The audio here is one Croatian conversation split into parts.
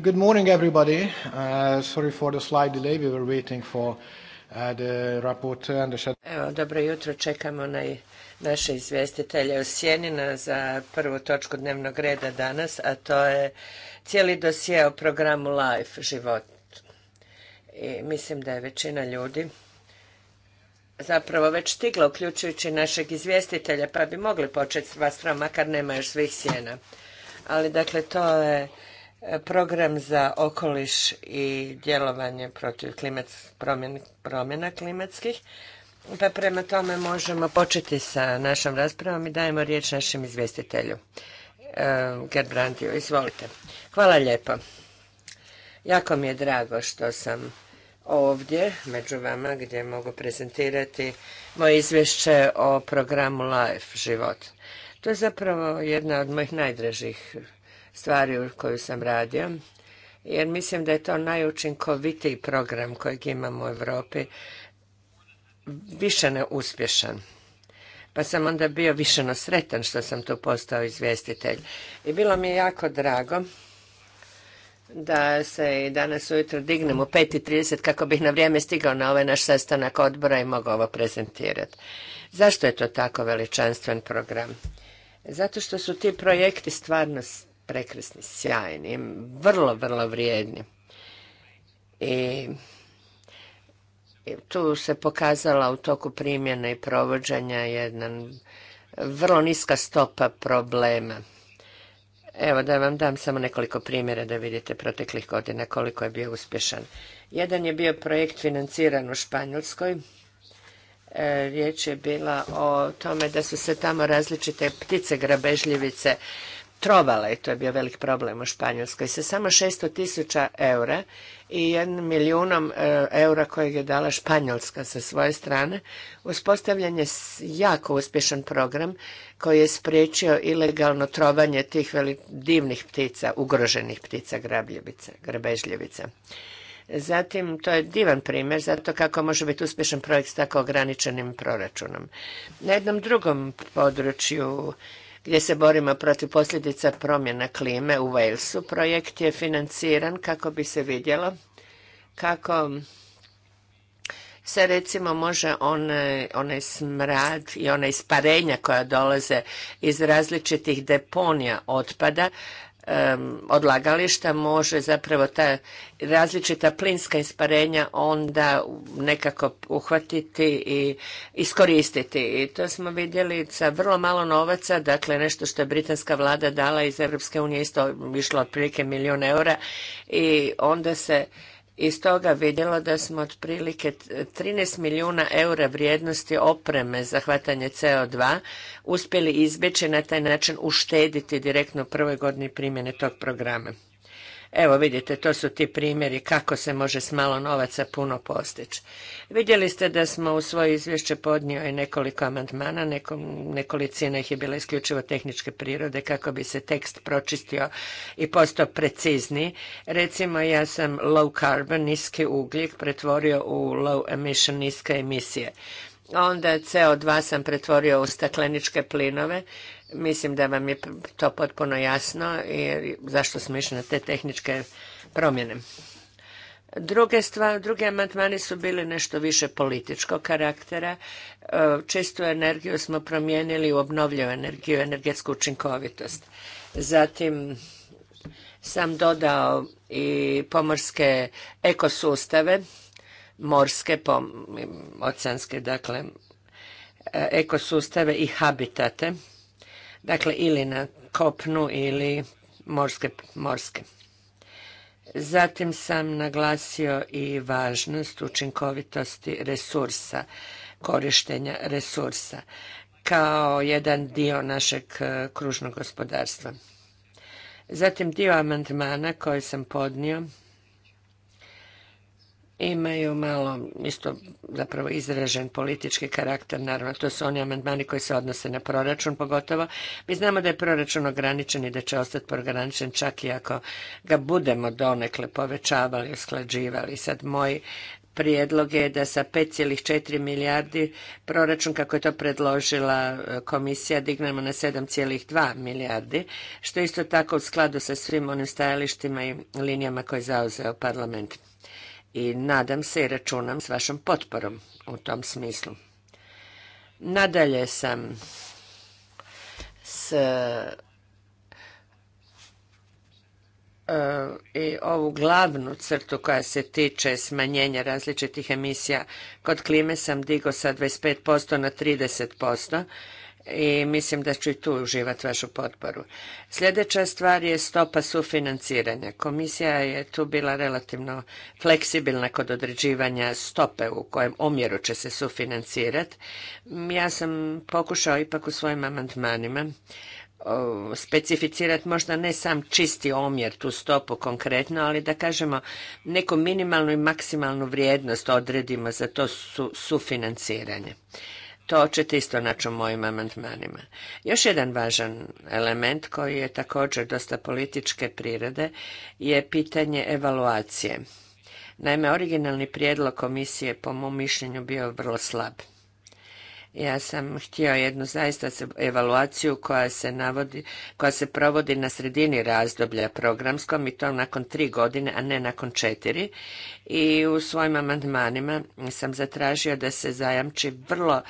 good morning, everybody. Uh, sorry for the delay. We were waiting for uh, the report and the Evo, dobro jutro. Čekamo na naše izvjestitelje u Sjenina za prvu točku dnevnog reda danas, a to je cijeli dosje o programu Life život. I mislim da je većina ljudi zapravo već stigla, uključujući našeg izvjestitelja, pa bi mogli početi s vas, makar nema još svih sjena. Ali dakle, to je program za okoliš i djelovanje protiv promjena, klimatskih. Pa prema tome možemo početi sa našom raspravom i dajemo riječ našem izvjestitelju. E, Gerbrandiju, izvolite. Hvala lijepo. Jako mi je drago što sam ovdje među vama gdje mogu prezentirati moje izvješće o programu Life život. To je zapravo jedna od mojih najdražih stvari u koju sam radio, jer mislim da je to najučinkovitiji program kojeg imamo u Europi, više neuspješan. Pa sam onda bio više sretan što sam tu postao izvjestitelj. I bilo mi je jako drago da se i danas ujutro dignem u 5.30 kako bih na vrijeme stigao na ovaj naš sastanak odbora i mogao ovo prezentirati. Zašto je to tako veličanstven program? Zato što su ti projekti stvarno prekrasni, sjajni, vrlo, vrlo vrijedni. I tu se pokazala u toku primjene i provođenja jedna vrlo niska stopa problema. Evo da vam dam samo nekoliko primjera da vidite proteklih godina koliko je bio uspješan. Jedan je bio projekt financiran u Španjolskoj. E, riječ je bila o tome da su se tamo različite ptice grabežljivice trovala i to je bio velik problem u Španjolskoj, sa samo 600 tisuća eura i jednim milijunom e, eura kojeg je dala Španjolska sa svoje strane, uspostavljen je jako uspješan program koji je spriječio ilegalno trovanje tih divnih ptica, ugroženih ptica, grabljivica, grabežljivica. Zatim, to je divan primjer zato kako može biti uspješan projekt s tako ograničenim proračunom. Na jednom drugom području gdje se borimo protiv posljedica promjena klime u Walesu. Projekt je financiran kako bi se vidjelo kako se recimo može onaj, onaj smrad i ona isparenja koja dolaze iz različitih deponija otpada odlagališta može zapravo ta različita plinska isparenja onda nekako uhvatiti i iskoristiti. I to smo vidjeli sa vrlo malo novaca, dakle nešto što je britanska vlada dala iz Europske unije isto išlo otprilike milijun eura i onda se iz toga vidjelo da smo otprilike 13 milijuna eura vrijednosti opreme za hvatanje CO2 uspjeli izbjeći na taj način uštediti direktno u prvoj godini primjene tog programa. Evo vidite, to su ti primjeri kako se može s malo novaca puno postići. Vidjeli ste da smo u svoje izvješće podnio i nekoliko amandmana, nekolicina ih je bila isključivo tehničke prirode kako bi se tekst pročistio i postao precizniji. Recimo ja sam low carbon, niski ugljik, pretvorio u low emission, niske emisije. Onda CO2 sam pretvorio u stakleničke plinove Mislim da vam je to potpuno jasno jer zašto smo išli na te tehničke promjene. Druge stvari drugi amandmani su bili nešto više političkog karaktera. E, Čistu energiju smo promijenili u obnovljivu energiju, energetsku učinkovitost. Zatim sam dodao i pomorske ekosustave, morske, oceanske, dakle, e, ekosustave i habitate dakle ili na kopnu ili morske, morske. Zatim sam naglasio i važnost učinkovitosti resursa, korištenja resursa kao jedan dio našeg e, kružnog gospodarstva. Zatim dio amandmana koji sam podnio imaju malo isto zapravo izražen politički karakter, naravno to su oni amandmani koji se odnose na proračun pogotovo. Mi znamo da je proračun ograničen i da će ostati ograničen čak i ako ga budemo donekle povećavali, usklađivali. Sad moj prijedlog je da sa 5,4 milijardi proračun kako je to predložila e, komisija dignemo na 7,2 milijardi, što je isto tako u skladu sa svim onim stajalištima i linijama koje je zauzeo parlament i nadam se i računam s vašom potporom u tom smislu. Nadalje sam s e, i ovu glavnu crtu koja se tiče smanjenja različitih emisija kod klime sam digo sa 25% na 30% i mislim da ću i tu uživati vašu potporu. Sljedeća stvar je stopa sufinanciranja. Komisija je tu bila relativno fleksibilna kod određivanja stope u kojem omjeru će se sufinancirati. Ja sam pokušao ipak u svojim amandmanima specificirati možda ne sam čisti omjer tu stopu konkretno, ali da kažemo neku minimalnu i maksimalnu vrijednost odredimo za to su, sufinanciranje. To ćete isto naći u mojim amandmanima. Još jedan važan element koji je također dosta političke prirode je pitanje evaluacije. Naime, originalni prijedlog komisije po mom mišljenju bio vrlo slab. Ja sam htio jednu zaista evaluaciju koja se navodi, koja se provodi na sredini razdoblja programskom i to nakon tri godine, a ne nakon četiri. I u svojim amandmanima sam zatražio da se zajamči vrlo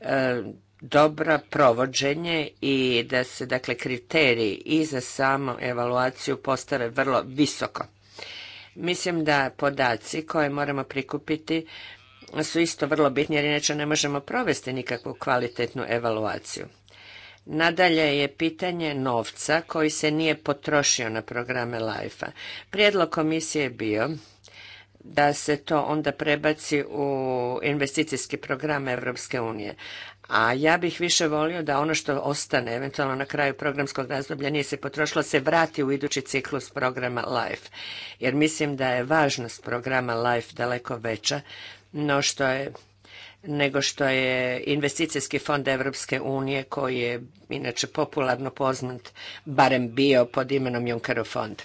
e, dobro provođenje i da se dakle kriteriji i za samu evaluaciju postave vrlo visoko. Mislim da podaci koje moramo prikupiti su isto vrlo bitni jer inače ne možemo provesti nikakvu kvalitetnu evaluaciju. Nadalje je pitanje novca koji se nije potrošio na programe LIFE-a. Prijedlog komisije je bio da se to onda prebaci u investicijski program Europske unije. A ja bih više volio da ono što ostane, eventualno na kraju programskog razdoblja, nije se potrošilo, se vrati u idući ciklus programa LIFE. Jer mislim da je važnost programa LIFE daleko veća no što je nego što je investicijski fond Evropske unije koji je inače popularno poznat, barem bio pod imenom Junckerov fond.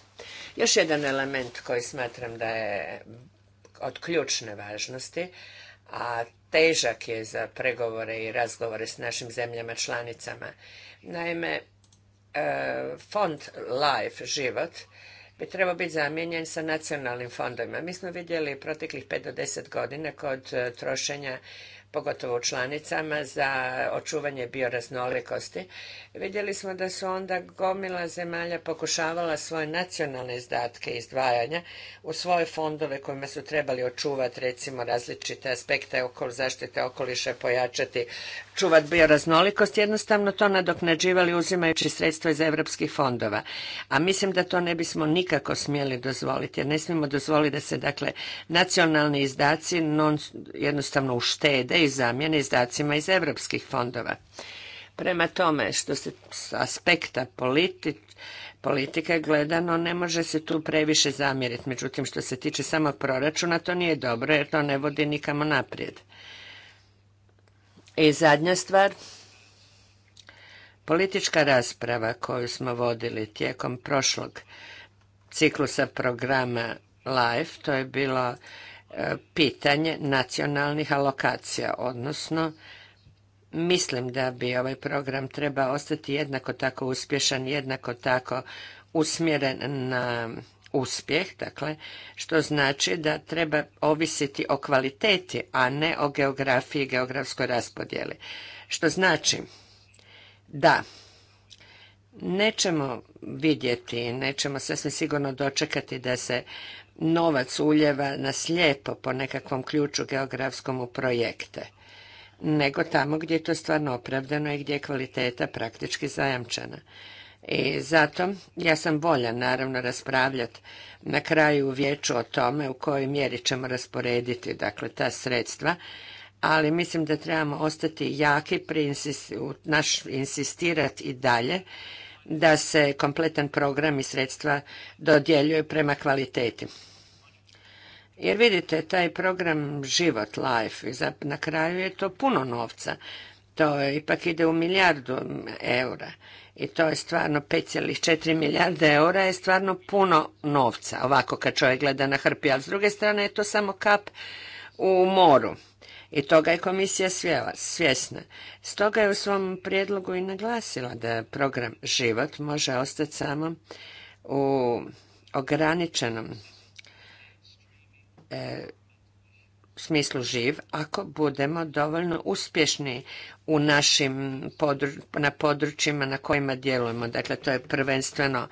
Još jedan element koji smatram da je od ključne važnosti, a težak je za pregovore i razgovore s našim zemljama članicama. Naime, e, fond Life, život, bi trebao biti zamijenjen sa nacionalnim fondovima. Mi smo vidjeli proteklih 5 do 10 godina kod e, trošenja pogotovo u članicama, za očuvanje bioraznolikosti. Vidjeli smo da su onda gomila zemalja pokušavala svoje nacionalne izdatke izdvajanja u svoje fondove kojima su trebali očuvati recimo različite aspekte okol, zaštite okoliša, pojačati, čuvat bioraznolikost, jednostavno to nadoknađivali uzimajući sredstva iz europskih fondova. A mislim da to ne bismo nikako smjeli dozvoliti, jer ne smijemo dozvoliti da se dakle nacionalni izdaci non, jednostavno uštede i zamjene izdacima iz europskih fondova. Prema tome, što se s aspekta politike gledano, ne može se tu previše zamjeriti. Međutim, što se tiče samo proračuna, to nije dobro jer to ne vodi nikamo naprijed. I zadnja stvar, politička rasprava koju smo vodili tijekom prošlog ciklusa programa LIFE, to je bilo pitanje nacionalnih alokacija, odnosno mislim da bi ovaj program treba ostati jednako tako uspješan, jednako tako usmjeren na uspjeh, dakle, što znači da treba ovisiti o kvaliteti, a ne o geografiji i geografskoj raspodjeli. Što znači da nećemo vidjeti, nećemo sasvim sigurno dočekati da se novac uljeva na slijepo po nekakvom ključu geografskom u projekte, nego tamo gdje je to stvarno opravdano i gdje je kvaliteta praktički zajamčena. I zato ja sam volja, naravno raspravljati na kraju u vijeću o tome u kojoj mjeri ćemo rasporediti dakle ta sredstva, ali mislim da trebamo ostati jaki, pri naš insistirati i dalje da se kompletan program i sredstva dodjeljuje prema kvaliteti. Jer vidite, taj program Život, Life, na kraju je to puno novca. To ipak ide u milijardu eura. I to je stvarno 5,4 milijarde eura je stvarno puno novca. Ovako kad čovjek gleda na hrpi, ali s druge strane je to samo kap u moru i toga je komisija svjesna. Stoga je u svom prijedlogu i naglasila da program život može ostati samo u ograničenom e, smislu živ ako budemo dovoljno uspješni u našim na područjima na kojima djelujemo. Dakle, to je prvenstveno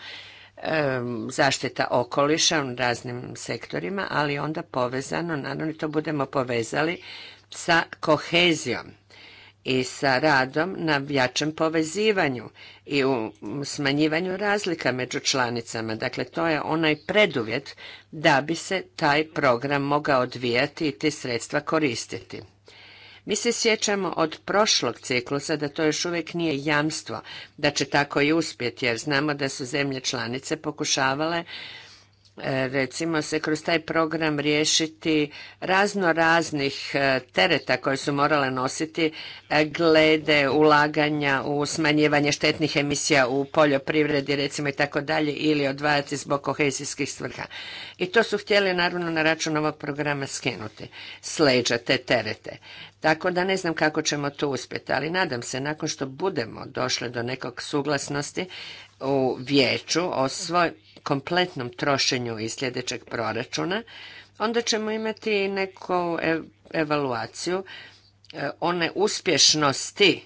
e, zaštita okoliša u raznim sektorima, ali onda povezano, naravno to budemo povezali sa kohezijom i sa radom na jačem povezivanju i u smanjivanju razlika među članicama. Dakle, to je onaj preduvjet da bi se taj program mogao odvijati i te sredstva koristiti. Mi se sjećamo od prošlog ciklusa da to još uvijek nije jamstvo da će tako i uspjeti jer znamo da su zemlje članice pokušavale E, recimo se kroz taj program riješiti razno raznih e, tereta koje su morale nositi e, glede ulaganja u smanjivanje štetnih emisija u poljoprivredi recimo i tako dalje ili odvajati zbog kohezijskih svrha. I to su htjeli naravno na račun ovog programa skinuti sleđa te terete. Tako da ne znam kako ćemo to uspjeti, ali nadam se nakon što budemo došli do nekog suglasnosti u vijeću o svoj kompletnom trošenju iz sljedećeg proračuna, onda ćemo imati neku evaluaciju e, one uspješnosti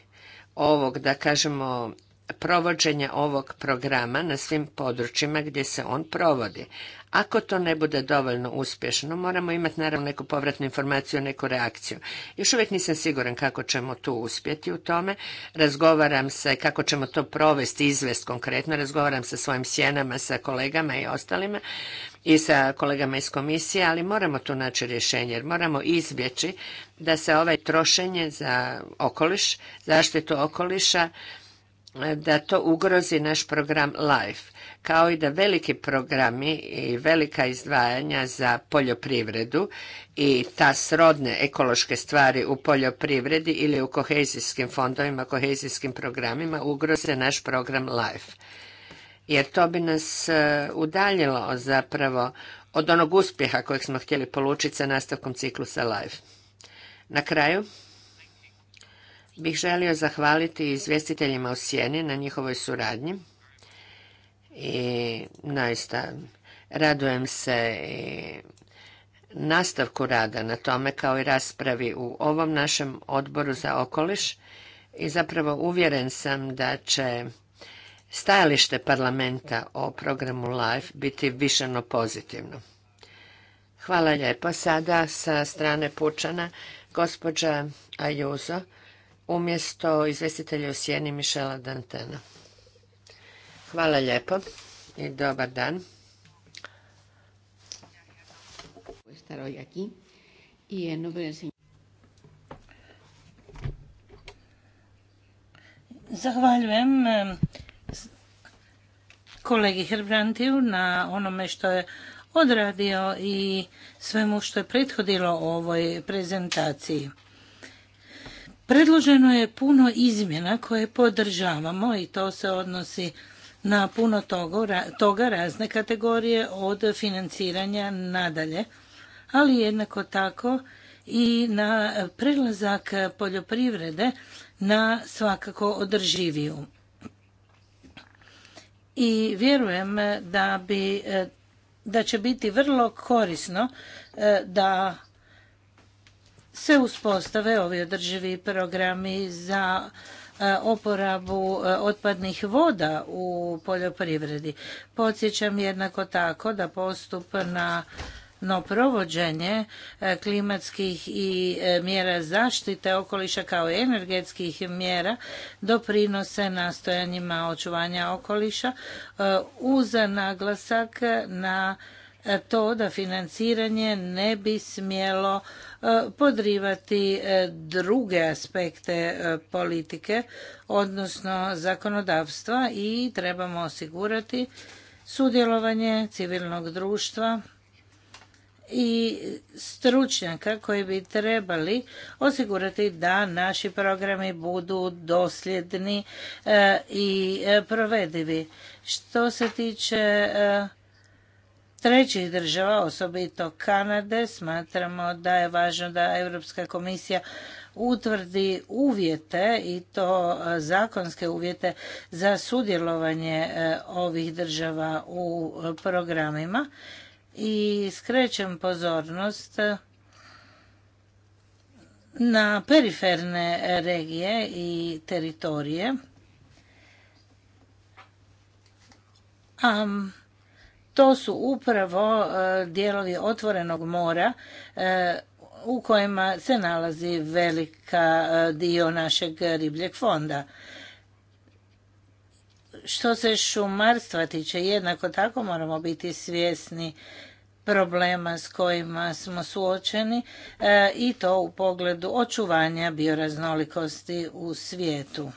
ovog, da kažemo, provođenja ovog programa na svim područjima gdje se on provodi. Ako to ne bude dovoljno uspješno, moramo imati naravno neku povratnu informaciju, neku reakciju. Još uvijek nisam siguran kako ćemo tu uspjeti u tome. Razgovaram se kako ćemo to provesti, izvest konkretno. Razgovaram sa svojim sjenama, sa kolegama i ostalima i sa kolegama iz komisije, ali moramo tu naći rješenje jer moramo izbjeći da se ovaj trošenje za okoliš, zaštitu okoliša da to ugrozi naš program LIFE, kao i da veliki programi i velika izdvajanja za poljoprivredu i ta srodne ekološke stvari u poljoprivredi ili u kohezijskim fondovima, kohezijskim programima ugroze naš program LIFE. Jer to bi nas e, udaljilo zapravo od onog uspjeha kojeg smo htjeli polučiti sa nastavkom ciklusa LIFE. Na kraju, bih želio zahvaliti izvjestiteljima u Sjeni na njihovoj suradnji i naista radujem se i nastavku rada na tome kao i raspravi u ovom našem odboru za okoliš i zapravo uvjeren sam da će stajalište parlamenta o programu LIFE biti višeno pozitivno. Hvala lijepo. Sada sa strane Pučana gospođa Ajuzo umjesto izvjestitelja u sjeni Mišela Dantena. Hvala lijepo i dobar dan. Zahvaljujem kolegi Herbrantiju na onome što je odradio i svemu što je prethodilo ovoj prezentaciji. Predloženo je puno izmjena koje podržavamo i to se odnosi na puno toga razne kategorije od financiranja nadalje, ali jednako tako i na prelazak poljoprivrede na svakako održiviju. I vjerujem da bi da će biti vrlo korisno e, da se uspostave ovi održivi programi za e, oporabu e, otpadnih voda u poljoprivredi. Podsjećam jednako tako da postup na no provođenje e, klimatskih i mjera zaštite okoliša kao i energetskih mjera doprinose nastojanjima očuvanja okoliša uz naglasak na to da financiranje ne bi smjelo podrivati e, druge aspekte e, politike, odnosno zakonodavstva i trebamo osigurati sudjelovanje civilnog društva i stručnjaka koji bi trebali osigurati da naši programi budu dosljedni e, i provedivi. Što se tiče trećih država, osobito Kanade, smatramo da je važno da Europska komisija utvrdi uvjete i to zakonske uvjete za sudjelovanje e, ovih država u e, programima i skrećem pozornost e, na periferne regije i teritorije to su upravo e, dijelovi otvorenog mora e, u kojima se nalazi velika e, dio našeg ribljeg fonda. Što se šumarstva tiče, jednako tako moramo biti svjesni problema s kojima smo suočeni i to u pogledu očuvanja bioraznolikosti u svijetu.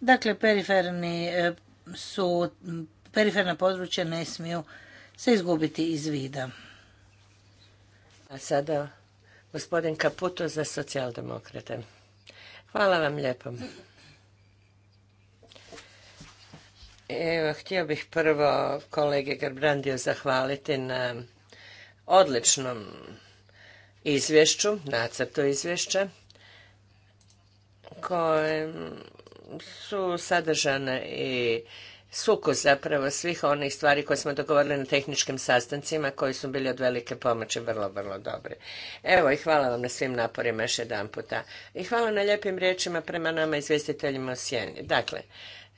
Dakle, periferni su periferna područja ne smiju se izgubiti iz vida. A sada gospodin Kaputo za socijaldemokrate. Hvala vam lijepo. Evo, htio bih prvo kolege Garbrandio zahvaliti na odličnom izvješću, nacrtu izvješća, koje su sadržane i sukus zapravo svih onih stvari koje smo dogovorili na tehničkim sastancima koji su bili od velike pomoći vrlo, vrlo dobri. Evo i hvala vam na svim naporima još jedan puta. I hvala na lijepim riječima prema nama izvjestiteljima o sjeni. Dakle,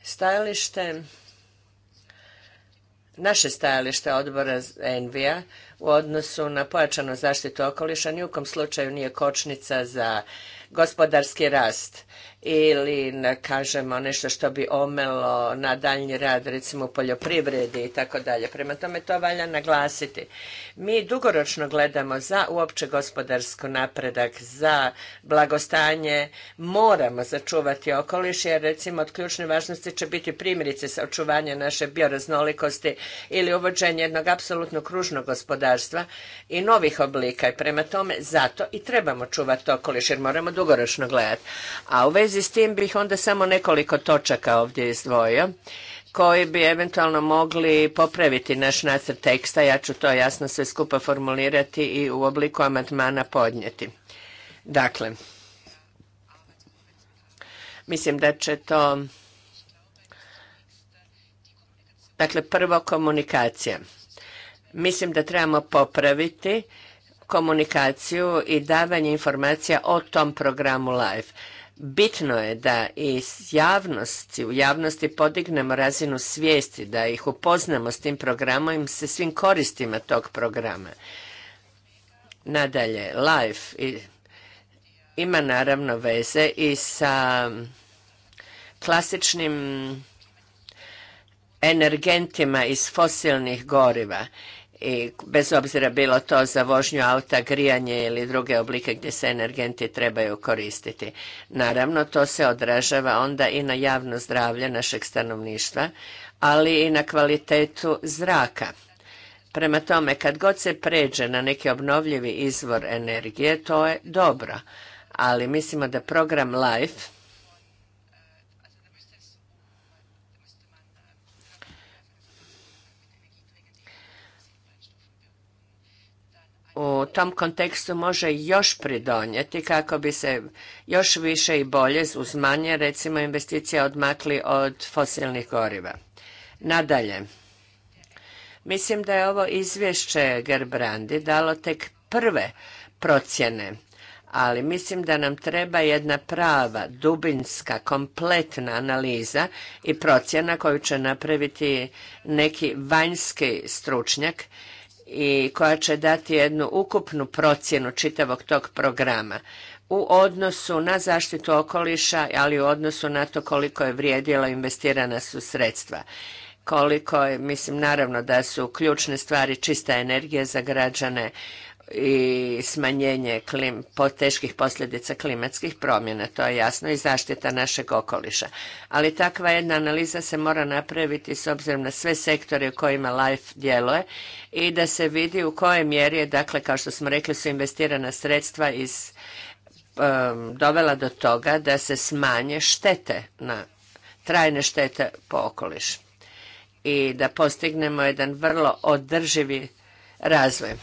stajalište, naše stajalište odbora Envija u odnosu na pojačanu zaštitu okoliša nijukom slučaju nije kočnica za gospodarski rast ili kažemo nešto što bi omelo na daljnji rad recimo u poljoprivredi i tako dalje. Prema tome to valja naglasiti mi dugoročno gledamo za uopće gospodarsko napredak, za blagostanje, moramo začuvati okoliš jer recimo od ključne važnosti će biti primjerice sa očuvanje naše bioraznolikosti ili uvođenje jednog apsolutno kružnog gospodarstva i novih oblika i prema tome zato i trebamo čuvati okoliš jer moramo dugoročno gledati. A u vezi s tim bih onda samo nekoliko točaka ovdje izdvojio koji bi eventualno mogli popraviti naš nacrt teksta. Ja ću to jasno sve skupa formulirati i u obliku amandmana podnijeti. Dakle, mislim da će to... Dakle, prvo komunikacija. Mislim da trebamo popraviti komunikaciju i davanje informacija o tom programu LIFE. Bitno je da i javnosti, u javnosti podignemo razinu svijesti, da ih upoznamo s tim programom i se svim koristima tog programa. Nadalje, life ima naravno veze i sa klasičnim energentima iz fosilnih goriva i bez obzira bilo to za vožnju auta, grijanje ili druge oblike gdje se energenti trebaju koristiti. Naravno, to se odražava onda i na javno zdravlje našeg stanovništva, ali i na kvalitetu zraka. Prema tome, kad god se pređe na neki obnovljivi izvor energije, to je dobro. Ali mislimo da program LIFE u tom kontekstu može još pridonijeti kako bi se još više i bolje uz manje recimo investicija odmakli od fosilnih goriva. Nadalje, mislim da je ovo izvješće Gerbrandi dalo tek prve procjene, ali mislim da nam treba jedna prava, dubinska, kompletna analiza i procjena koju će napraviti neki vanjski stručnjak i koja će dati jednu ukupnu procjenu čitavog tog programa u odnosu na zaštitu okoliša, ali u odnosu na to koliko je vrijedilo investirana su sredstva. Koliko je, mislim, naravno da su ključne stvari čista energija za građane, i smanjenje klim, po teških posljedica klimatskih promjena, to je jasno, i zaštita našeg okoliša. Ali takva jedna analiza se mora napraviti s obzirom na sve sektore u kojima LIFE djeluje i da se vidi u kojoj mjeri je, dakle, kao što smo rekli, su investirana sredstva iz dovela do toga da se smanje štete na trajne štete po okoliš i da postignemo jedan vrlo održivi razvoj.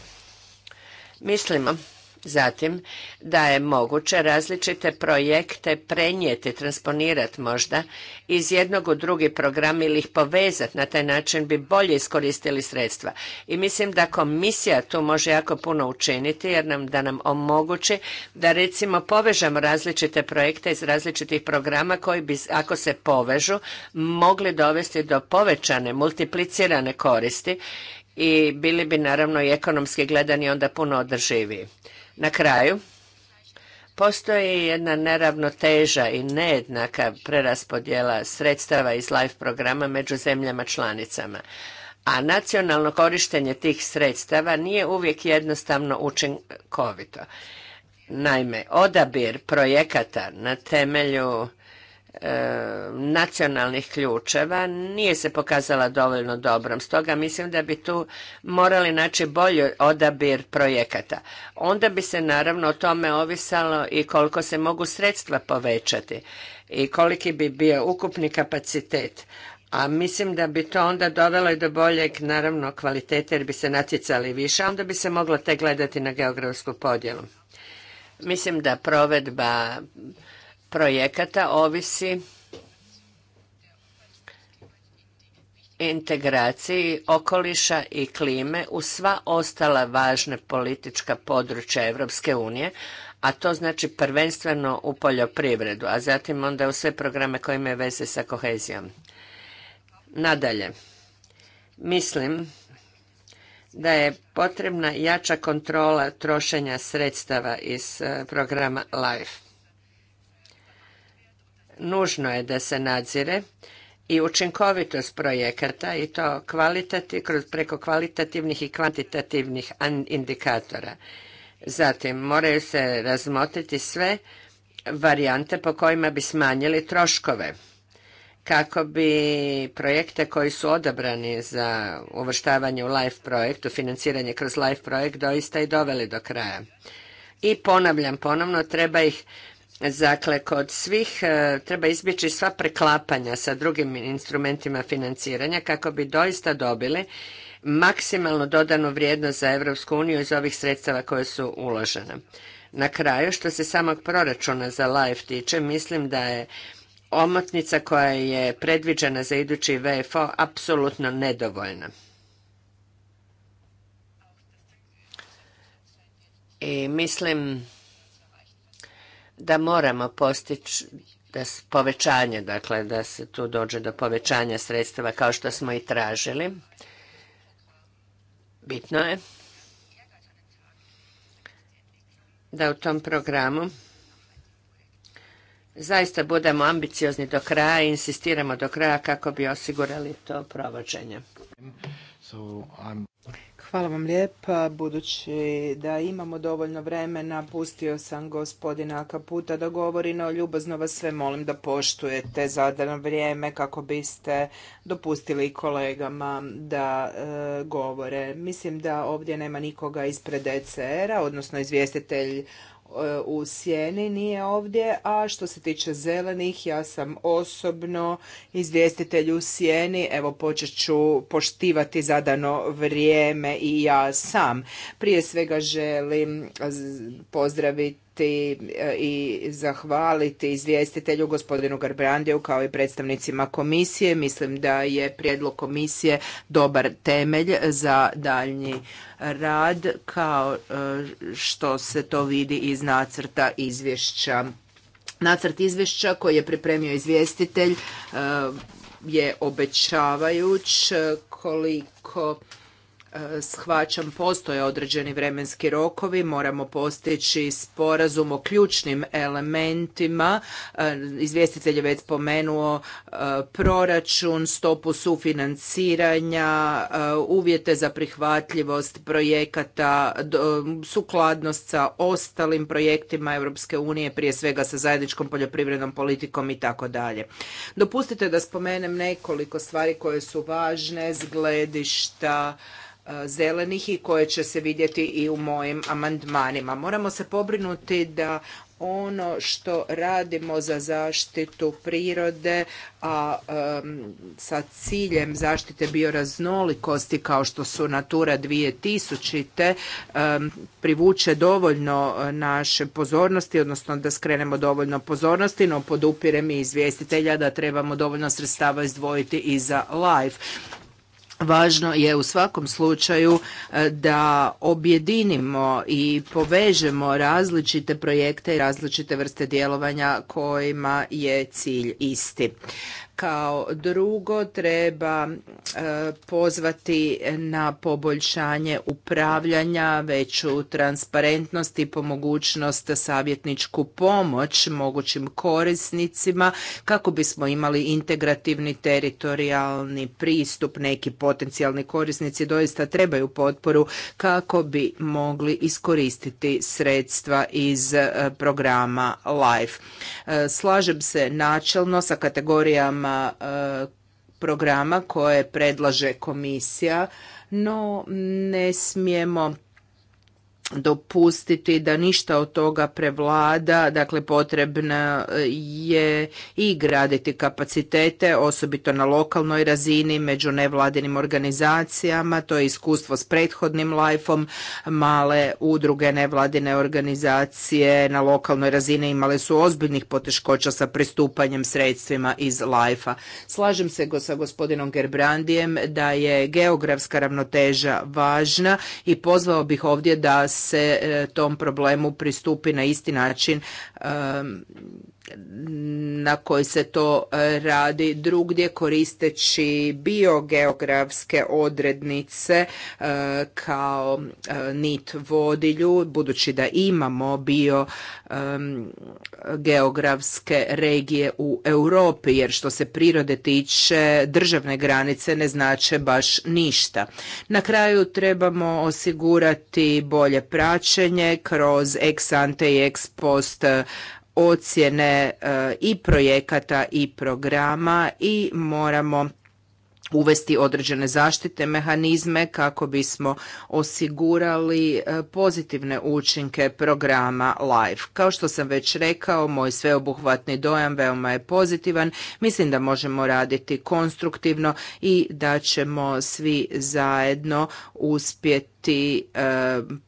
Mislimo zatim da je moguće različite projekte prenijeti, transponirati možda iz jednog u drugi program ili ih povezati. Na taj način bi bolje iskoristili sredstva. I mislim da komisija tu može jako puno učiniti jer nam da nam omogući da recimo povežemo različite projekte iz različitih programa koji bi, ako se povežu, mogli dovesti do povećane, multiplicirane koristi i bili bi naravno i ekonomski gledani onda puno održiviji. Na kraju, postoji jedna neravnoteža i nejednaka preraspodjela sredstava iz LIFE programa među zemljama članicama, a nacionalno korištenje tih sredstava nije uvijek jednostavno učinkovito. Naime, odabir projekata na temelju nacionalnih ključeva nije se pokazala dovoljno dobrom. Stoga mislim da bi tu morali naći bolji odabir projekata. Onda bi se naravno o tome ovisalo i koliko se mogu sredstva povećati i koliki bi bio ukupni kapacitet. A mislim da bi to onda dovelo i do boljeg, naravno, kvalitete jer bi se natjecali više, onda bi se moglo te gledati na geografsku podjelu. Mislim da provedba projekata ovisi integraciji okoliša i klime u sva ostala važna politička područja Europske unije, a to znači prvenstveno u poljoprivredu, a zatim onda u sve programe koje imaju veze sa kohezijom. Nadalje, mislim da je potrebna jača kontrola trošenja sredstava iz eh, programa LIFE nužno je da se nadzire i učinkovitost projekata i to kvalitati, kroz preko kvalitativnih i kvantitativnih indikatora. Zatim moraju se razmotriti sve varijante po kojima bi smanjili troškove kako bi projekte koji su odabrani za uvrštavanje u LIFE projektu, financiranje kroz live projekt doista i doveli do kraja. I ponavljam ponovno, treba ih Dakle, kod svih e, treba izbjeći sva preklapanja sa drugim instrumentima financiranja kako bi doista dobili maksimalno dodanu vrijednost za Europsku uniju iz ovih sredstava koje su uložena. Na kraju, što se samog proračuna za LIFE tiče, mislim da je omotnica koja je predviđena za idući VFO apsolutno nedovoljna. I mislim da moramo postići da povećanje, dakle da se tu dođe do povećanja sredstava kao što smo i tražili. Bitno je da u tom programu zaista budemo ambiciozni do kraja i insistiramo do kraja kako bi osigurali to provođenje. Hvala vam lijepa. Budući da imamo dovoljno vremena, pustio sam gospodina Kaputa da govori, no ljubazno vas sve molim da poštujete zadano vrijeme kako biste dopustili kolegama da e, govore. Mislim da ovdje nema nikoga ispred ECR-a, odnosno izvjestitelj u sjeni nije ovdje, a što se tiče zelenih, ja sam osobno izvjestitelj u sjeni, evo počet ću poštivati zadano vrijeme i ja sam. Prije svega želim pozdraviti E, i zahvaliti izvjestitelju gospodinu Garbrandiju kao i predstavnicima komisije. Mislim da je prijedlog komisije dobar temelj za daljnji rad kao e, što se to vidi iz nacrta izvješća. Nacrt izvješća koji je pripremio izvjestitelj e, je obećavajuć koliko shvaćam postoje određeni vremenski rokovi, moramo postići sporazum o ključnim elementima. E, izvjestitelj je već spomenuo e, proračun, stopu sufinanciranja, e, uvjete za prihvatljivost projekata, sukladnost sa ostalim projektima Europske unije, prije svega sa zajedničkom poljoprivrednom politikom i tako dalje. Dopustite da spomenem nekoliko stvari koje su važne s gledišta zelenih i koje će se vidjeti i u mojim amandmanima. Moramo se pobrinuti da ono što radimo za zaštitu prirode, a sa ciljem zaštite bioraznolikosti kao što su Natura 2000, um, privuče dovoljno e, naše pozornosti, odnosno da skrenemo dovoljno pozornosti, no podupirem i izvjestitelja da trebamo dovoljno sredstava izdvojiti i za live. Važno je u svakom slučaju e, da objedinimo i povežemo različite projekte i različite vrste djelovanja kojima je cilj isti. Kao drugo treba e, pozvati na poboljšanje upravljanja, veću transparentnost i po mogućnost savjetničku pomoć mogućim korisnicima kako bismo imali integrativni teritorijalni pristup. Neki potencijalni korisnici doista trebaju potporu kako bi mogli iskoristiti sredstva iz e, programa LIFE. E, slažem se načelno sa kategorijama programa e, programa koje predlaže komisija, no ne smijemo dopustiti da ništa od toga prevlada, dakle potrebno e, je i graditi kapacitete, osobito na lokalnoj razini, među nevladinim organizacijama, to je iskustvo s prethodnim lajfom, male udruge nevladine organizacije na lokalnoj razini imale su ozbiljnih poteškoća sa pristupanjem sredstvima iz lajfa. Slažem se go sa gospodinom Gerbrandijem da je geografska ravnoteža važna i pozvao bih ovdje da se e, tom problemu pristupi na isti način e, na koji se to e, radi drugdje koristeći biogeografske odrednice e, kao e, nit vodilju, budući da imamo biogeografske regije u Europi, jer što se prirode tiče državne granice ne znače baš ništa. Na kraju trebamo osigurati bolje praćenje kroz ex ante i ex post ocjene e, i projekata i programa i moramo uvesti određene zaštite mehanizme kako bismo osigurali e, pozitivne učinke programa LIFE. Kao što sam već rekao, moj sveobuhvatni dojam veoma je pozitivan. Mislim da možemo raditi konstruktivno i da ćemo svi zajedno uspjeti i e,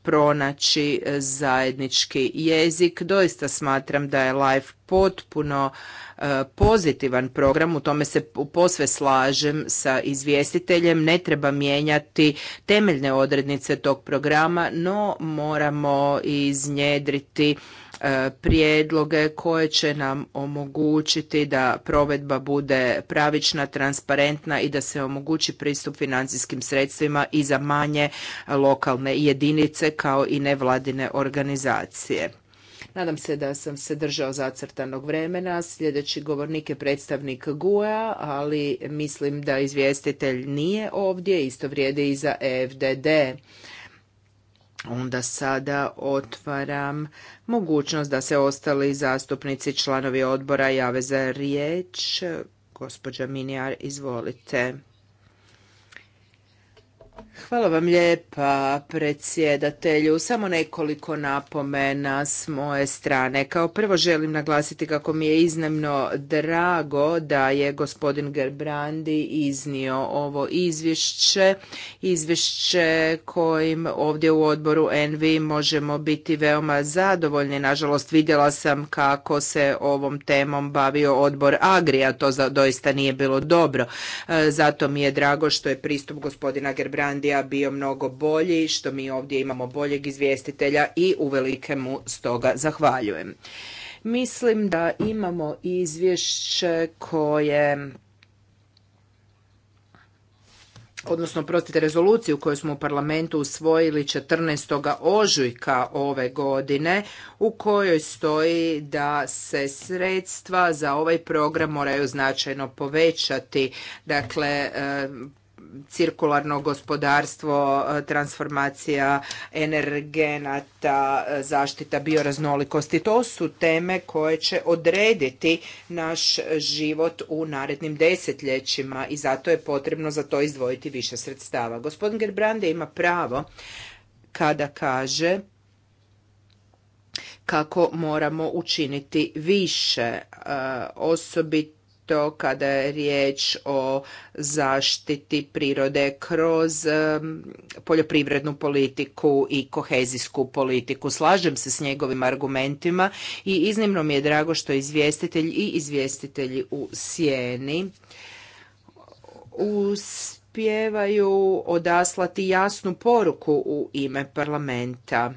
pronaći zajednički jezik. Doista smatram da je LIFE potpuno e, pozitivan program, u tome se posve slažem sa izvjestiteljem, ne treba mijenjati temeljne odrednice tog programa, no moramo iznjedriti E, prijedloge koje će nam omogućiti da provedba bude pravična, transparentna i da se omogući pristup financijskim sredstvima i za manje lokalne jedinice kao i nevladine organizacije. Nadam se da sam se držao zacrtanog vremena. Sljedeći govornik je predstavnik GUE-a, ali mislim da izvjestitelj nije ovdje. Isto vrijedi i za EFDD. Onda sada otvaram mogućnost da se ostali zastupnici članovi odbora jave za riječ. Gospođa Minijar, izvolite. Hvala vam lijepa, predsjedatelju. Samo nekoliko napomena s moje strane. Kao prvo želim naglasiti kako mi je iznimno drago da je gospodin Gerbrandi iznio ovo izvješće. Izvješće kojim ovdje u odboru NV možemo biti veoma zadovoljni. Nažalost, vidjela sam kako se ovom temom bavio odbor Agri, a to doista nije bilo dobro. E, zato mi je drago što je pristup gospodina Gerbrandi medija bio mnogo bolji, što mi ovdje imamo boljeg izvjestitelja i uvelike mu stoga zahvaljujem. Mislim da imamo izvješće koje odnosno prostite rezoluciju koju smo u parlamentu usvojili 14. ožujka ove godine u kojoj stoji da se sredstva za ovaj program moraju značajno povećati. Dakle, cirkularno gospodarstvo, e, transformacija energenata, e, zaštita bioraznolikosti. To su teme koje će odrediti naš život u narednim desetljećima i zato je potrebno za to izdvojiti više sredstava. Gospodin Gerbrande ima pravo kada kaže kako moramo učiniti više e, osobiti to kada je riječ o zaštiti prirode kroz poljoprivrednu politiku i kohezijsku politiku. Slažem se s njegovim argumentima i iznimno mi je drago što izvjestitelj i izvjestitelji u sjeni uspijevaju odaslati jasnu poruku u ime parlamenta.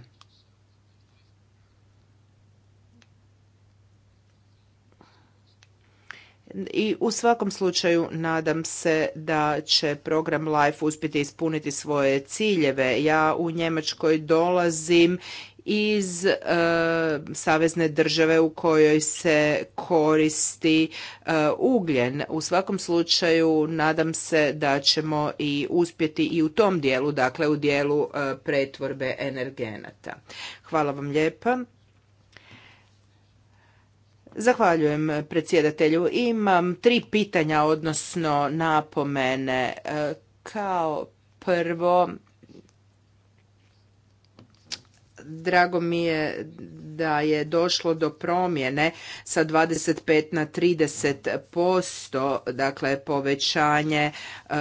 i u svakom slučaju nadam se da će program Life uspjeti ispuniti svoje ciljeve. Ja u Njemačkoj dolazim iz e, savezne države u kojoj se koristi e, ugljen. U svakom slučaju nadam se da ćemo i uspjeti i u tom dijelu, dakle u dijelu e, pretvorbe energenata. Hvala vam lijepa. Zahvaljujem predsjedatelju. Imam tri pitanja, odnosno napomene. E, kao prvo, drago mi je da je došlo do promjene sa 25 na 30 posto, dakle povećanje e,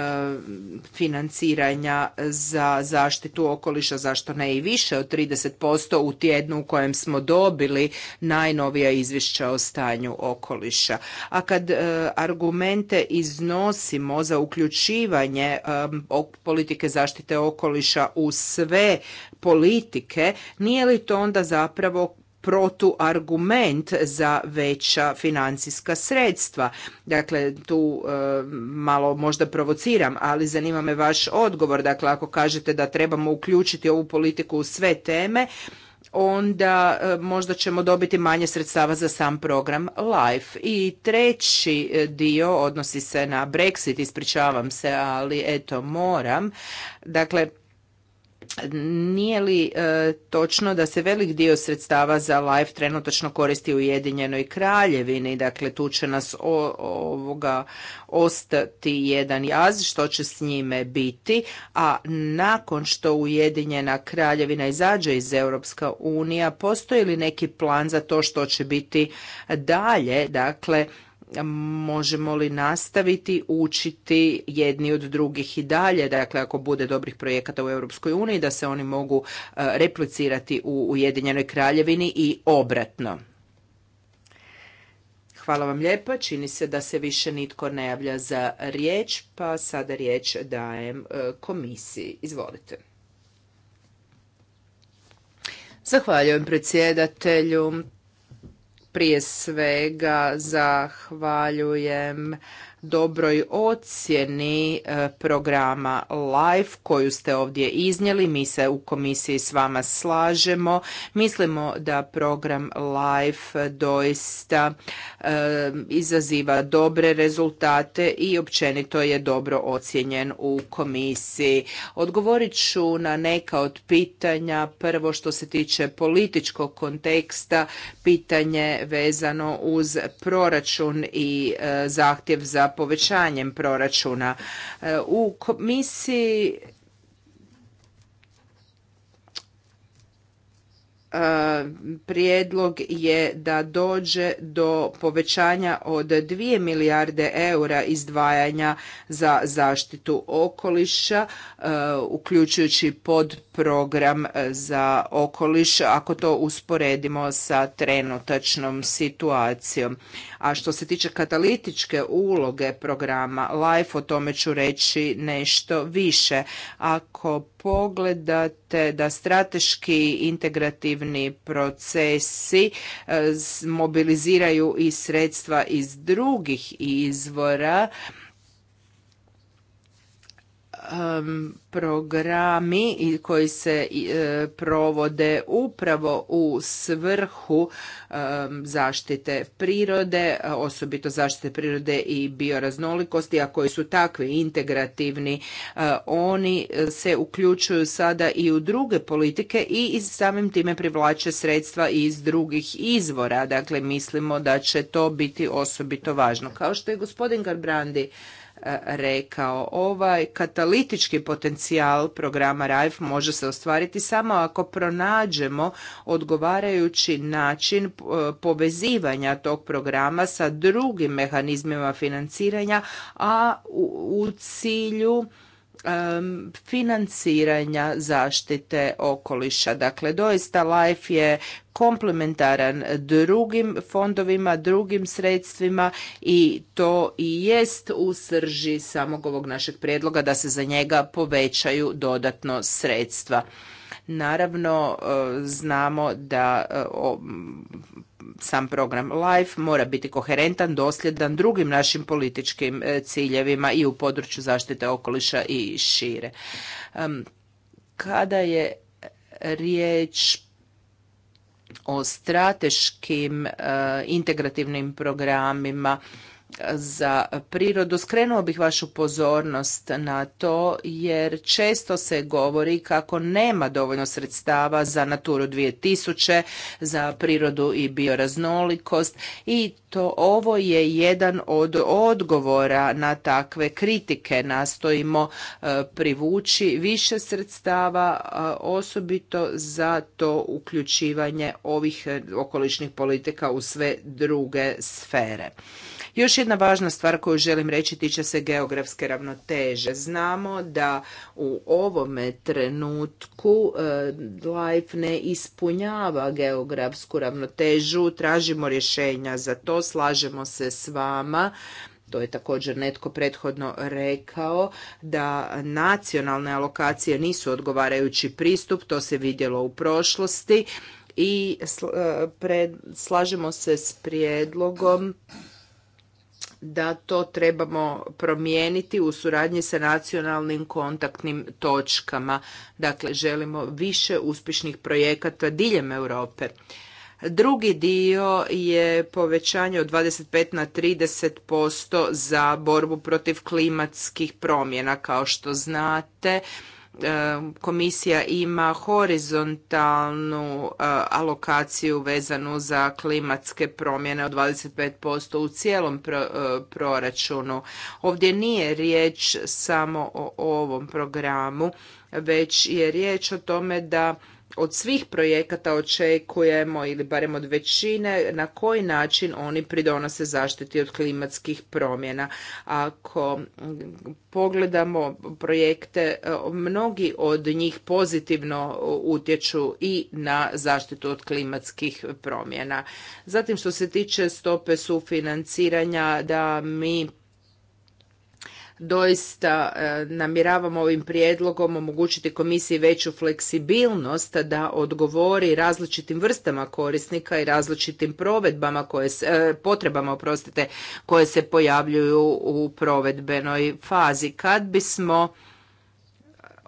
financiranja za zaštitu okoliša, zašto ne i više od 30 posto u tjednu u kojem smo dobili najnovija izvješća o stanju okoliša. A kad e, argumente iznosimo za uključivanje e, politike zaštite okoliša u sve politike, nije li to onda zapravo protuargument za veća financijska sredstva. Dakle, tu e, malo možda provociram, ali zanima me vaš odgovor. Dakle, ako kažete da trebamo uključiti ovu politiku u sve teme, onda e, možda ćemo dobiti manje sredstava za sam program LIFE. I treći e, dio odnosi se na Brexit, ispričavam se, ali eto moram. Dakle, nije li e, točno da se velik dio sredstava za live trenutačno koristi u Ujedinjenoj kraljevini, dakle tu će nas ovoga ostati jedan jaz, što će s njime biti, a nakon što Ujedinjena kraljevina izađe iz Europska unija, postoji li neki plan za to što će biti dalje, dakle možemo li nastaviti učiti jedni od drugih i dalje, dakle ako bude dobrih projekata u Europskoj uniji da se oni mogu e, replicirati u Ujedinjenoj Kraljevini i obratno. Hvala vam lijepa. Čini se da se više nitko ne javlja za riječ, pa sada riječ dajem e, komisiji. Izvolite. Zahvaljujem predsjedatelju prije svega zahvaljujem dobroj ocjeni e, programa LIFE koju ste ovdje iznijeli. Mi se u komisiji s vama slažemo. Mislimo da program LIFE doista e, izaziva dobre rezultate i općenito je dobro ocjenjen u komisiji. Odgovorit ću na neka od pitanja. Prvo što se tiče političkog konteksta, pitanje vezano uz proračun i e, zahtjev za povećanjem proračuna. E, u komisiji e, prijedlog je da dođe do povećanja od 2 milijarde eura izdvajanja za zaštitu okoliša, e, uključujući podprogram za okoliš, ako to usporedimo sa trenutačnom situacijom. A što se tiče katalitičke uloge programa LIFE, o tome ću reći nešto više. Ako pogledate da strateški integrativni procesi e, mobiliziraju i sredstva iz drugih izvora, Um, programi koji se e, provode upravo u svrhu um, zaštite prirode, osobito zaštite prirode i bioraznolikosti, a koji su takvi integrativni, e, oni se uključuju sada i u druge politike i samim time privlače sredstva iz drugih izvora. Dakle, mislimo da će to biti osobito važno. Kao što je gospodin Garbrandi rekao. Ovaj katalitički potencijal programa RAIF može se ostvariti samo ako pronađemo odgovarajući način e, povezivanja tog programa sa drugim mehanizmima financiranja, a u cilju financiranja zaštite okoliša. Dakle, doista LIFE je komplementaran drugim fondovima, drugim sredstvima i to i jest u srži samog ovog našeg prijedloga da se za njega povećaju dodatno sredstva. Naravno, e, znamo da e, sam program LIFE mora biti koherentan, dosljedan drugim našim političkim e, ciljevima i u području zaštite okoliša i šire. Kada je riječ o strateškim integrativnim programima za prirodu. Skrenuo bih vašu pozornost na to jer često se govori kako nema dovoljno sredstava za Naturu 2000, za prirodu i bioraznolikost i to ovo je jedan od odgovora na takve kritike. Nastojimo e, privući više sredstava e, osobito za to uključivanje ovih e, okoličnih politika u sve druge sfere. Još jedna važna stvar koju želim reći tiče se geografske ravnoteže. Znamo da u ovome trenutku e, life ne ispunjava geografsku ravnotežu, tražimo rješenja za to, slažemo se s vama to je također netko prethodno rekao, da nacionalne alokacije nisu odgovarajući pristup, to se vidjelo u prošlosti i e, slažemo se s prijedlogom da to trebamo promijeniti u suradnji sa nacionalnim kontaktnim točkama. Dakle, želimo više uspješnih projekata diljem Europe. Drugi dio je povećanje od 25 na 30% za borbu protiv klimatskih promjena. Kao što znate, E, komisija ima horizontalnu e, alokaciju vezanu za klimatske promjene od 25% u cijelom e, proračunu. Ovdje nije riječ samo o ovom programu, već je riječ o tome da od svih projekata očekujemo ili barem od većine na koji način oni pridonose zaštiti od klimatskih promjena. Ako pogledamo projekte, e, mnogi od njih pozitivno utječu i na zaštitu od klimatskih promjena. Zatim što se tiče stope sufinanciranja, da mi doista e, namjeravamo ovim prijedlogom omogućiti komisiji veću fleksibilnost da odgovori različitim vrstama korisnika i različitim provedbama koje e, potrebama oprostite koje se pojavljuju u provedbenoj fazi kad bismo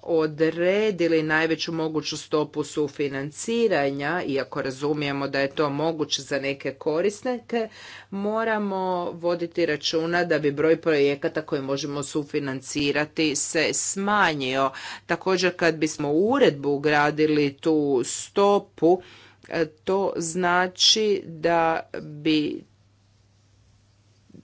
odredili najveću moguću stopu sufinanciranja, iako razumijemo da je to moguće za neke korisnike, moramo voditi računa da bi broj projekata koje možemo sufinancirati se smanjio. Također kad bismo u uredbu ugradili tu stopu, to znači da bi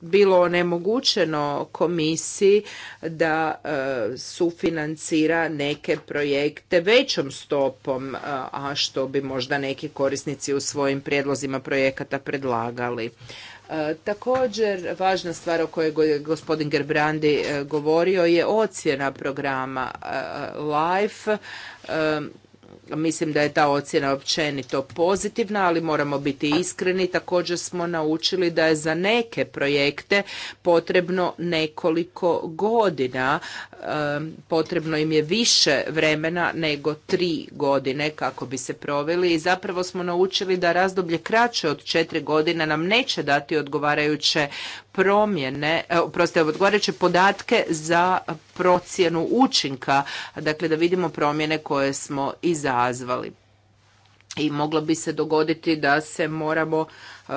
bilo onemogućeno komisiji da e, sufinancira neke projekte većom stopom, e, a što bi možda neki korisnici u svojim prijedlozima projekata predlagali. E, također, važna stvar o kojoj je gospodin Gerbrandi govorio je ocjena programa LIFE Mislim da je ta ocjena općenito pozitivna, ali moramo biti iskreni. Također smo naučili da je za neke projekte potrebno nekoliko godina. Potrebno im je više vremena nego tri godine kako bi se proveli i zapravo smo naučili da razdoblje kraće od četiri godine nam neće dati odgovarajuće promjene, e, proste odgovarajuće podatke za procjenu učinka, dakle da vidimo promjene koje smo izazvali. I moglo bi se dogoditi da se moramo e,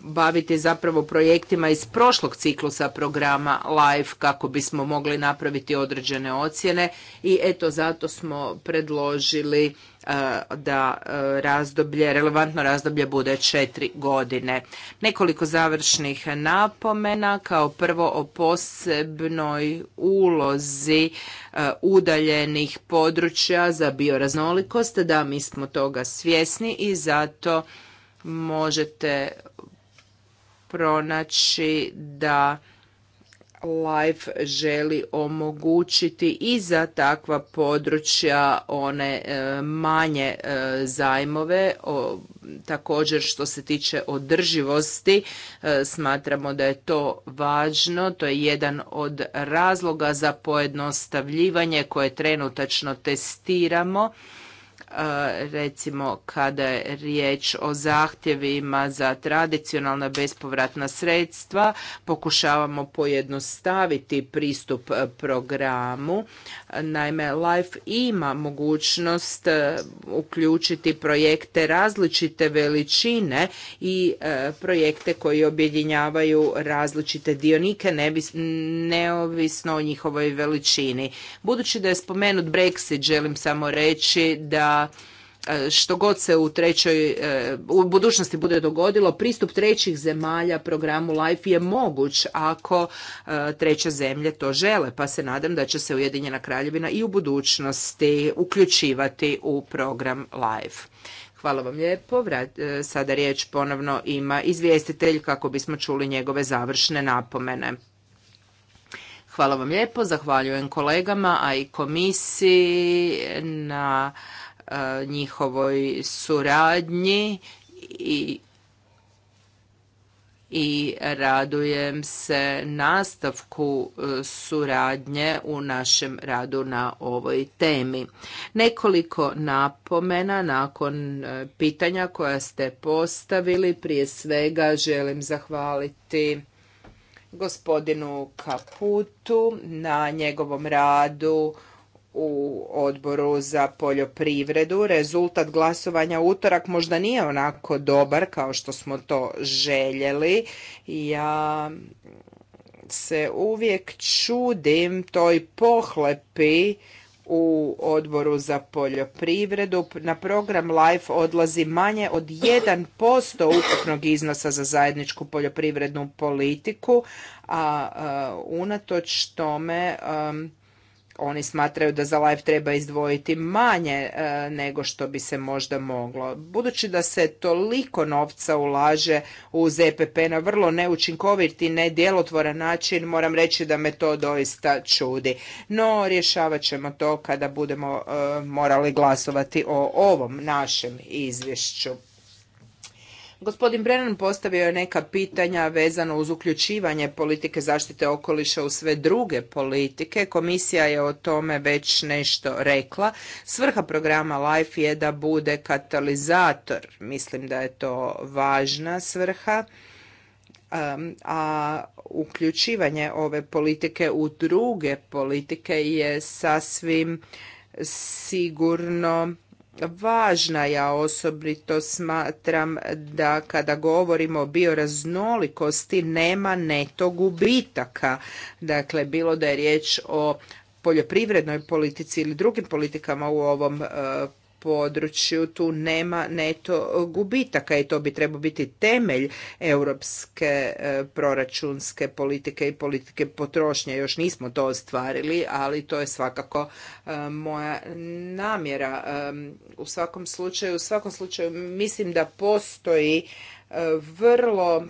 baviti zapravo projektima iz prošlog ciklusa programa LIFE kako bismo mogli napraviti određene ocjene i eto zato smo predložili E, da e, razdoblje, relevantno razdoblje bude četiri godine. Nekoliko završnih napomena, kao prvo o posebnoj ulozi e, udaljenih područja za bioraznolikost, da mi smo toga svjesni i zato možete pronaći da Life želi omogućiti i za takva područja one e, manje e, zajmove. Također što se tiče održivosti, e, smatramo da je to važno. To je jedan od razloga za pojednostavljivanje koje trenutačno testiramo recimo kada je riječ o zahtjevima za tradicionalna bespovratna sredstva, pokušavamo pojednostaviti pristup e, programu. Naime, LIFE ima mogućnost e, uključiti projekte različite veličine i e, projekte koji objedinjavaju različite dionike neovisno o njihovoj veličini. Budući da je spomenut Brexit, želim samo reći da E, što god se u trećoj, e, u budućnosti bude dogodilo, pristup trećih zemalja programu LIFE je moguć ako e, treće zemlje to žele, pa se nadam da će se Ujedinjena kraljevina i u budućnosti uključivati u program LIFE. Hvala vam lijepo. Sada riječ ponovno ima izvjestitelj kako bismo čuli njegove završne napomene. Hvala vam lijepo, zahvaljujem kolegama, a i komisiji na Eh, njihovoj suradnji i i radujem se nastavku eh, suradnje u našem radu na ovoj temi. Nekoliko napomena nakon eh, pitanja koja ste postavili. Prije svega želim zahvaliti gospodinu Kaputu na njegovom radu u odboru za poljoprivredu. Rezultat glasovanja utorak možda nije onako dobar kao što smo to željeli. Ja se uvijek čudim toj pohlepi u odboru za poljoprivredu. Na program LIFE odlazi manje od 1% ukupnog iznosa za zajedničku poljoprivrednu politiku, a, unatoč tome um, oni smatraju da za live treba izdvojiti manje e, nego što bi se možda moglo. Budući da se toliko novca ulaže u ZPP na vrlo neučinkovit i nedjelotvoran način, moram reći da me to doista čudi. No, rješavat ćemo to kada budemo e, morali glasovati o ovom našem izvješću. Gospodin Brennan postavio je neka pitanja vezano uz uključivanje politike zaštite okoliša u sve druge politike. Komisija je o tome već nešto rekla. Svrha programa LIFE je da bude katalizator. Mislim da je to važna svrha um, a uključivanje ove politike u druge politike je sasvim sigurno važna. Ja osobito smatram da kada govorimo o bioraznolikosti nema netog gubitaka. Dakle, bilo da je riječ o poljoprivrednoj politici ili drugim politikama u ovom e, području tu nema neto gubitaka i to bi trebao biti temelj europske e, proračunske politike i politike potrošnje. Još nismo to ostvarili, ali to je svakako e, moja namjera. E, u svakom slučaju, u svakom slučaju mislim da postoji vrlo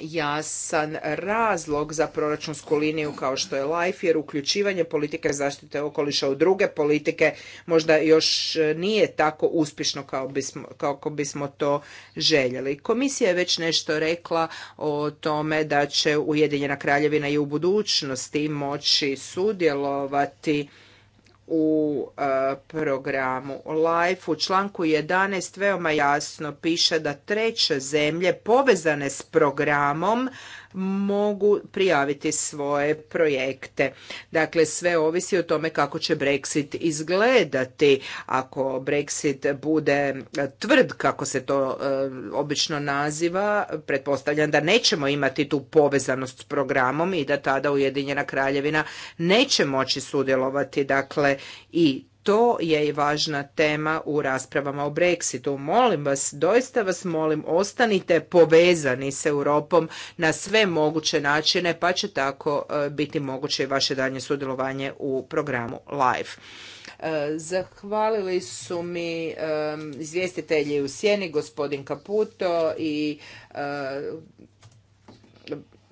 jasan razlog za proračunsku liniju kao što je LIFE jer uključivanje politike zaštite okoliša u druge politike možda još nije tako uspješno kao bismo, kako bismo to željeli. Komisija je već nešto rekla o tome da će Ujedinjena kraljevina i u budućnosti moći sudjelovati u e, programu LIFE u članku 11 veoma jasno piše da treće zemlje povezane s programom mogu prijaviti svoje projekte. Dakle, sve ovisi o tome kako će Brexit izgledati. Ako Brexit bude tvrd, kako se to e, obično naziva, pretpostavljam da nećemo imati tu povezanost s programom i da tada Ujedinjena kraljevina neće moći sudjelovati. Dakle, i to je i važna tema u raspravama o Brexitu. Molim vas, doista vas molim, ostanite povezani s Europom na sve moguće načine, pa će tako e, biti moguće i vaše danje sudjelovanje u programu live. E, zahvalili su mi e, izvjestitelji u Sjeni, gospodin Kaputo i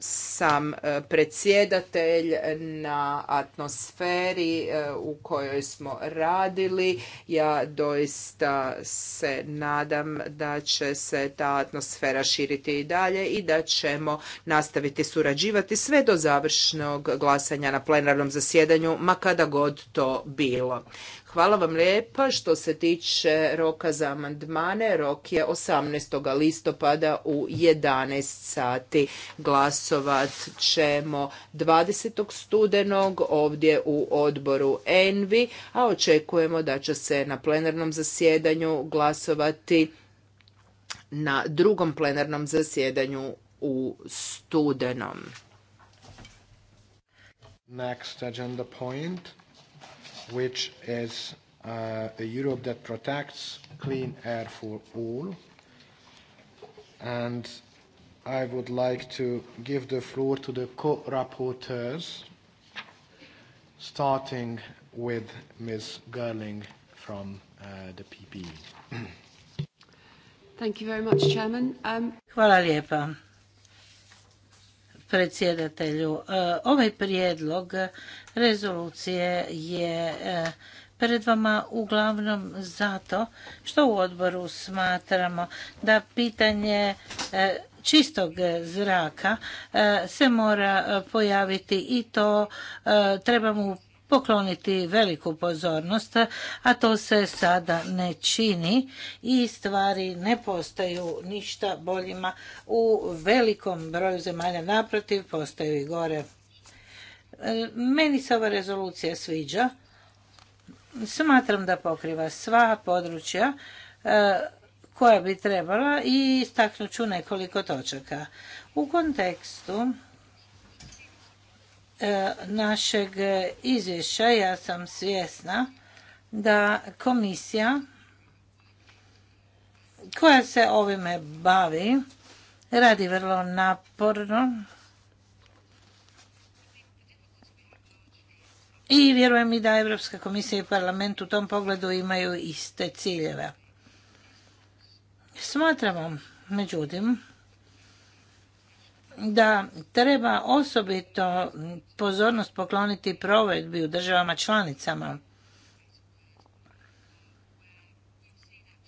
sam e, predsjedatelj na atmosferi e, u kojoj smo radili. Ja doista se nadam da će se ta atmosfera širiti i dalje i da ćemo nastaviti surađivati sve do završnog glasanja na plenarnom zasjedanju, ma kada god to bilo. Hvala vam lijepa. Što se tiče roka za amandmane, rok je 18. listopada u 11 sati. Glasovat ćemo 20. studenog ovdje u odboru ENVI, a očekujemo da će se na plenarnom zasjedanju glasovati na drugom plenarnom zasjedanju u studenom. Next agenda point which is uh, a Europe that protects clean air for all. And I would like to give the floor to the co-rapporteurs, starting with Ms. Gerling from uh, the PPE. Thank you very much, Chairman. Um... Hvala lijepa predsjedatelju. E, ovaj prijedlog rezolucije je e, pred vama uglavnom zato što u odboru smatramo da pitanje e, čistog zraka se mora pojaviti i to trebamo pokloniti veliku pozornost, a to se sada ne čini i stvari ne postaju ništa boljima u velikom broju zemalja naprotiv, postaju i gore. E, meni se ova rezolucija sviđa. Smatram da pokriva sva područja e, koja bi trebala i istaknut ću nekoliko točaka. U kontekstu našeg izvješća ja sam svjesna da komisija koja se ovime bavi radi vrlo naporno i vjerujem i da Europska komisija i parlament u tom pogledu imaju iste ciljeve. Smatramo, međutim, da treba osobito pozornost pokloniti provedbi u državama članicama.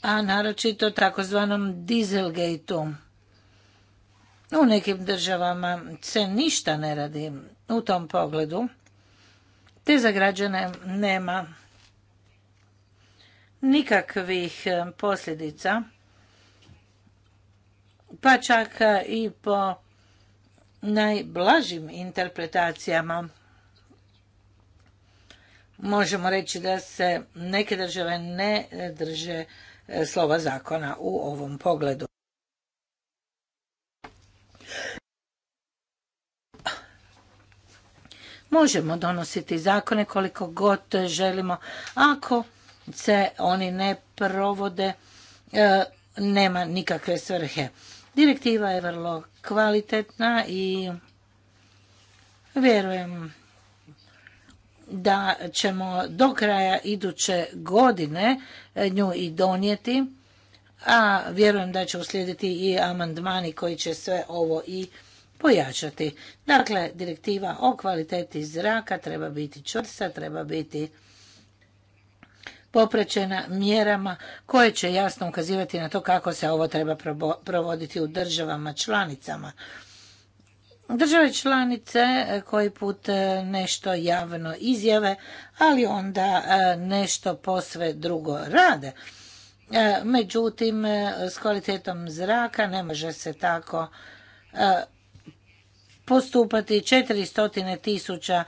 A naročito takozvanom gate-u. U nekim državama se ništa ne radi u tom pogledu, te za građane nema nikakvih e, posljedica, pa čak e, i po najblažim interpretacijama možemo reći da se neke države ne drže e, slova zakona u ovom pogledu. Možemo donositi zakone koliko god želimo, ako se oni ne provode, e, nema nikakve svrhe. Direktiva je vrlo kvalitetna i vjerujem da ćemo do kraja iduće godine nju i donijeti, a vjerujem da će uslijediti i amandmani koji će sve ovo i pojačati. Dakle, direktiva o kvaliteti zraka treba biti čvrsta, treba biti popraćena mjerama koje će jasno ukazivati na to kako se ovo treba provoditi u državama članicama. Države članice e, koji put e, nešto javno izjave, ali onda e, nešto posve drugo rade. Međutim, s kvalitetom zraka ne može se tako postupati. 400 tisuća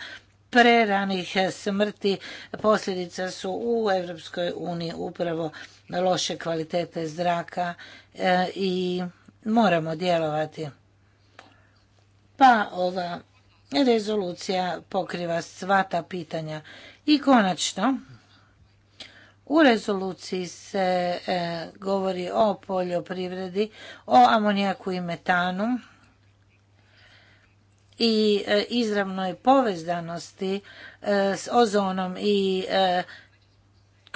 preranih smrti posljedica su u Europskoj uniji upravo loše kvalitete zraka e, i moramo djelovati. Pa ova rezolucija pokriva sva ta pitanja. I konačno, u rezoluciji se e, govori o poljoprivredi, o amonijaku i metanu i e, izravnoj povezdanosti e, s ozonom i e,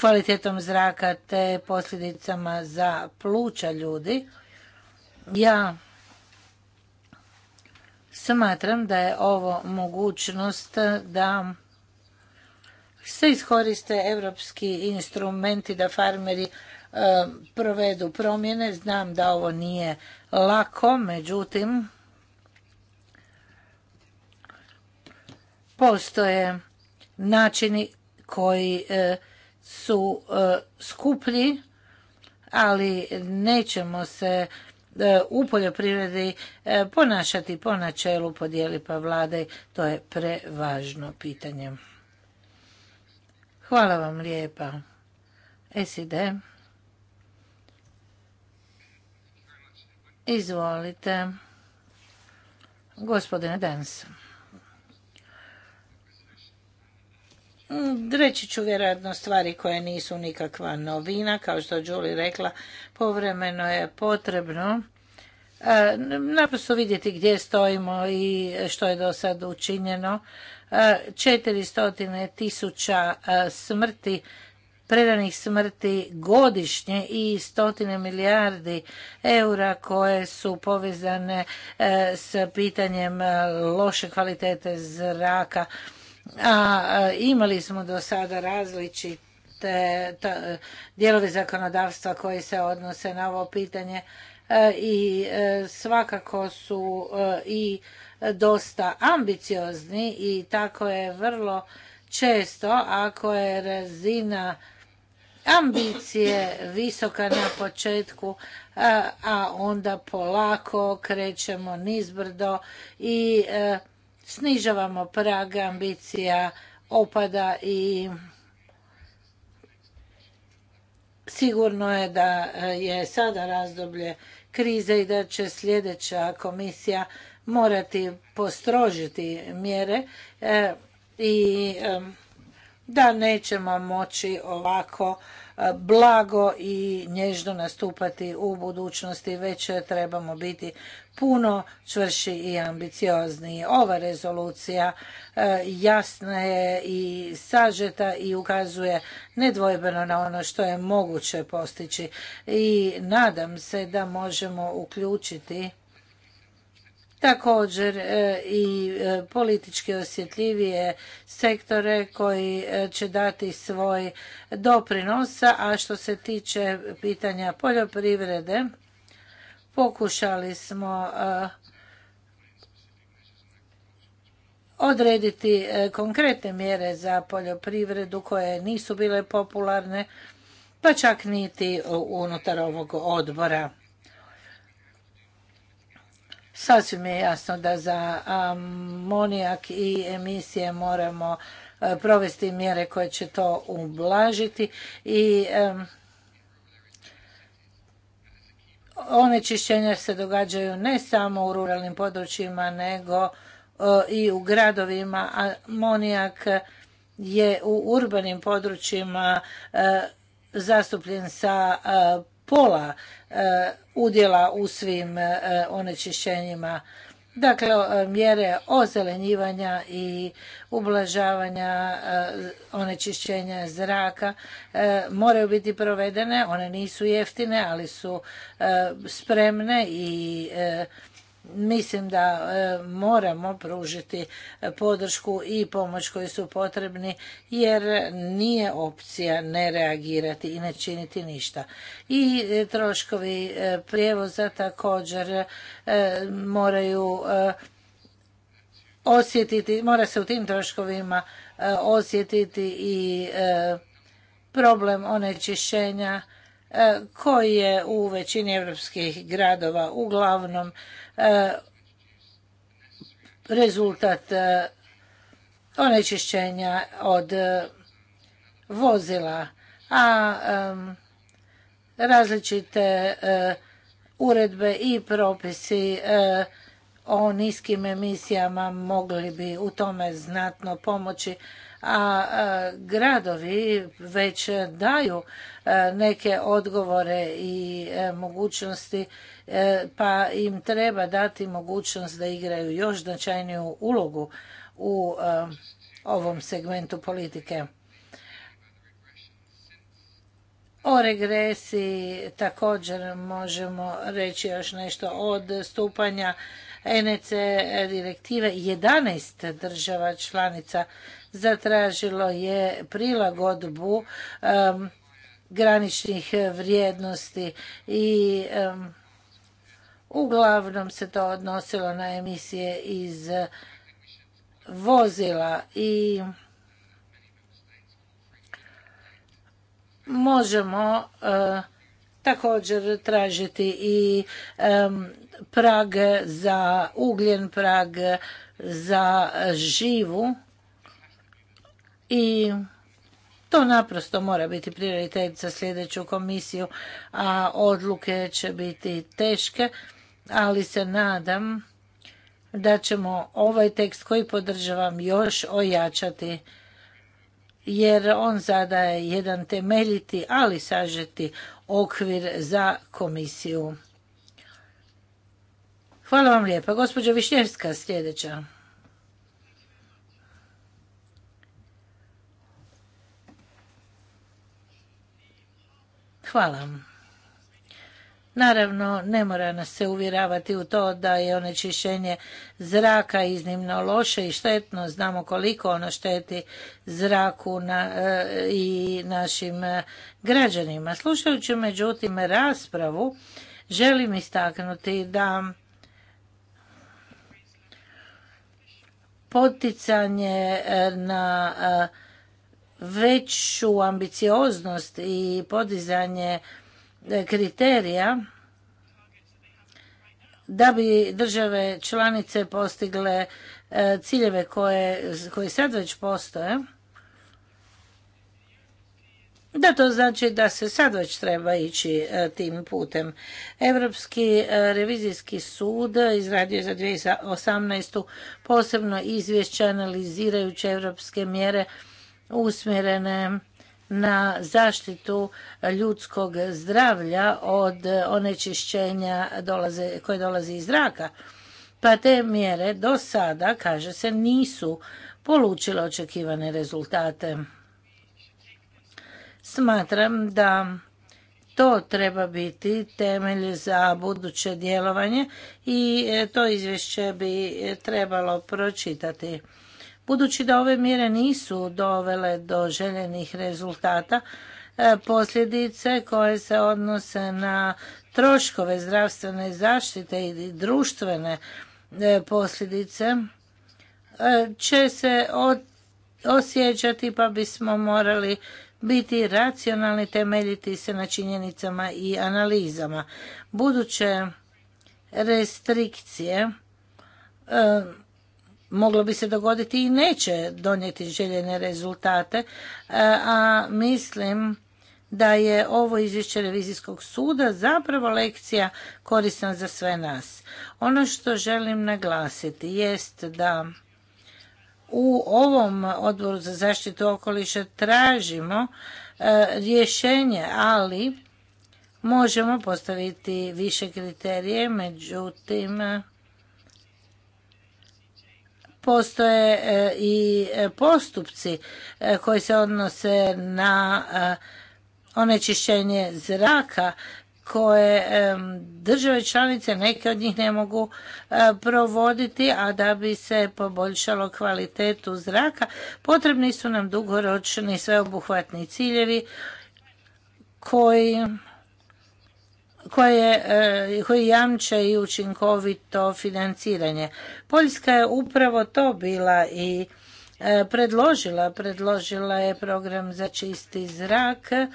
kvalitetom zraka te posljedicama za pluća ljudi. Ja smatram da je ovo mogućnost da se iskoriste evropski instrumenti da farmeri provedu promjene. Znam da ovo nije lako, međutim Postoje načini koji e, su e, skuplji, ali nećemo se e, u poljoprivredi ponašati po načelu podijeli pa vlade. To je prevažno pitanje. Hvala vam lijepa. SID. Izvolite. Gospodine Dans. Mm, reći ću vjerojatno stvari koje nisu nikakva novina, kao što Julie rekla, povremeno je potrebno e, naprosto vidjeti gdje stojimo i što je do sad učinjeno. 400.000 e, tisuća e, smrti, predanih smrti godišnje i stotine milijardi eura koje su povezane s pitanjem loše kvalitete zraka a imali smo do sada različite dijelove zakonodavstva koji se odnose na ovo pitanje e, i e, svakako su e, i dosta ambiciozni i tako je vrlo često ako je razina ambicije visoka na početku, a onda polako krećemo nizbrdo i snižavamo prag ambicija, opada i sigurno je da je sada razdoblje krize i da će sljedeća komisija morati postrožiti mjere e, i e, da nećemo moći ovako blago i nježno nastupati u budućnosti, već trebamo biti puno čvrši i ambiciozniji. Ova rezolucija jasna je i sažeta i ukazuje nedvojbeno na ono što je moguće postići i nadam se da možemo uključiti također e, i e, politički osjetljivije sektore koji e, će dati svoj doprinos, a što se tiče pitanja poljoprivrede, pokušali smo odrediti konkretne mjere za poljoprivredu koje nisu bile popularne, pa čak niti unutar ovog odbora. Sasvim je jasno da za amonijak i emisije moramo e, provesti mjere koje će to ublažiti i onečišćenja se događaju ne samo u ruralnim područjima nego e, i u gradovima. Amonijak je u urbanim područjima e, zastupljen sa pola e, udjela u svim e, onečišćenjima. Dakle, mjere ozelenjivanja i ublažavanja e, onečišćenja zraka moraju biti provedene. One nisu jeftine, ali su spremne i mislim da e, moramo pružiti e, podršku i pomoć koji su potrebni jer nije opcija ne reagirati i ne činiti ništa. I e, troškovi prijevoza također moraju osjetiti, mora se u tim troškovima osjetiti i problem onečišćenja koji je u većini europskih gradova uglavnom E, rezultat e, onečišćenja od e, vozila, a različite uredbe i propisi o niskim emisijama mogli bi u tome znatno pomoći a gradovi već daju e, neke odgovore i e, mogućnosti e, pa im treba dati mogućnost da igraju još značajniju ulogu u ovom segmentu politike. O regresiji također možemo reći još nešto od stupanja NEC direktive 11 država članica zatražilo je prilagodbu graničnih vrijednosti i uglavnom se to odnosilo na emisije iz vozila i možemo e, također tražiti i prag za ugljen, prag za živu i to naprosto mora biti prioritet za sljedeću komisiju, a odluke će biti teške, ali se nadam da ćemo ovaj tekst koji podržavam još ojačati jer on zadaje jedan temeljiti, ali sažeti okvir za komisiju. Hvala vam lijepa. Gospođa Višnjevska sljedeća. Hvala. Naravno, ne mora nas se uvjeravati u to da je onečišćenje zraka iznimno loše i štetno. Znamo koliko ono šteti zraku na, e, i našim e, građanima. Slušajući međutim raspravu, želim istaknuti da poticanje e, na veću ambicioznost i podizanje e, kriterija da bi države članice postigle e, ciljeve koje, koji sad već postoje, da to znači da se sad već treba ići e, tim putem. Europski revizijski sud izradio za 2018. posebno izvješće analizirajuće europske mjere usmjerene na zaštitu ljudskog zdravlja od onečišćenja koje dolazi iz zraka. Pa te mjere do sada, kaže se, nisu polučile očekivane rezultate. Smatram da to treba biti temelj za buduće djelovanje i to izvješće bi trebalo pročitati. Budući da ove mjere nisu dovele do željenih rezultata, e, posljedice koje se odnose na troškove zdravstvene zaštite i društvene e, posljedice e, će se osjećati pa bismo morali biti racionalni, temeljiti se na činjenicama i analizama. Buduće restrikcije moglo bi se dogoditi i neće donijeti željene rezultate, e, a mislim da je ovo izvješće revizijskog suda zapravo lekcija korisna za sve nas. Ono što želim naglasiti jest da u ovom odboru za zaštitu okoliša tražimo e, rješenje, ali možemo postaviti više kriterije, međutim postoje e, i e, postupci e, koji se odnose na onečišćenje zraka koje države članice neke od njih ne mogu provoditi a da bi se poboljšalo kvalitetu zraka potrebni su nam dugoročni sveobuhvatni ciljevi koji koje, eh, jamče i učinkovito financiranje. Poljska je upravo to bila i eh, predložila. Predložila je program za čisti zrak eh,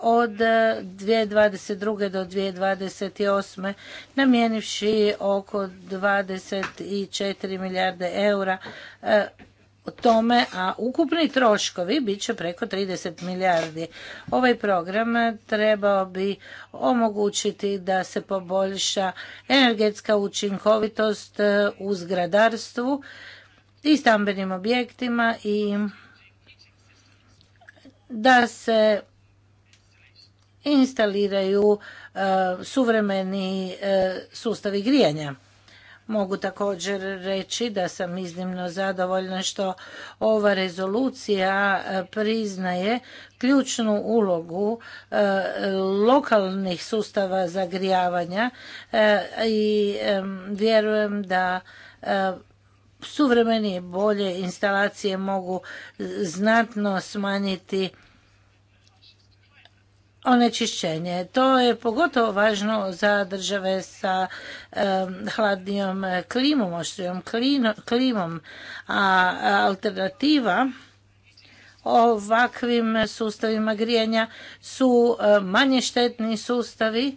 od 2022. do 2028. namjenivši oko 24 milijarde eura tome, a ukupni troškovi bit će preko 30 milijardi. Ovaj program trebao bi omogućiti da se poboljša energetska učinkovitost e, u zgradarstvu i stambenim objektima i da se instaliraju e, suvremeni e, sustavi grijanja. Mogu također reći da sam iznimno zadovoljna što ova rezolucija e, priznaje ključnu ulogu e, lokalnih sustava zagrijavanja e, i vjerujem da suvremenije bolje instalacije mogu znatno smanjiti onečišćenje. To je pogotovo važno za države sa hladnijom klimom, klimom, a alternativa ovakvim sustavima grijanja su e, manje štetni sustavi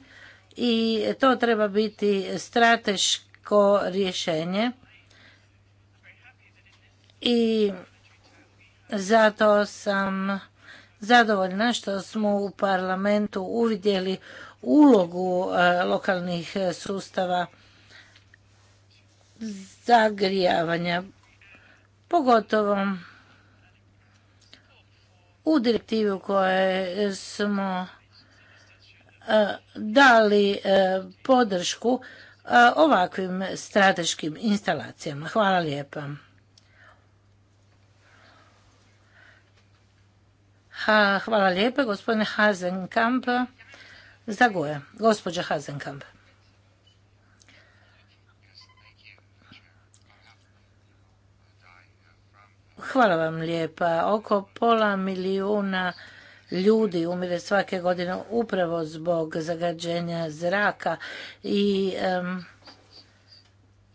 i to treba biti strateško rješenje. I zato sam zadovoljna što smo u parlamentu uvidjeli ulogu e, lokalnih e, sustava zagrijavanja, pogotovo u direktivu koje smo e, dali podršku ovakvim strateškim instalacijama. Hvala lijepa. hvala lijepa, gospodine Hazenkamp. Zaguje, gospođa Hazenkamp. Hvala vam lijepa. Oko pola milijuna ljudi umire svake godine upravo zbog zagađenja zraka i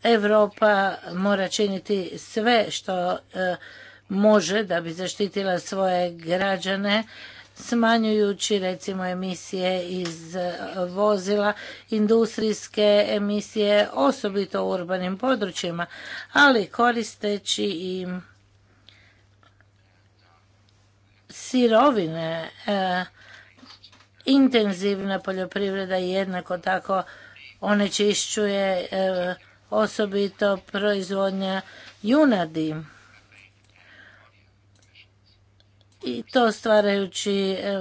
Europa mora činiti sve što eh, može da bi zaštitila svoje građane smanjujući recimo emisije iz e, vozila, industrijske emisije, osobito u urbanim područjima, ali koristeći i sirovine, e, intenzivna poljoprivreda jednako tako onečišćuje e, osobito proizvodnja junadi i to stvarajući e,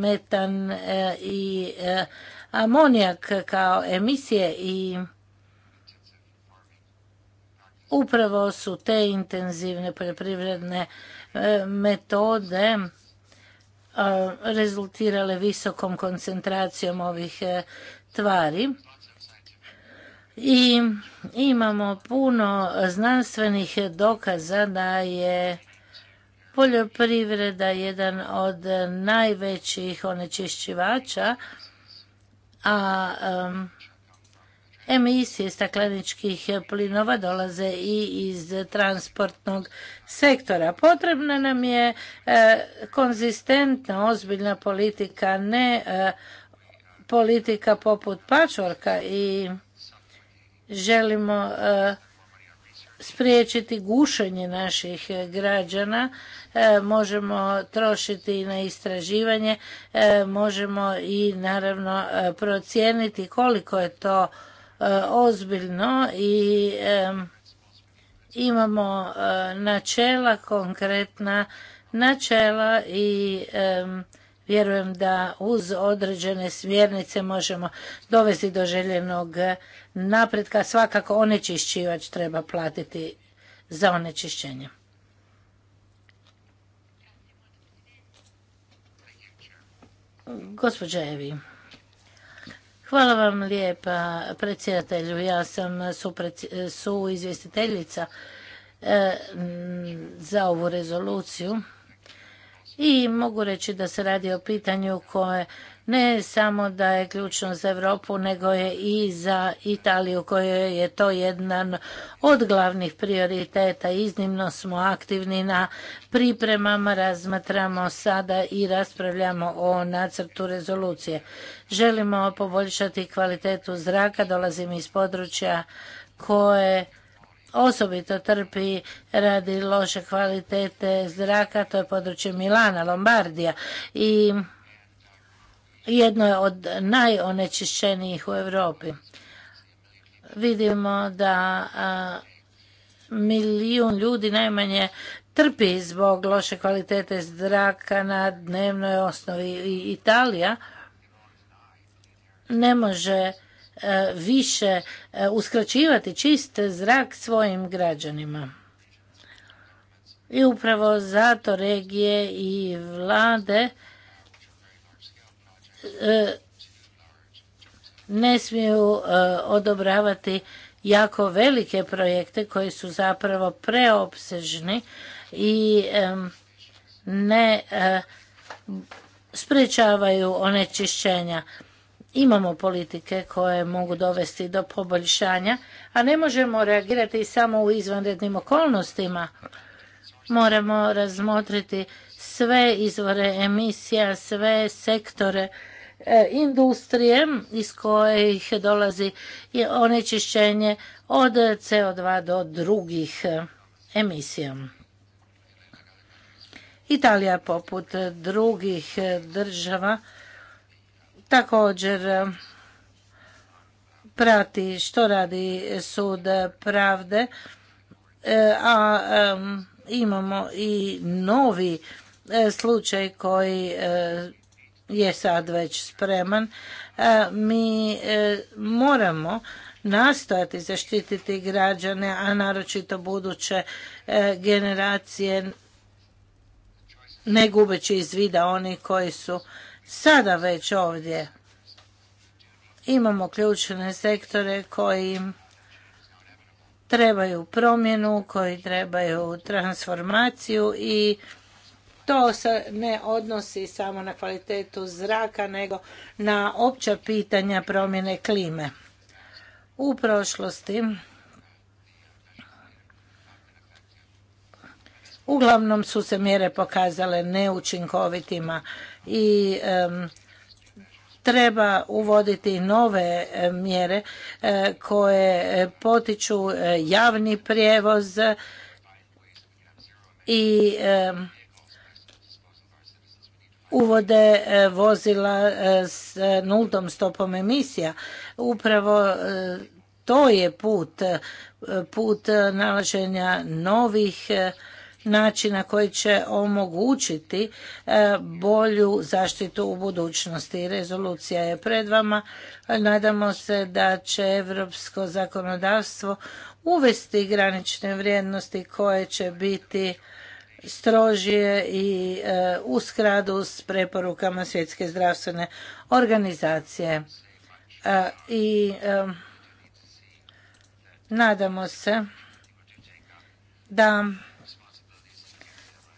metan e, i e, amonijak kao emisije i upravo su te intenzivne poljoprivredne metode rezultirale visokom koncentracijom ovih tvari i imamo puno znanstvenih dokaza da je Poljoprivreda je jedan od eh, najvećih onečišćivača, a emisije stakleničkih plinova dolaze i iz transportnog sektora. Potrebna nam je eh, konzistentna, ozbiljna politika, ne eh, politika poput pačorka i želimo spriječiti gušenje naših građana, e, možemo trošiti na istraživanje, e, možemo i naravno e, procijeniti koliko je to ozbiljno i imamo načela, konkretna načela i vjerujem da uz određene smjernice možemo dovesti do željenog napretka, svakako onečišćivač treba platiti za onečišćenje. Gospođa Evi. Hvala vam lijepa predsjedatelju. Ja sam suizvjestiteljica izvjestiteljica e, za ovu rezoluciju i mogu reći da se radi o pitanju koje ne samo da je ključno za Europu, nego je i za Italiju kojoj je to jedan od glavnih prioriteta. Iznimno smo aktivni na pripremama, razmatramo sada i raspravljamo o nacrtu rezolucije. Želimo poboljšati kvalitetu zraka, dolazim iz područja koje osobito trpi radi loše kvalitete zraka, to je područje Milana, Lombardija i jedno je od najonečišćenijih u Europi. Vidimo da milijun ljudi najmanje trpi zbog loše kvalitete zraka na dnevnoj osnovi. I Italija ne može e, više e, uskraćivati čist zrak svojim građanima. I upravo zato regije i vlade E, ne smiju e, odobravati jako velike projekte koji su zapravo preopsežni i ne e, sprečavaju onečišćenja. Imamo politike koje mogu dovesti do poboljšanja, a ne možemo reagirati samo u izvanrednim okolnostima. Moramo razmotriti sve izvore emisija, sve sektore E, industrije iz kojih dolazi onečišćenje od CO2 do drugih e, emisija. Italija poput drugih e, država također prati što radi sud pravde, a imamo i novi slučaj koji je sad već spreman, e, mi e, moramo nastojati zaštititi građane, a naročito buduće e, generacije, ne gubeći iz vida oni koji su sada već ovdje. Imamo ključne sektore koji trebaju promjenu, koji trebaju transformaciju i to se ne odnosi samo na kvalitetu zraka, nego na opća pitanja promjene klime. U prošlosti uglavnom su se mjere pokazale neučinkovitima i treba uvoditi nove mjere eh, koje potiču eh, javni prijevoz i uvode e, vozila e, s e, nultom stopom emisija. Upravo to je put, put nalaženja novih načina koji će omogućiti bolju zaštitu u budućnosti. Rezolucija je pred vama. Nadamo se da će europsko zakonodavstvo uvesti granične vrijednosti koje će biti strožije i e, u skladu s preporukama Svjetske zdravstvene organizacije. E, I e, nadamo se da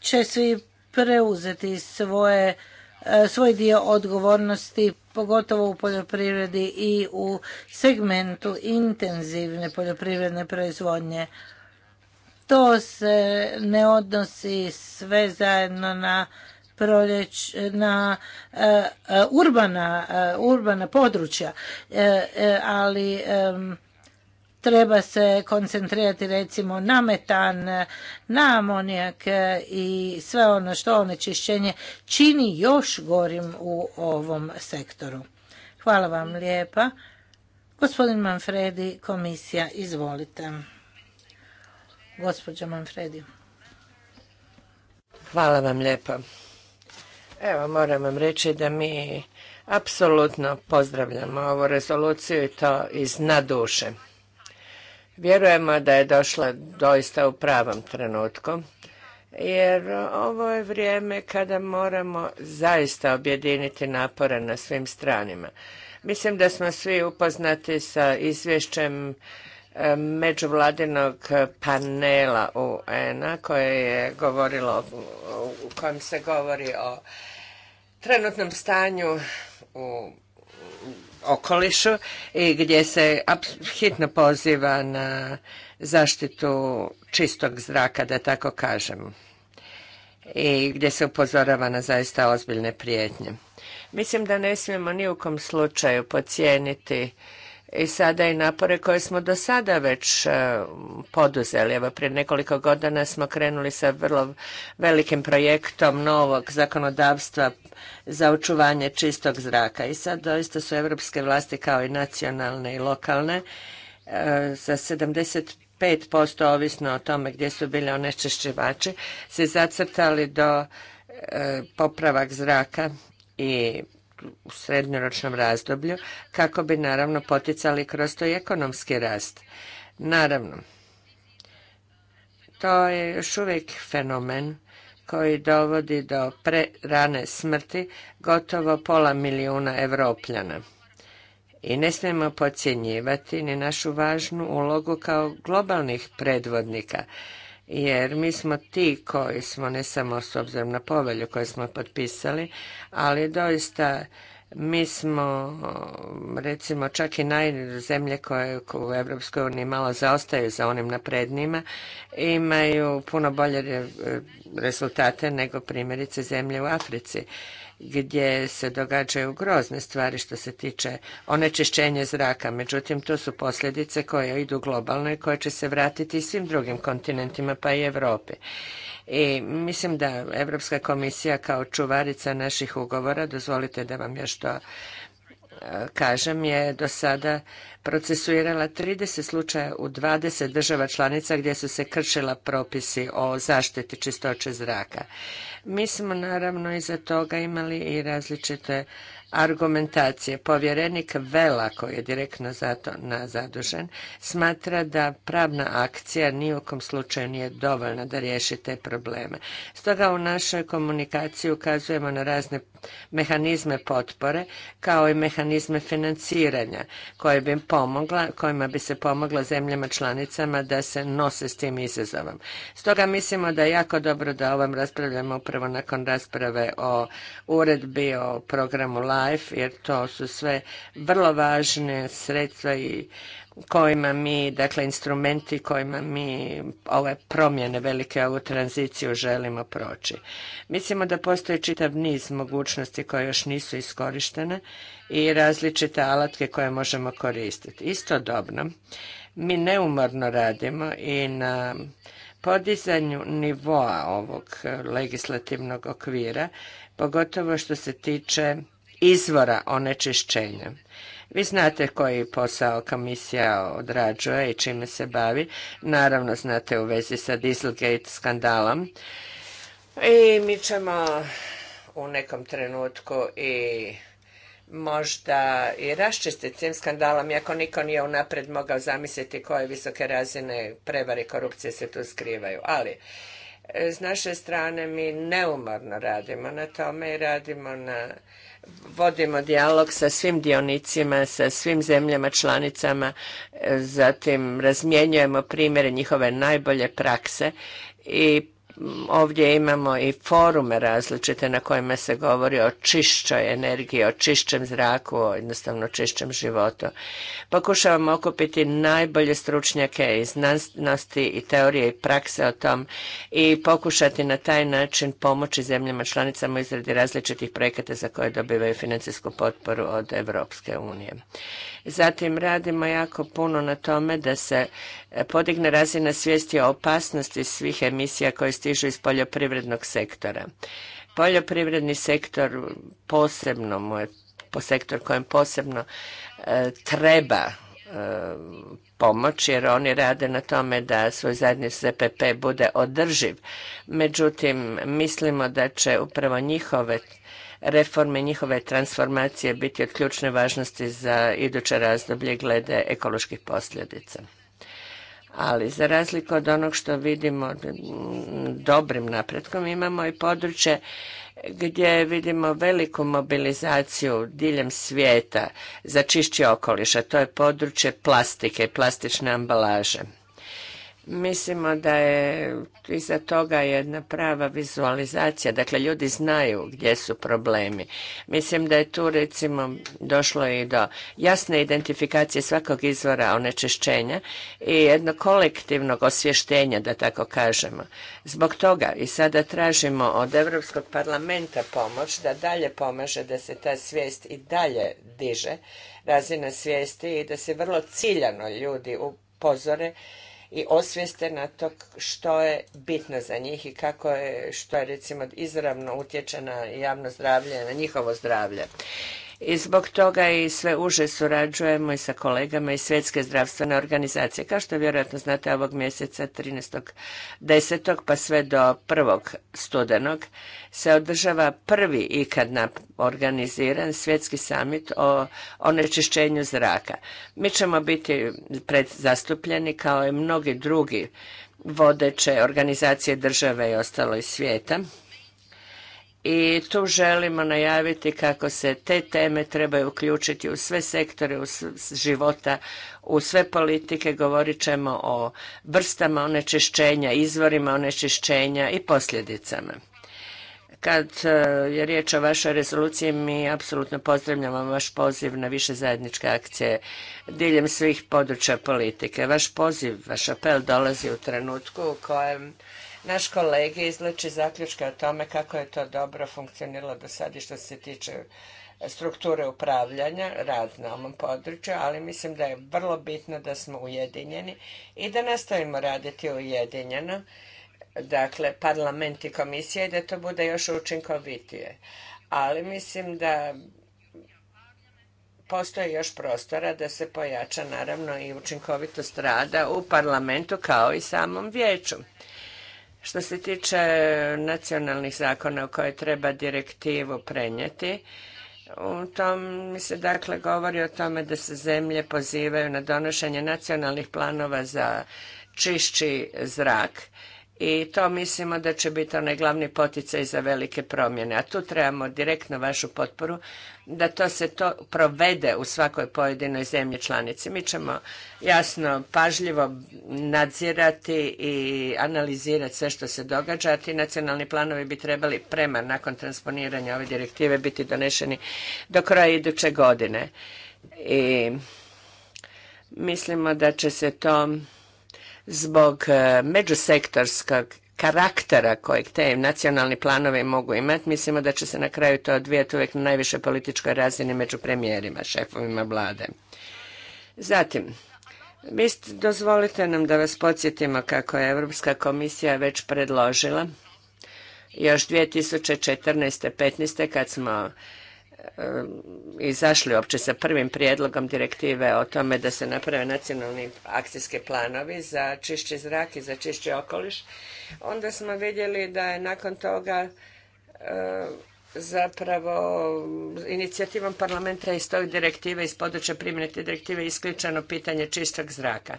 će svi preuzeti svoje svoj dio odgovornosti, pogotovo u poljoprivredi i u segmentu intenzivne poljoprivredne proizvodnje to se ne odnosi sve zajedno na proljeć na e, e, urbana, e, urbana područja ali treba se koncentrirati recimo na metan na amonijak i sve ono što onečišćenje čini još gorim u ovom sektoru hvala vam lijepa gospodin Manfredi komisija izvolite gospođa Manfredi. Hvala vam lijepa. Evo, moram vam reći da mi apsolutno pozdravljamo ovu rezoluciju i to iz naduše. Vjerujemo da je došla doista u pravom trenutku, jer ovo je vrijeme kada moramo zaista objediniti napore na svim stranima. Mislim da smo svi upoznati sa izvješćem međuvladinog panela UN-a koje je govorilo, u kojem se govori o trenutnom stanju u okolišu i gdje se hitno poziva na zaštitu čistog zraka, da tako kažem, i gdje se upozorava na zaista ozbiljne prijetnje. Mislim da ne smijemo ni u kom slučaju pocijeniti i sada i napore koje smo do sada već e, poduzeli. Evo, prije nekoliko godina smo krenuli sa vrlo velikim projektom novog zakonodavstva za očuvanje čistog zraka. I sad doista su evropske vlasti kao i nacionalne i lokalne za e, 75 posto ovisno o tome gdje su bili onečišćivači se zacrtali do e, popravak zraka i u srednjoročnom razdoblju kako bi naravno poticali kroz to i ekonomski rast. Naravno, to je još uvijek fenomen koji dovodi do prerane smrti gotovo pola milijuna Evropljana. I ne smijemo podcjenjivati ni našu važnu ulogu kao globalnih predvodnika jer mi smo ti koji smo, ne samo s obzirom na povelju koju smo potpisali, ali doista mi smo recimo čak i zemlje koje u EU malo zaostaju za onim naprednijima imaju puno bolje rezultate nego primjerice zemlje u Africi gdje se događaju grozne stvari što se tiče onečišćenja zraka. Međutim, to su posljedice koje idu globalno i koje će se vratiti i svim drugim kontinentima pa i Europi. I mislim da Europska komisija kao čuvarica naših ugovora, dozvolite da vam još to e, kažem, je do sada procesuirala 30 slučaja u 20 država članica gdje su se kršila propisi o zaštiti čistoće zraka. Mi smo naravno iza toga imali i različite argumentacije. Povjerenik Vela, koji je direktno zato zadužen, smatra da pravna akcija ni u slučaju nije dovoljna da riješi te probleme. Stoga u našoj komunikaciji ukazujemo na razne mehanizme potpore kao i mehanizme financiranja koje bi pomogla, kojima bi se pomogla zemljama članicama da se nose s tim izazovom. Stoga mislimo da je jako dobro da ovom raspravljamo upravo nakon rasprave o uredbi, o programu LA Life, jer to su sve vrlo važne sredstva i kojima mi, dakle instrumenti kojima mi ove promjene velike ovu tranziciju želimo proći. Mislimo da postoji čitav niz mogućnosti koje još nisu iskorištene i različite alatke koje možemo koristiti. Istodobno, mi neumorno radimo i na podizanju nivoa ovog legislativnog okvira, pogotovo što se tiče izvora onečišćenja. Vi znate koji posao komisija odrađuje i čime se bavi. Naravno, znate u vezi sa Dieselgate skandalom. I mi ćemo u nekom trenutku i možda i raščistiti tim skandalom, iako niko nije unapred mogao zamisliti koje visoke razine prevare korupcije se tu skrivaju. Ali, e, s naše strane mi neumorno radimo na tome i radimo na vodimo dijalog sa svim dionicima, sa svim zemljama članicama, e, zatim razmjenjujemo primjere njihove najbolje prakse i ovdje imamo i forume različite na kojima se govori o čišćoj energiji, o čišćem zraku, o jednostavno čišćem životu. Pokušavamo okupiti najbolje stručnjake i znanosti i teorije i prakse o tom i pokušati na taj način pomoći zemljama članicama izradi različitih projekata za koje dobivaju financijsku potporu od Europske unije. Zatim radimo jako puno na tome da se podigne razina svijesti o opasnosti svih emisija koje stižu iz poljoprivrednog sektora. Poljoprivredni sektor posebno mu je po sektor kojem posebno e, treba e, pomoć jer oni rade na tome da svoj zadnji ZPP bude održiv. Međutim, mislimo da će upravo njihove reforme, njihove transformacije biti od ključne važnosti za iduće razdoblje glede ekoloških posljedica. Ali za razliku od onog što vidimo dobrim napretkom, imamo i područje gdje vidimo veliku mobilizaciju diljem svijeta za čišći okoliš, a to je područje plastike i plastične ambalaže. Mislimo da je iza toga jedna prava vizualizacija, dakle ljudi znaju gdje su problemi. Mislim da je tu recimo došlo i do jasne identifikacije svakog izvora onečišćenja i jednog kolektivnog osvještenja, da tako kažemo. Zbog toga i sada tražimo od Europskog parlamenta pomoć da dalje pomaže da se ta svijest i dalje diže, razina svijesti i da se vrlo ciljano ljudi upozore i osvijeste na to što je bitno za njih i kako je, što je recimo izravno utječe na javno zdravlje, na njihovo zdravlje i zbog toga i sve uže surađujemo i sa kolegama iz Svjetske zdravstvene organizacije. Kao što vjerojatno znate, ovog mjeseca 13.10. pa sve do 1. studenog se održava prvi ikad organiziran svjetski samit o onečišćenju zraka. Mi ćemo biti predzastupljeni kao i mnogi drugi vodeće organizacije države i ostalo iz svijeta i tu želimo najaviti kako se te teme trebaju uključiti u sve sektore u života, u sve politike. Govorit ćemo o vrstama onečišćenja, izvorima onečišćenja i posljedicama. Kad e, je riječ o vašoj rezoluciji, mi apsolutno pozdravljamo vaš poziv na više zajedničke akcije diljem svih područja politike. Vaš poziv, vaš apel dolazi u trenutku u kojem naš kolege izlači zaključke o tome kako je to dobro funkcioniralo do sada i što se tiče strukture upravljanja, rad na ovom području, ali mislim da je vrlo bitno da smo ujedinjeni i da nastavimo raditi ujedinjeno, dakle parlament i komisija i da to bude još učinkovitije. Ali mislim da postoji još prostora da se pojača naravno i učinkovitost rada u parlamentu kao i samom vijeću. Što se tiče nacionalnih zakona u koje treba direktivu prenijeti, u tom mi se dakle govori o tome da se zemlje pozivaju na donošenje nacionalnih planova za čišći zrak i to mislimo da će biti onaj glavni poticaj za velike promjene. A tu trebamo direktno vašu potporu da to se to provede u svakoj pojedinoj zemlji članici. Mi ćemo jasno, pažljivo nadzirati i analizirati sve što se događa, a ti nacionalni planovi bi trebali prema nakon transponiranja ove direktive biti donešeni do kraja iduće godine. I mislimo da će se to zbog e, međusektorskog karaktera kojeg te nacionalni planovi mogu imati, mislimo da će se na kraju to odvijati uvijek na najviše političkoj razini među premijerima, šefovima vlade. Zatim, dozvolite nam da vas podsjetimo kako je Europska komisija već predložila još 2014. 15. kad smo E, izašli uopće sa prvim prijedlogom direktive o tome da se naprave nacionalni akcijski planovi za čišći zrak i za čišći okoliš, onda smo vidjeli da je nakon toga e, zapravo inicijativom parlamenta iz tog direktive, iz područja primjene direktive isključeno pitanje čistog zraka.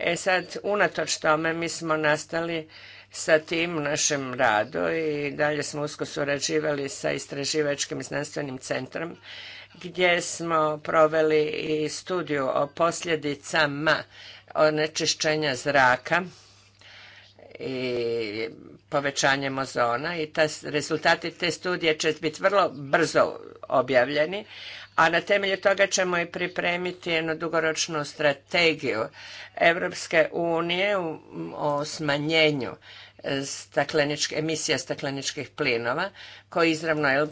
E sad, unatoč tome, mi smo nastali sa tim našem radu i dalje smo usko surađivali sa istraživačkim znanstvenim centrom gdje smo proveli i studiju o posljedicama onečišćenja zraka i povećanjem ozona i rezultati te studije će biti vrlo brzo objavljeni, a na temelju toga ćemo i pripremiti jednu dugoročnu strategiju Evropske unije o smanjenju e, emisija stakleničkih plinova koji izravno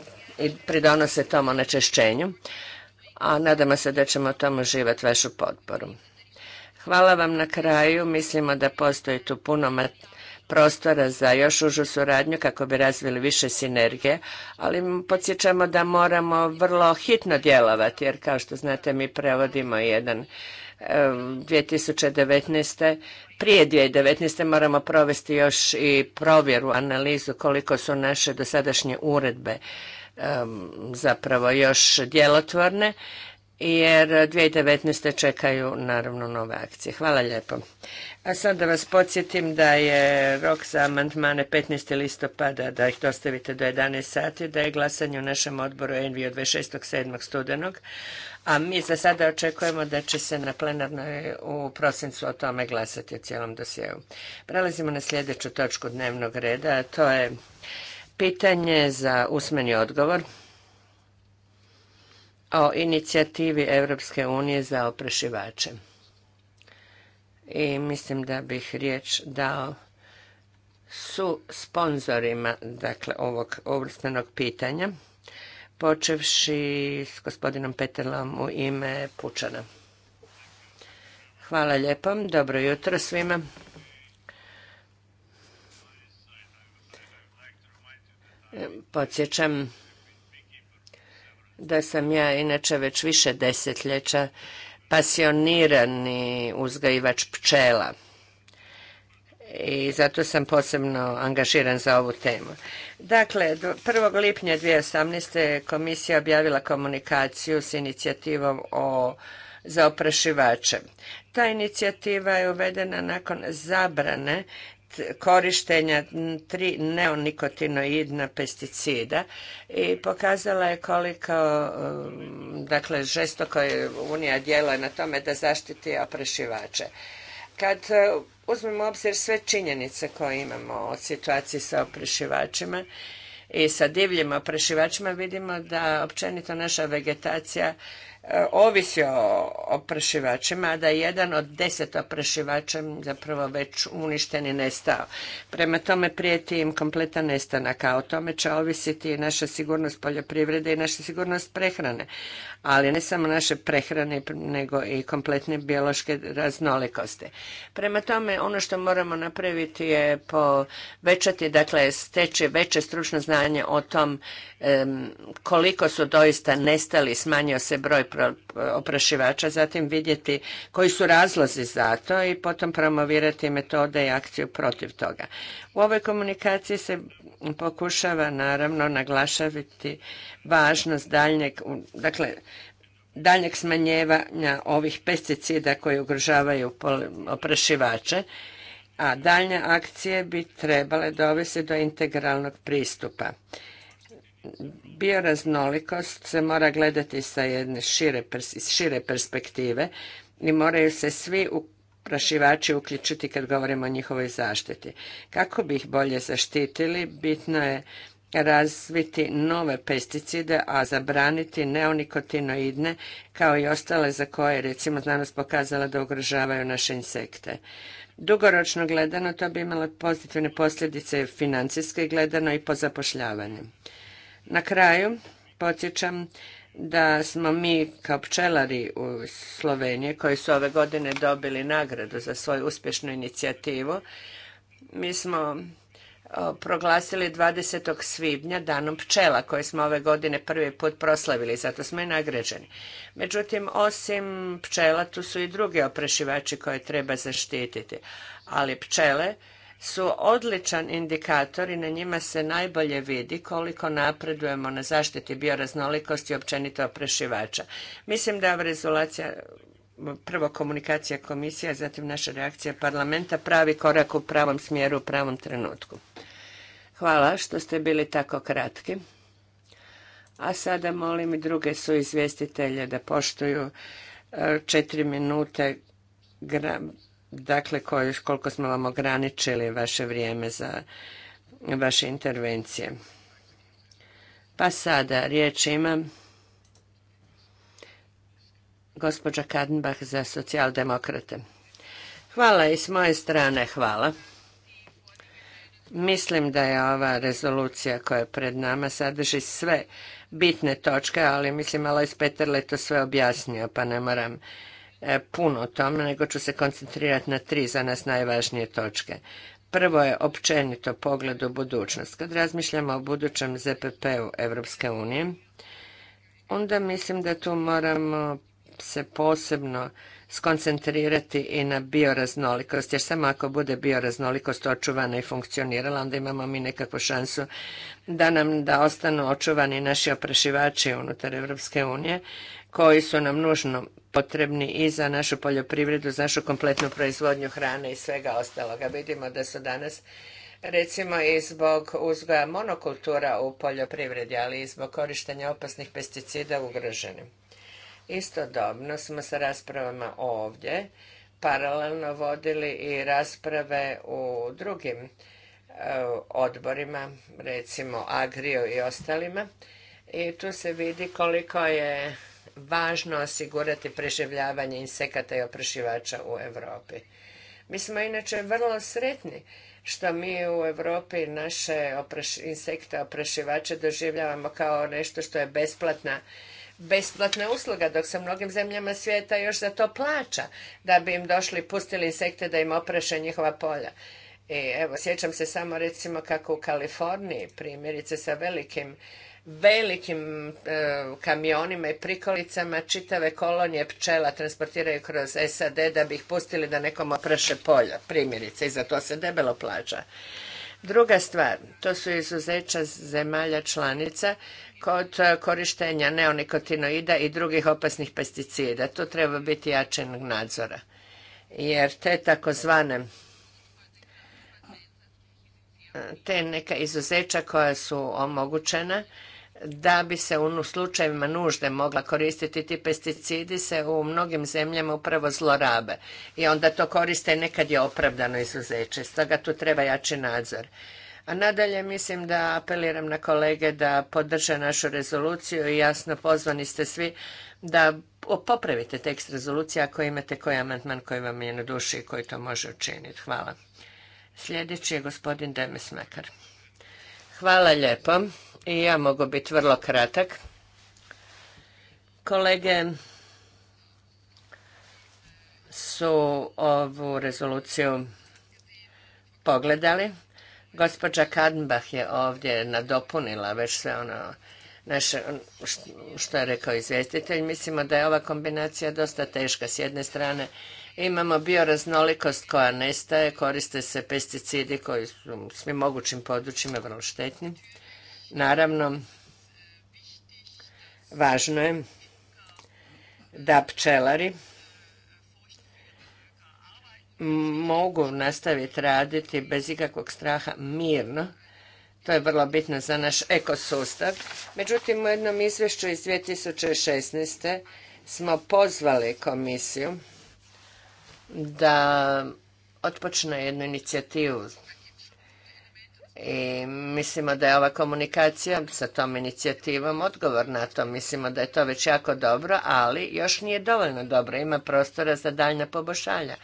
pridonose tom onečešćenju, a nadamo se da ćemo tomu uživati vašu potporu. Hvala vam na kraju, mislimo da postoji tu puno prostora za još užu suradnju kako bi razvili više sinergije, ali podsjećamo da moramo vrlo hitno djelovati jer kao što znate mi prevodimo jedan 2019. E, prije 2019. moramo provesti još i provjeru, analizu koliko su naše dosadašnje uredbe e, zapravo još djelotvorne jer 2019. čekaju naravno nove akcije. Hvala lijepo. A sad da vas podsjetim da je rok za amandmane 15. listopada, da ih dostavite do 11 sati, da je glasanje u našem odboru Envi od 7. studenog, a mi za sada očekujemo da će se na plenarnoj u prosincu o tome glasati u cijelom dosjeu. Prelazimo na sljedeću točku dnevnog reda, a to je pitanje za usmeni odgovor o inicijativi Europske unije za oprašivače. I mislim da bih riječ dao su sponzorima dakle, ovog uvrstanog pitanja, počevši s gospodinom Petelom u ime Pučana. Hvala lijepo, dobro jutro svima. Podsjećam da sam ja inače već više desetljeća pasionirani uzgajivač pčela i zato sam posebno angažiran za ovu temu. Dakle, 1. lipnja 2018. komisija objavila komunikaciju s inicijativom o, za oprašivače. Ta inicijativa je uvedena nakon zabrane korištenja tri neonikotinoidna pesticida i pokazala je koliko um, dakle žestoko je Unija djeluje na tome da zaštiti oprašivače. Kad uh, uzmemo u obzir sve činjenice koje imamo o situaciji sa oprašivačima i sa divljim oprašivačima vidimo da općenito naša vegetacija ovisi o oprašivačima, da je jedan od deset oprašivača zapravo već uništen i nestao. Prema tome prijeti im kompletan nestanak, a o tome će ovisiti i naša sigurnost poljoprivrede i naša sigurnost prehrane. Ali ne samo naše prehrane, nego i kompletne biološke raznolikosti. Prema tome, ono što moramo napraviti je povećati, dakle, steći veće stručno znanje o tom koliko su doista nestali, smanjio se broj oprašivača, zatim vidjeti koji su razlozi za to i potom promovirati metode i akciju protiv toga. U ovoj komunikaciji se pokušava naravno naglašaviti važnost daljnjeg, dakle, daljnjeg smanjevanja ovih pesticida koji ugrožavaju oprašivače, a daljnje akcije bi trebale dovesti do integralnog pristupa bioraznolikost se mora gledati sa jedne šire, perspektive i moraju se svi prašivači uključiti kad govorimo o njihovoj zaštiti. Kako bi ih bolje zaštitili, bitno je razviti nove pesticide, a zabraniti neonikotinoidne kao i ostale za koje recimo znanost pokazala da ugrožavaju naše insekte. Dugoročno gledano to bi imalo pozitivne posljedice financijske gledano i po zapošljavanju. Na kraju podsjećam da smo mi kao pčelari u Sloveniji koji su ove godine dobili nagradu za svoju uspješnu inicijativu, mi smo proglasili 20. svibnja danom pčela koje smo ove godine prvi put proslavili, zato smo i nagrađeni. Međutim, osim pčela tu su i drugi oprešivači koje treba zaštititi, ali pčele su odličan indikator i na njima se najbolje vidi koliko napredujemo na zaštiti bioraznolikosti i općenito oprašivača. Mislim da je rezolacija prvo komunikacija komisija, zatim naša reakcija parlamenta pravi korak u pravom smjeru, u pravom trenutku. Hvala što ste bili tako kratki. A sada molim i druge su izvjestitelje da poštuju e, četiri minute dakle koliko smo vam ograničili vaše vrijeme za vaše intervencije. Pa sada riječ ima gospođa Kadenbach za socijaldemokrate. Hvala i s moje strane hvala. Mislim da je ova rezolucija koja je pred nama sadrži sve bitne točke, ali mislim je Peterle to sve objasnio, pa ne moram E, puno o tome, nego ću se koncentrirati na tri za nas najvažnije točke. Prvo je općenito pogled u budućnost. Kad razmišljamo o budućem ZPP-u Europske unije, onda mislim da tu moramo se posebno skoncentrirati i na bioraznolikost, jer samo ako bude bioraznolikost očuvana i funkcionirala, onda imamo mi nekakvu šansu da nam da ostanu očuvani naši oprašivači unutar Evropske unije koji su nam nužno potrebni i za našu poljoprivredu, za našu kompletnu proizvodnju hrane i svega ostaloga. Vidimo da su danas recimo i zbog uzgoja monokultura u poljoprivredi, ali i zbog korištenja opasnih pesticida ugroženi. Istodobno smo sa raspravama ovdje paralelno vodili i rasprave u drugim e, odborima, recimo Agrio i ostalima. I tu se vidi koliko je važno osigurati preživljavanje insekata i oprašivača u Europi. Mi smo inače vrlo sretni što mi u Europi naše opraš, insekte oprašivače doživljavamo kao nešto što je besplatna besplatna usluga, dok se mnogim zemljama svijeta još za to plaća, da bi im došli i pustili insekte da im opraše njihova polja. I evo, sjećam se samo recimo kako u Kaliforniji, primjerice sa velikim velikim e, kamionima i prikolicama čitave kolonije pčela transportiraju kroz SAD da bi ih pustili da nekom opraše polja, primjerice, i za to se debelo plaća. Druga stvar, to su izuzeća zemalja članica kod e, korištenja neonikotinoida i drugih opasnih pesticida. To treba biti jačenog nadzora, jer te takozvane e, te neka izuzeća koja su omogućena da bi se u slučajevima nužde mogla koristiti ti pesticidi se u mnogim zemljama upravo zlorabe i onda to koriste nekad je opravdano izuzeće. Stoga tu treba jači nadzor. A nadalje mislim da apeliram na kolege da podrže našu rezoluciju i jasno pozvani ste svi da popravite tekst rezolucije ako imate koji amandman koji vam je na duši i koji to može učiniti. Hvala. Sljedeći je gospodin Demes Mekar. Hvala lijepo. I ja mogu biti vrlo kratak. Kolege su ovu rezoluciju pogledali. Gospođa Kadenbach je ovdje nadopunila već sve ono naše, što je rekao izvjestitelj. Mislimo da je ova kombinacija dosta teška. S jedne strane imamo bioraznolikost koja nestaje, koriste se pesticidi koji su svim mogućim područjima vrlo štetni. Naravno, važno je da pčelari mogu nastaviti raditi bez ikakvog straha mirno. To je vrlo bitno za naš ekosustav. Međutim, u jednom izvješću iz 2016. smo pozvali komisiju da otpočne jednu inicijativu i mislimo da je ova komunikacija sa tom inicijativom odgovor na to. Mislimo da je to već jako dobro, ali još nije dovoljno dobro. Ima prostora za daljna poboljšanja.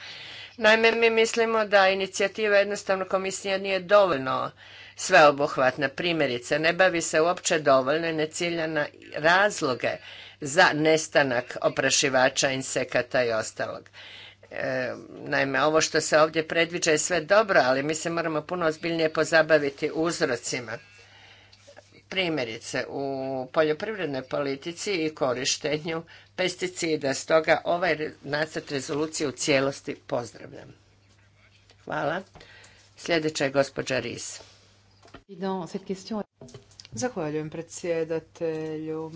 Naime, mi mislimo da inicijativa jednostavno komisija nije dovoljno sveobuhvatna. Primjerice, ne bavi se uopće dovoljno i ne cilja razloge za nestanak oprašivača, insekata i ostalog naime, ovo što se ovdje predviđa je sve dobro, ali mi se moramo puno ozbiljnije pozabaviti uzrocima. Primjerice, u poljoprivrednoj politici i korištenju pesticida, stoga ovaj nacrt rezolucije u cijelosti pozdravljam. Hvala. Sljedeća je gospođa Ris. Zahvaljujem predsjedatelju.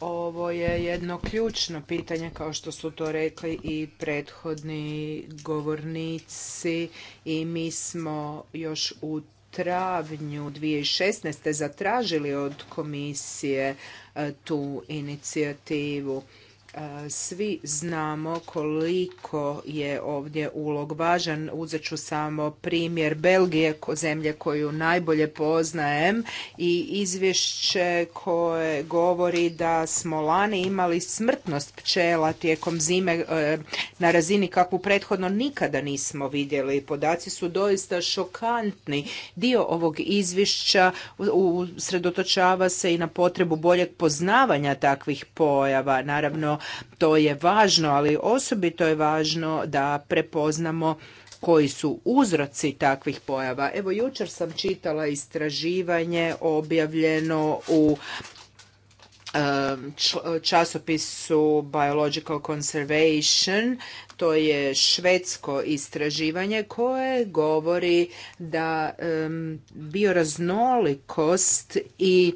Ovo je jedno ključno pitanje kao što su to rekli i prethodni govornici i mi smo još u travnju 2016. zatražili od komisije e, tu inicijativu svi znamo koliko je ovdje ulog važan. Uzet ću samo primjer Belgije, zemlje koju najbolje poznajem i izvješće koje govori da smo lani imali smrtnost pčela tijekom zime e, na razini kakvu prethodno nikada nismo vidjeli. Podaci su doista šokantni. Dio ovog izvješća usredotočava se i na potrebu boljeg poznavanja takvih pojava. Naravno, to je važno, ali osobito je važno da prepoznamo koji su uzroci takvih pojava. Evo jučer sam čitala istraživanje objavljeno u časopisu Biological Conservation, to je švedsko istraživanje koje govori da bioraznolikost i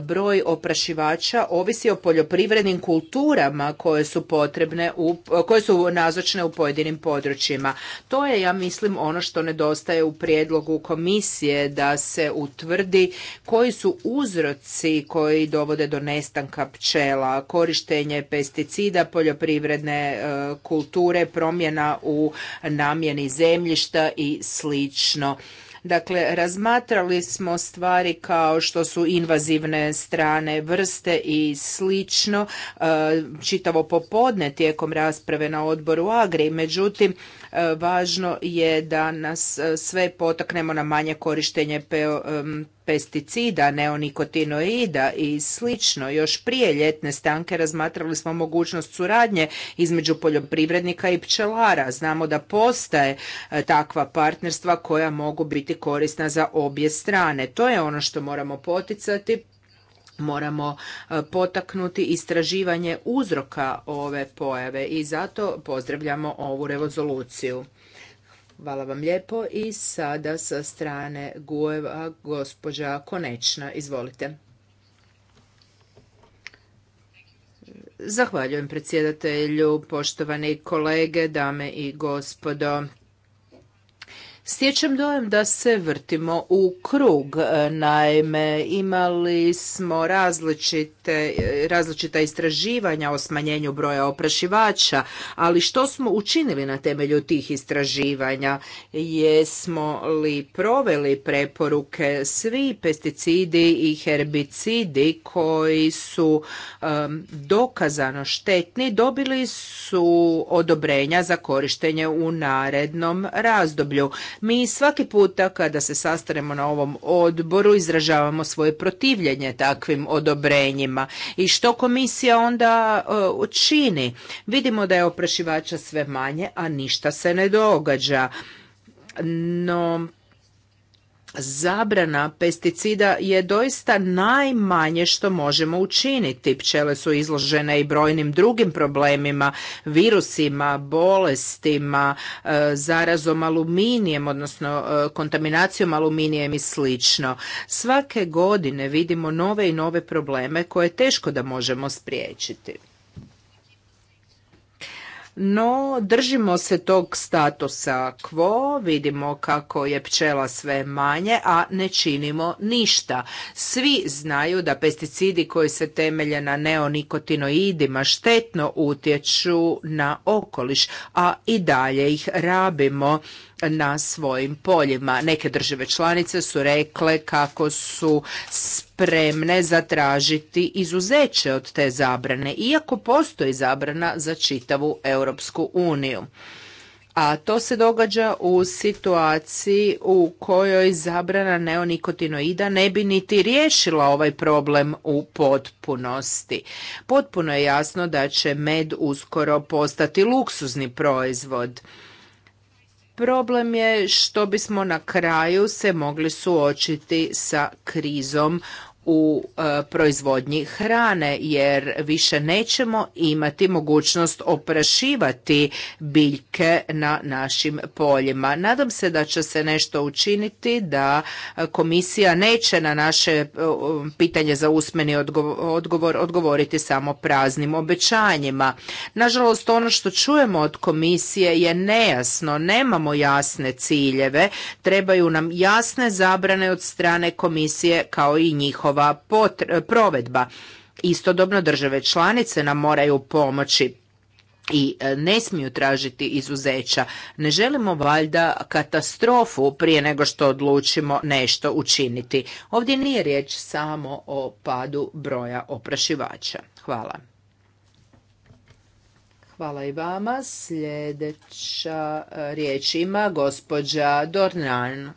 broj oprašivača ovisi o poljoprivrednim kulturama koje su potrebne, u, koje su nazočne u pojedinim područjima. To je, ja mislim, ono što nedostaje u prijedlogu komisije da se utvrdi koji su uzroci koji dovode do nestanka pčela, korištenje pesticida, poljoprivredne e, kulture, promjena u namjeni zemljišta i slično. Dakle, razmatrali smo stvari kao što su invazivne strane vrste i slično e, čitavo popodne tijekom rasprave na odboru Agri. Međutim, e, važno je da nas e, sve potaknemo na manje korištenje pesticida, neonikotinoida i slično. Još prije ljetne stanke razmatrali smo mogućnost suradnje između poljoprivrednika i pčelara. Znamo da postaje e, takva partnerstva koja mogu biti korisna za obje strane. To je ono što moramo poticati moramo e, potaknuti istraživanje uzroka ove pojave i zato pozdravljamo ovu rezoluciju. Hvala vam lijepo i sada sa strane Gujeva gospođa Konečna. Izvolite. Zahvaljujem predsjedatelju, poštovani kolege, dame i gospodo. Stječem dojem da se vrtimo u krug. E, naime, imali smo različite, e, različita istraživanja o smanjenju broja oprašivača, ali što smo učinili na temelju tih istraživanja? Jesmo li proveli preporuke svi pesticidi i herbicidi koji su dokazano štetni, dobili su odobrenja za korištenje u narednom razdoblju. Mi svaki puta kada se sastanemo na ovom odboru izražavamo svoje protivljenje takvim odobrenjima. I što komisija onda e, učini? Vidimo da je oprašivača sve manje, a ništa se ne događa. No, zabrana pesticida je doista najmanje što možemo učiniti. Pčele su izložene i brojnim drugim problemima, virusima, bolestima, e, zarazom aluminijem, odnosno e, kontaminacijom aluminijem i slično. Svake godine vidimo nove i nove probleme koje teško da možemo spriječiti no držimo se tog statusa quo, vidimo kako je pčela sve manje, a ne činimo ništa. Svi znaju da pesticidi koji se temelje na neonikotinoidima štetno utječu na okoliš, a i dalje ih rabimo na svojim poljima. Neke države članice su rekle kako su spremne zatražiti izuzeće od te zabrane, iako postoji zabrana za čitavu Europsku uniju. A to se događa u situaciji u kojoj zabrana neonikotinoida ne bi niti riješila ovaj problem u potpunosti. Potpuno je jasno da će med uskoro postati luksuzni proizvod Problem je što bismo na kraju se mogli suočiti sa krizom u e, proizvodnji hrane jer više nećemo imati mogućnost oprašivati biljke na našim poljima. Nadam se da će se nešto učiniti da komisija neće na naše e, pitanje za usmeni odgovor odgovoriti samo praznim obećanjima. Nažalost ono što čujemo od komisije je nejasno, nemamo jasne ciljeve, trebaju nam jasne zabrane od strane komisije kao i njihova njihova provedba. Istodobno države članice nam moraju pomoći i e, ne smiju tražiti izuzeća. Ne želimo valjda katastrofu prije nego što odlučimo nešto učiniti. Ovdje nije riječ samo o padu broja oprašivača. Hvala. Hvala i vama. Sljedeća e, riječ ima gospođa Dornan.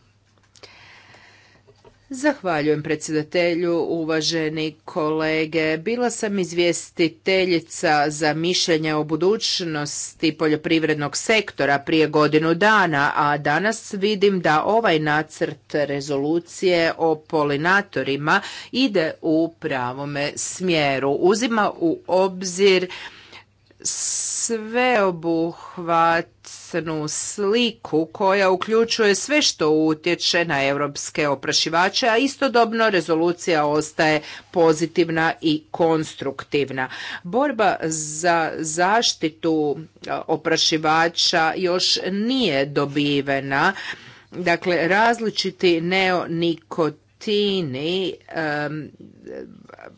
Zahvaljujem predsjedatelju, uvaženi kolege. Bila sam izvjestiteljica za mišljenje o budućnosti poljoprivrednog sektora prije godinu dana, a danas vidim da ovaj nacrt rezolucije o polinatorima ide u pravome smjeru. Uzima u obzir sveobuhvat kompleksnu sliku koja uključuje sve što utječe na europske oprašivače, a istodobno rezolucija ostaje pozitivna i konstruktivna. Borba za zaštitu e, oprašivača još nije dobivena. Dakle, različiti neonikotinoidi rutini,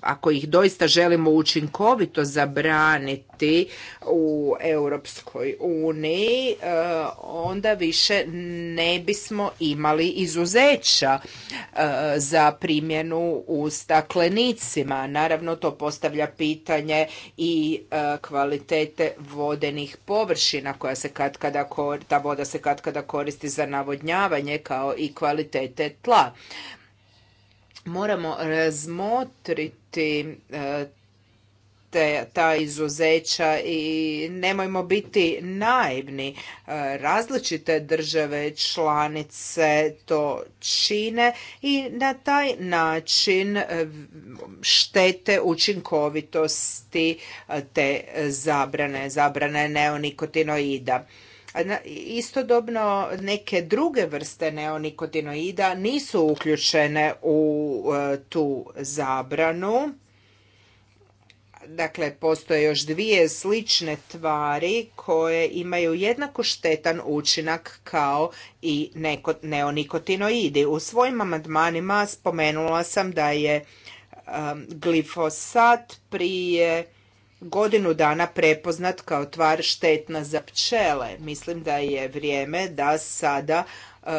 ako ih doista želimo učinkovito zabraniti u Europskoj uniji, eh, onda više ne bismo imali izuzeća eh, za primjenu u staklenicima. Naravno, to postavlja pitanje i eh, kvalitete vodenih površina koja se katkada, ta voda se katkada koristi za navodnjavanje kao i kvalitete tla moramo razmotriti e, te, ta izuzeća i nemojmo biti naivni. E, različite države članice to čine i na taj način e, štete učinkovitosti te zabrane, zabrane neonikotinoida. Istodobno neke druge vrste neonikotinoida nisu uključene u e, tu zabranu. Dakle, postoje još dvije slične tvari koje imaju jednako štetan učinak kao i neonikotinoidi. U svojim amandmanima spomenula sam da je e, glifosat prije godinu dana prepoznat kao tvar štetna za pčele. Mislim da je vrijeme da sada e,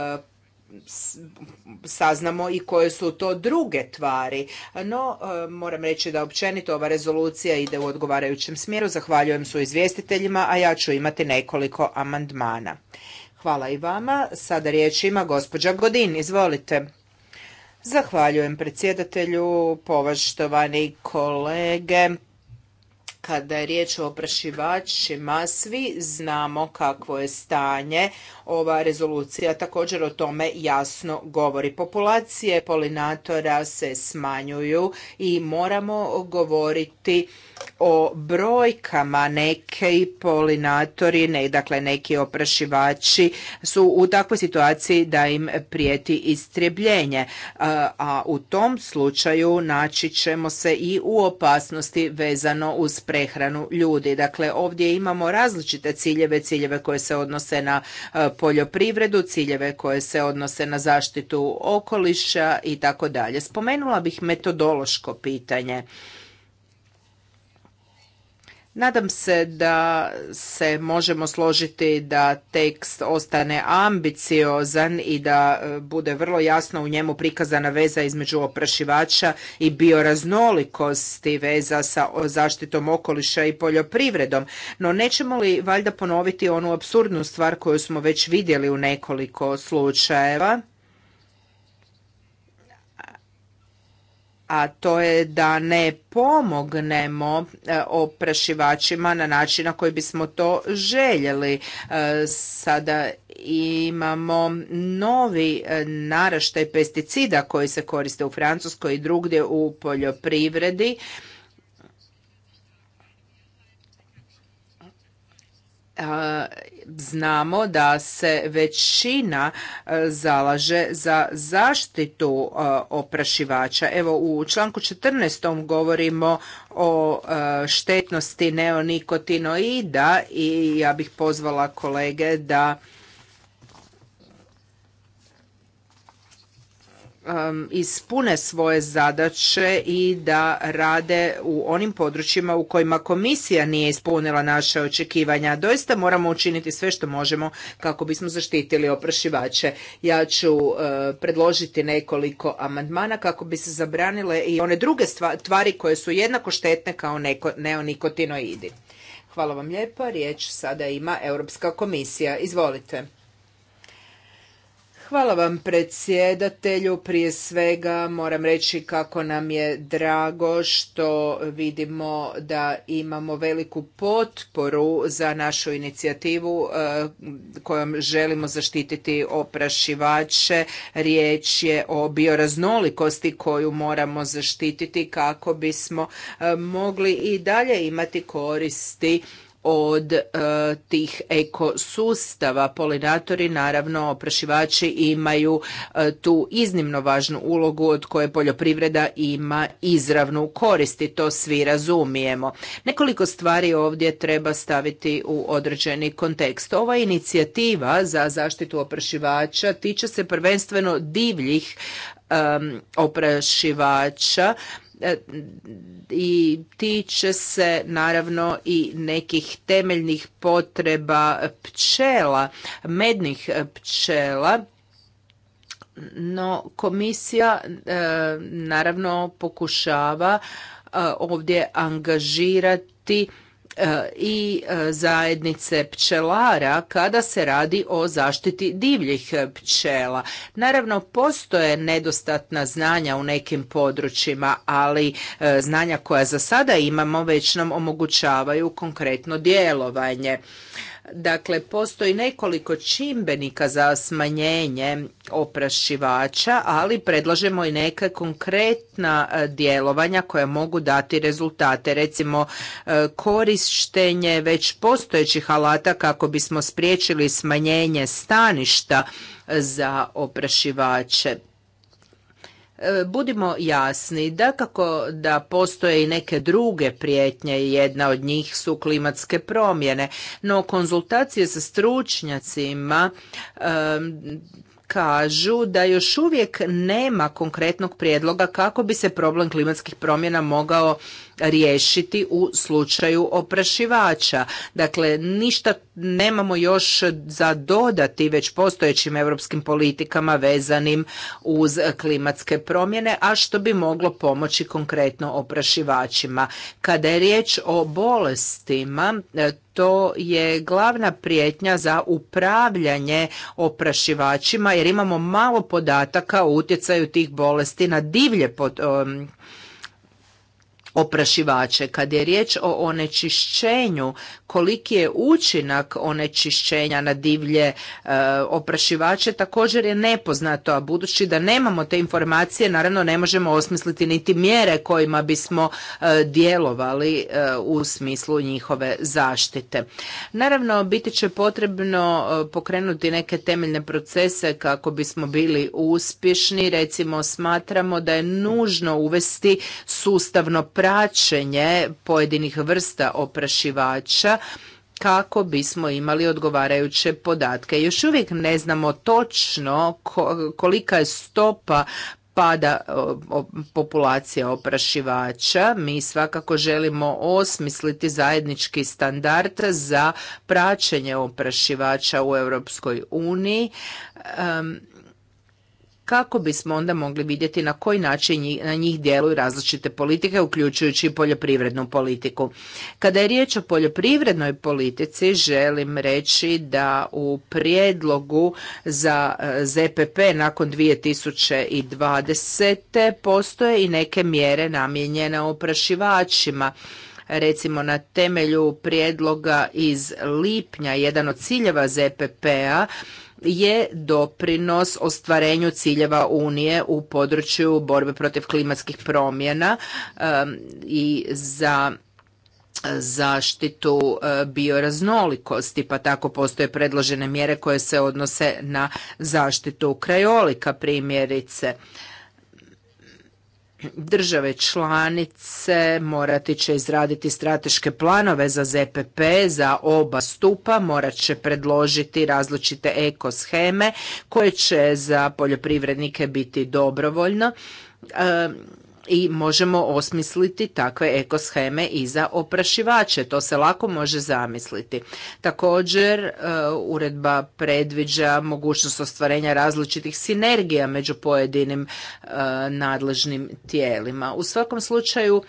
saznamo i koje su to druge tvari. No, e, moram reći da općenito ova rezolucija ide u odgovarajućem smjeru. Zahvaljujem su izvjestiteljima, a ja ću imati nekoliko amandmana. Hvala i vama. Sada riječ ima gospođa Godin. Izvolite. Zahvaljujem predsjedatelju, povaštovani kolege. Kada je riječ o oprašivačima, svi znamo kakvo je stanje. Ova rezolucija također o tome jasno govori. Populacije polinatora se smanjuju i moramo govoriti o brojkama neki polinatori, ne, dakle neki oprašivači su u takvoj situaciji da im prijeti istrebljenje, e, a, u tom slučaju naći ćemo se i u opasnosti vezano uz prehranu ljudi. Dakle, ovdje imamo različite ciljeve, ciljeve koje se odnose na e, poljoprivredu, ciljeve koje se odnose na zaštitu okoliša i tako dalje. Spomenula bih metodološko pitanje. Nadam se da se možemo složiti da tekst ostane ambiciozan i da e, bude vrlo jasno u njemu prikazana veza između oprašivača i bioraznolikosti veza sa zaštitom okoliša i poljoprivredom. No nećemo li valjda ponoviti onu absurdnu stvar koju smo već vidjeli u nekoliko slučajeva? a to je da ne pomognemo e, oprašivačima na način na koji bismo to željeli. E, sada imamo novi e, naraštaj pesticida koji se koriste u Francuskoj i drugdje u poljoprivredi znamo da se većina e, zalaže za zaštitu e, oprašivača. Evo u članku 14. govorimo o e, štetnosti neonikotinoida i ja bih pozvala kolege da Um, ispune svoje zadaće i da rade u onim područjima u kojima komisija nije ispunila naše očekivanja. Doista moramo učiniti sve što možemo kako bismo zaštitili oprašivače. Ja ću uh, predložiti nekoliko amandmana kako bi se zabranile i one druge tvari koje su jednako štetne kao neko, neonikotinoidi. Hvala vam lijepa. Riječ sada ima Europska komisija. Izvolite. Hvala vam predsjedatelju. Prije svega moram reći kako nam je drago što vidimo da imamo veliku potporu za našu inicijativu e, kojom želimo zaštititi oprašivače. Riječ je o bioraznolikosti koju moramo zaštititi kako bismo e, mogli i dalje imati koristi od e, tih ekosustava. Polinatori, naravno, oprašivači imaju e, tu iznimno važnu ulogu od koje poljoprivreda ima izravnu korist i to svi razumijemo. Nekoliko stvari ovdje treba staviti u određeni kontekst. Ova inicijativa za zaštitu oprašivača tiče se prvenstveno divljih oprašivača E, i tiče se naravno i nekih temeljnih potreba pčela, mednih pčela. No komisija e, naravno pokušava e, ovdje angažirati E, i e, zajednice pčelara kada se radi o zaštiti divljih pčela. Naravno, postoje nedostatna znanja u nekim područjima, ali e, znanja koja za sada imamo već nam omogućavaju konkretno djelovanje. Dakle, postoji nekoliko čimbenika za smanjenje oprašivača, ali predlažemo i neka konkretna e, djelovanja koja mogu dati rezultate. Recimo, e, korištenje već postojećih alata kako bismo spriječili smanjenje staništa za oprašivače E, budimo jasni da kako da postoje i neke druge prijetnje, jedna od njih su klimatske promjene, no konzultacije sa stručnjacima e, kažu da još uvijek nema konkretnog prijedloga kako bi se problem klimatskih promjena mogao riješiti u slučaju oprašivača. Dakle, ništa nemamo još za dodati već postojećim europskim politikama vezanim uz klimatske promjene, a što bi moglo pomoći konkretno oprašivačima. Kada je riječ o bolestima, e, to je glavna prijetnja za upravljanje oprašivačima jer imamo malo podataka o utjecaju tih bolesti na divlje oprašivače. Kad je riječ o onečišćenju, koliki je učinak onečišćenja na divlje e, oprašivače također je nepoznato, a budući da nemamo te informacije, naravno ne možemo osmisliti niti mjere kojima bismo e, djelovali e, u smislu njihove zaštite. Naravno, biti će potrebno pokrenuti neke temeljne procese kako bismo bili uspješni. Recimo, smatramo da je nužno uvesti sustavno praćenje pojedinih vrsta oprašivača kako bismo imali odgovarajuće podatke. Još uvijek ne znamo točno kolika je stopa pada populacija oprašivača. Mi svakako želimo osmisliti zajednički standard za praćenje oprašivača u Europskoj uniji kako bismo onda mogli vidjeti na koji način na njih djeluju različite politike, uključujući i poljoprivrednu politiku. Kada je riječ o poljoprivrednoj politici, želim reći da u prijedlogu za e, ZPP nakon 2020. postoje i neke mjere namijenjene oprašivačima recimo na temelju prijedloga iz lipnja, jedan od ciljeva ZPP-a je doprinos ostvarenju ciljeva Unije u području borbe protiv klimatskih promjena i za zaštitu e, bioraznolikosti, pa tako postoje predložene mjere koje se odnose na zaštitu krajolika primjerice. Države članice morati će izraditi strateške planove za ZPP za oba stupa, morat će predložiti različite ekosheme koje će za poljoprivrednike biti dobrovoljno i možemo osmisliti takve ekosheme i za oprašivače. To se lako može zamisliti. Također, e, uredba predviđa mogućnost ostvarenja različitih sinergija među pojedinim e, nadležnim tijelima. U svakom slučaju,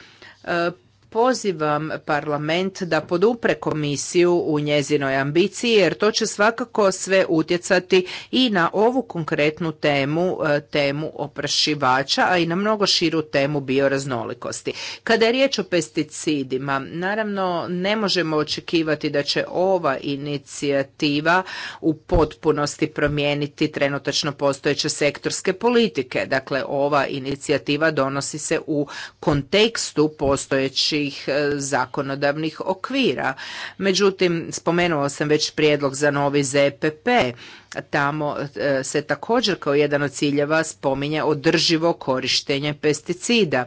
e, pozivam parlament da podupre komisiju u njezinoj ambiciji jer to će svakako sve utjecati i na ovu konkretnu temu, e, temu oprašivača, a i na mnogo širu temu bioraznolikosti. Kada je riječ o pesticidima, naravno ne možemo očekivati da će ova inicijativa u potpunosti promijeniti trenutačno postojeće sektorske politike. Dakle, ova inicijativa donosi se u kontekstu postojećih svojih e, zakonodavnih okvira. Međutim, spomenuo sam već prijedlog za novi ZPP. Tamo e, se također kao jedan od ciljeva spominje održivo korištenje pesticida.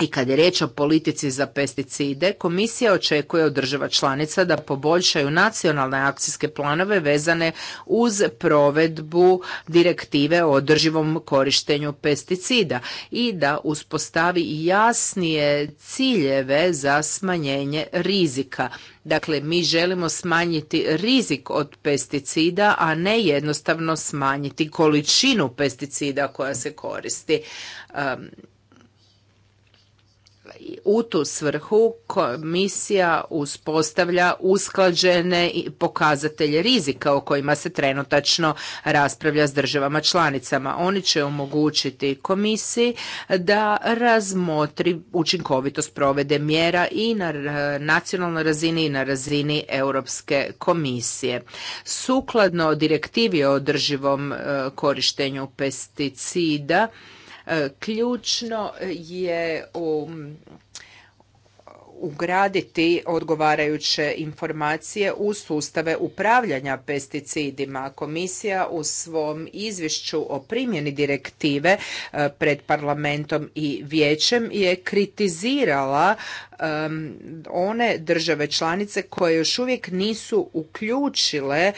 I kad je riječ o politici za pesticide, komisija očekuje od država članica da poboljšaju nacionalne akcijske planove vezane uz provedbu direktive o održivom korištenju pesticida i da uspostavi jasnije ciljeve za smanjenje rizika. Dakle, mi želimo smanjiti rizik od pesticida, a ne jednostavno smanjiti količinu pesticida koja se koristi. Um, u tu svrhu komisija uspostavlja usklađene pokazatelje rizika o kojima se trenutačno raspravlja s državama članicama. Oni će omogućiti komisiji da razmotri učinkovitost provede mjera i na nacionalnoj razini i na razini Europske komisije. Sukladno direktivi o održivom e, korištenju pesticida, Ključno je u ugraditi odgovarajuće informacije u sustave upravljanja pesticidima. Komisija u svom izvješću o primjeni direktive e, pred parlamentom i vijećem je kritizirala one države članice koje još uvijek nisu uključile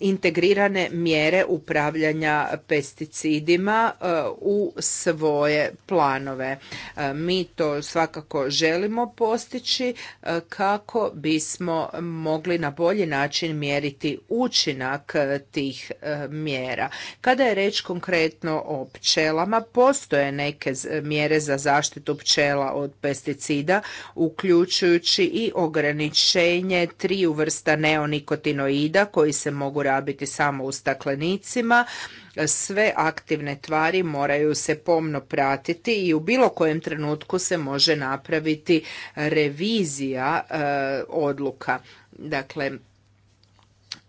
integrirane mjere upravljanja pesticidima e, u svoje planove. E, mi to svakako želimo postaviti postići e, kako bismo mogli na bolji način mjeriti učinak e, tih e, mjera. Kada je reč konkretno o pčelama, postoje neke mjere za zaštitu pčela od pesticida, uključujući i ograničenje triju vrsta neonikotinoida koji se mogu rabiti samo u staklenicima, sve aktivne tvari moraju se pomno pratiti i u bilo kojem trenutku se može napraviti revizija e, odluka. Dakle,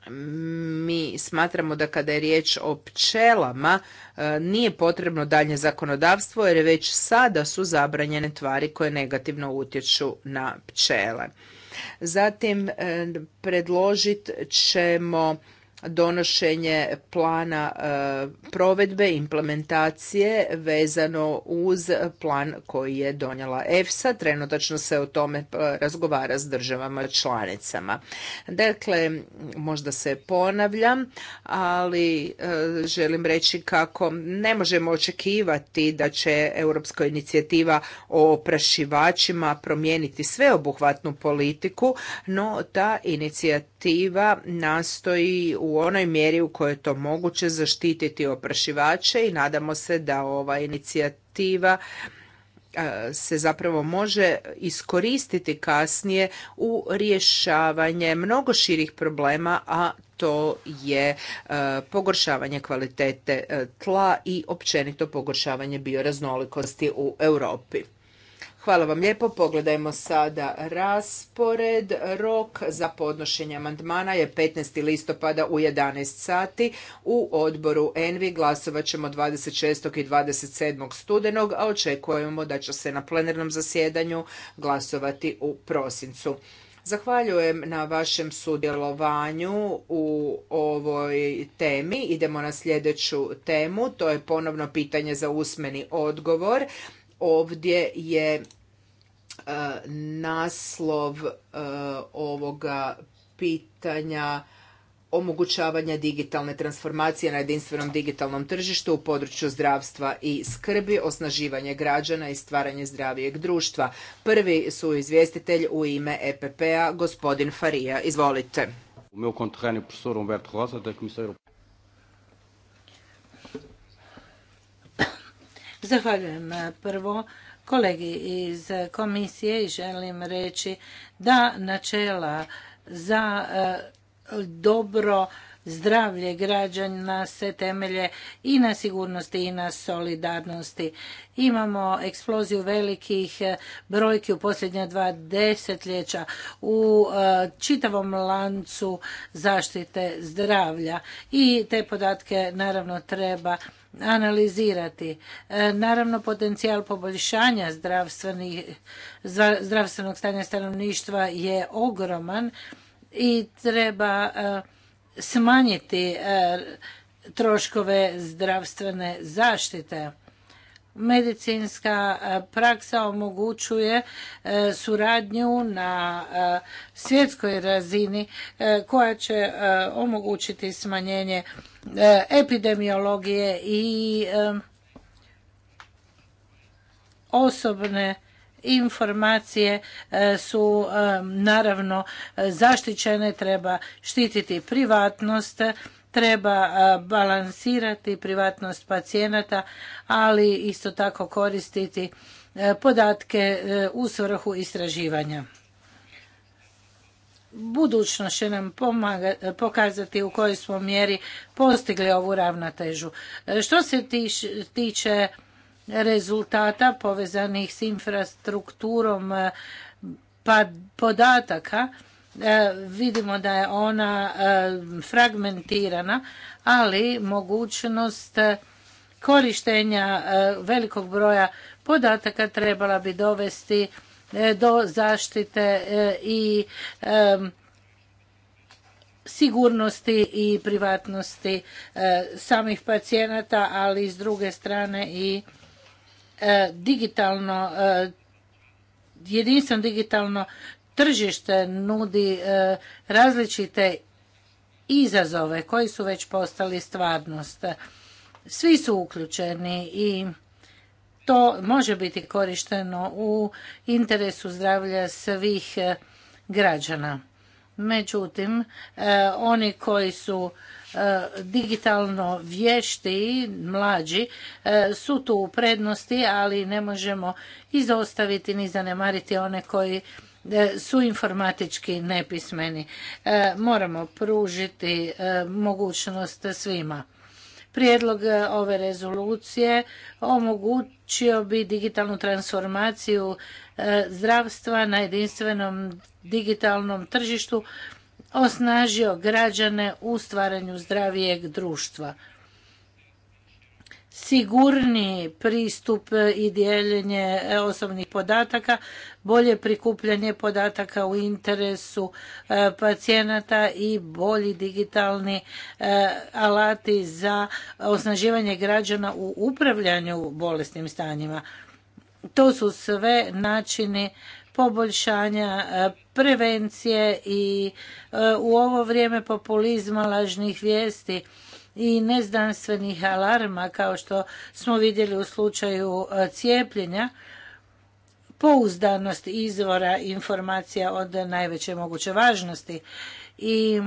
mi smatramo da kada je riječ o pčelama e, nije potrebno dalje zakonodavstvo jer već sada su zabranjene tvari koje negativno utječu na pčele. Zatim e, predložit ćemo donošenje plana e, provedbe, implementacije vezano uz plan koji je donijela EFSA. Trenutačno se o tome e, razgovara s državama članicama. Dakle, možda se ponavljam, ali e, želim reći kako ne možemo očekivati da će Europska inicijativa o oprašivačima promijeniti sveobuhvatnu politiku, no ta inicijativa nastoji u onoj mjeri u kojoj je to moguće zaštititi oprašivače i nadamo se da ova inicijativa e, se zapravo može iskoristiti kasnije u rješavanje mnogo širih problema, a to je e, pogoršavanje kvalitete e, tla i općenito pogoršavanje bioraznolikosti u Europi. Hvala vam lijepo. Pogledajmo sada raspored. Rok za podnošenje amandmana je 15. listopada u 11 sati. U odboru Envi glasovat ćemo 26. i 27. studenog, a očekujemo da će se na plenarnom zasjedanju glasovati u prosincu. Zahvaljujem na vašem sudjelovanju u ovoj temi. Idemo na sljedeću temu, to je ponovno pitanje za usmeni odgovor ovdje je e, naslov e, ovoga pitanja omogućavanja digitalne transformacije na jedinstvenom digitalnom tržištu u području zdravstva i skrbi, osnaživanje građana i stvaranje zdravijeg društva. Prvi su izvjestitelj u ime EPP-a, gospodin Farija. Izvolite. U da dakle, Zahvaljujem prvo kolegi iz komisije i želim reći da načela za e, dobro zdravlje građana se temelje i na sigurnosti i na solidarnosti. Imamo eksploziju velikih e, brojki u posljednja dva desetljeća u e, čitavom lancu zaštite zdravlja i te podatke naravno treba analizirati. E, naravno, potencijal poboljšanja zdravstvenog stanja stanovništva je ogroman i treba e, smanjiti e, troškove zdravstvene zaštite medicinska e, praksa omogućuje e, suradnju na e, svjetskoj razini koja će omogućiti smanjenje epidemiologije i osobne informacije su naravno zaštićene, treba štititi privatnost treba balansirati privatnost pacijenata, ali isto tako koristiti e, podatke e, u svrhu istraživanja. Budućnost će nam pokazati u kojoj smo mjeri postigli ovu ravnotežu. E, što se tiče rezultata povezanih s infrastrukturom pa podataka, E, vidimo da je ona e, fragmentirana, ali mogućnost e, korištenja velikog broja podataka trebala bi dovesti do zaštite i sigurnosti i privatnosti samih pacijenata, ali s druge strane i digitalno jedinstven digitalno tržište nudi e, različite izazove koji su već postali stvarnost. Svi su uključeni i to može biti korišteno u interesu zdravlja svih e, građana. Međutim, e, oni koji su digitalno vješti, mlađi, su tu u prednosti, ali ne možemo izostaviti ni zanemariti one koji E, su informatički nepismeni. E, moramo pružiti e, mogućnost svima. Prijedlog ove rezolucije omogućio bi digitalnu transformaciju zdravstva na jedinstvenom digitalnom tržištu, osnažio građane u stvaranju zdravijeg društva sigurni pristup i dijeljenje osobnih podataka, bolje prikupljanje podataka u interesu e, pacijenata i bolji digitalni e, alati za osnaživanje građana u upravljanju bolesnim stanjima. To su sve načini poboljšanja e, prevencije i u ovo vrijeme populizma lažnih vijesti i nezdanstvenih alarma kao što smo vidjeli u slučaju e, cijepljenja pouzdanost izvora informacija od najveće moguće važnosti i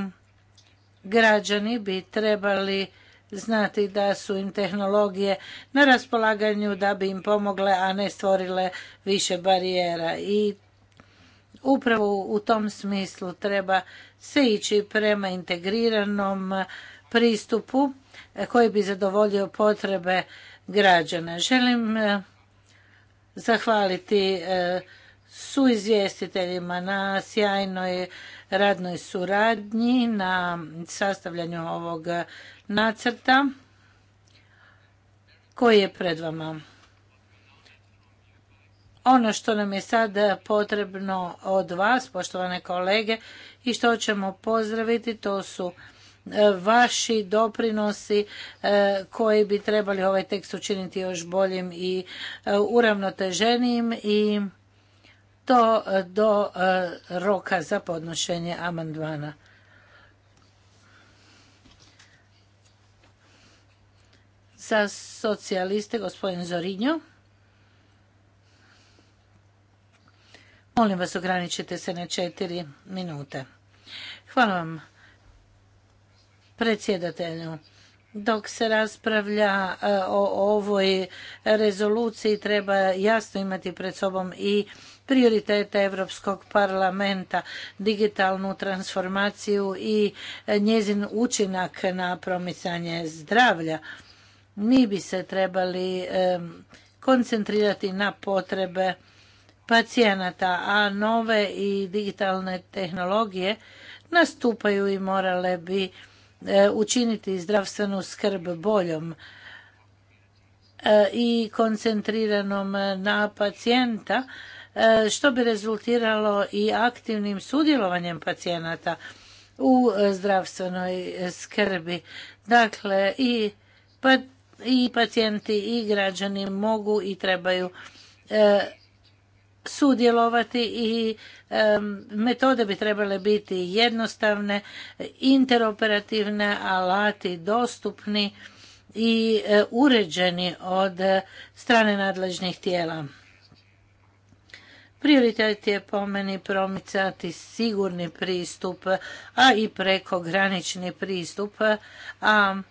građani bi trebali znati da su im tehnologije na raspolaganju da bi im pomogle, a ne stvorile više barijera. I upravo u tom smislu treba se ići prema integriranom pristupu e, koji bi zadovoljio potrebe građana. Želim e, zahvaliti e, su na sjajnoj radnoj suradnji na sastavljanju ovog nacrta koji je pred vama. Ono što nam je sad potrebno od vas, poštovane kolege, i što ćemo pozdraviti, to su vaši doprinosi e, koji bi trebali ovaj tekst učiniti još boljim i e, uravnoteženijim i to do e, roka za podnošenje amandmana. Za socijaliste, gospodin Zorinjo. Molim vas, ograničite se na četiri minute. Hvala vam predsjedatelju. Dok se raspravlja e, o ovoj rezoluciji treba jasno imati pred sobom i prioritete Europskog parlamenta, digitalnu transformaciju i e, njezin učinak na promicanje zdravlja. Mi bi se trebali e, koncentrirati na potrebe pacijenata, a nove i digitalne tehnologije nastupaju i morale bi E, učiniti zdravstvenu skrb boljom e, i koncentriranom na pacijenta, e, što bi rezultiralo i aktivnim sudjelovanjem pacijenata u zdravstvenoj skrbi. Dakle, i, pa, i pacijenti i građani mogu i trebaju sudjelovati i metode bi trebale biti jednostavne, interoperativne, alati dostupni i e, uređeni od strane nadležnih tijela. Prioritet je po meni promicati sigurni pristup, a i prekogranični pristup, a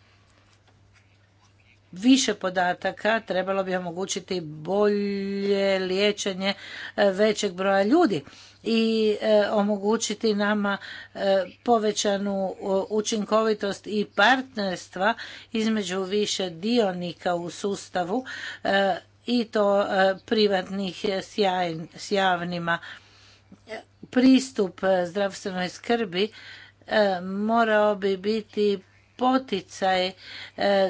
više podataka trebalo bi omogućiti bolje liječenje e, većeg broja ljudi i e, omogućiti nama e, povećanu učinkovitost i partnerstva između više dionika u sustavu i to privatnih s javnima. Pristup zdravstvenoj skrbi morao bi biti poticaj e,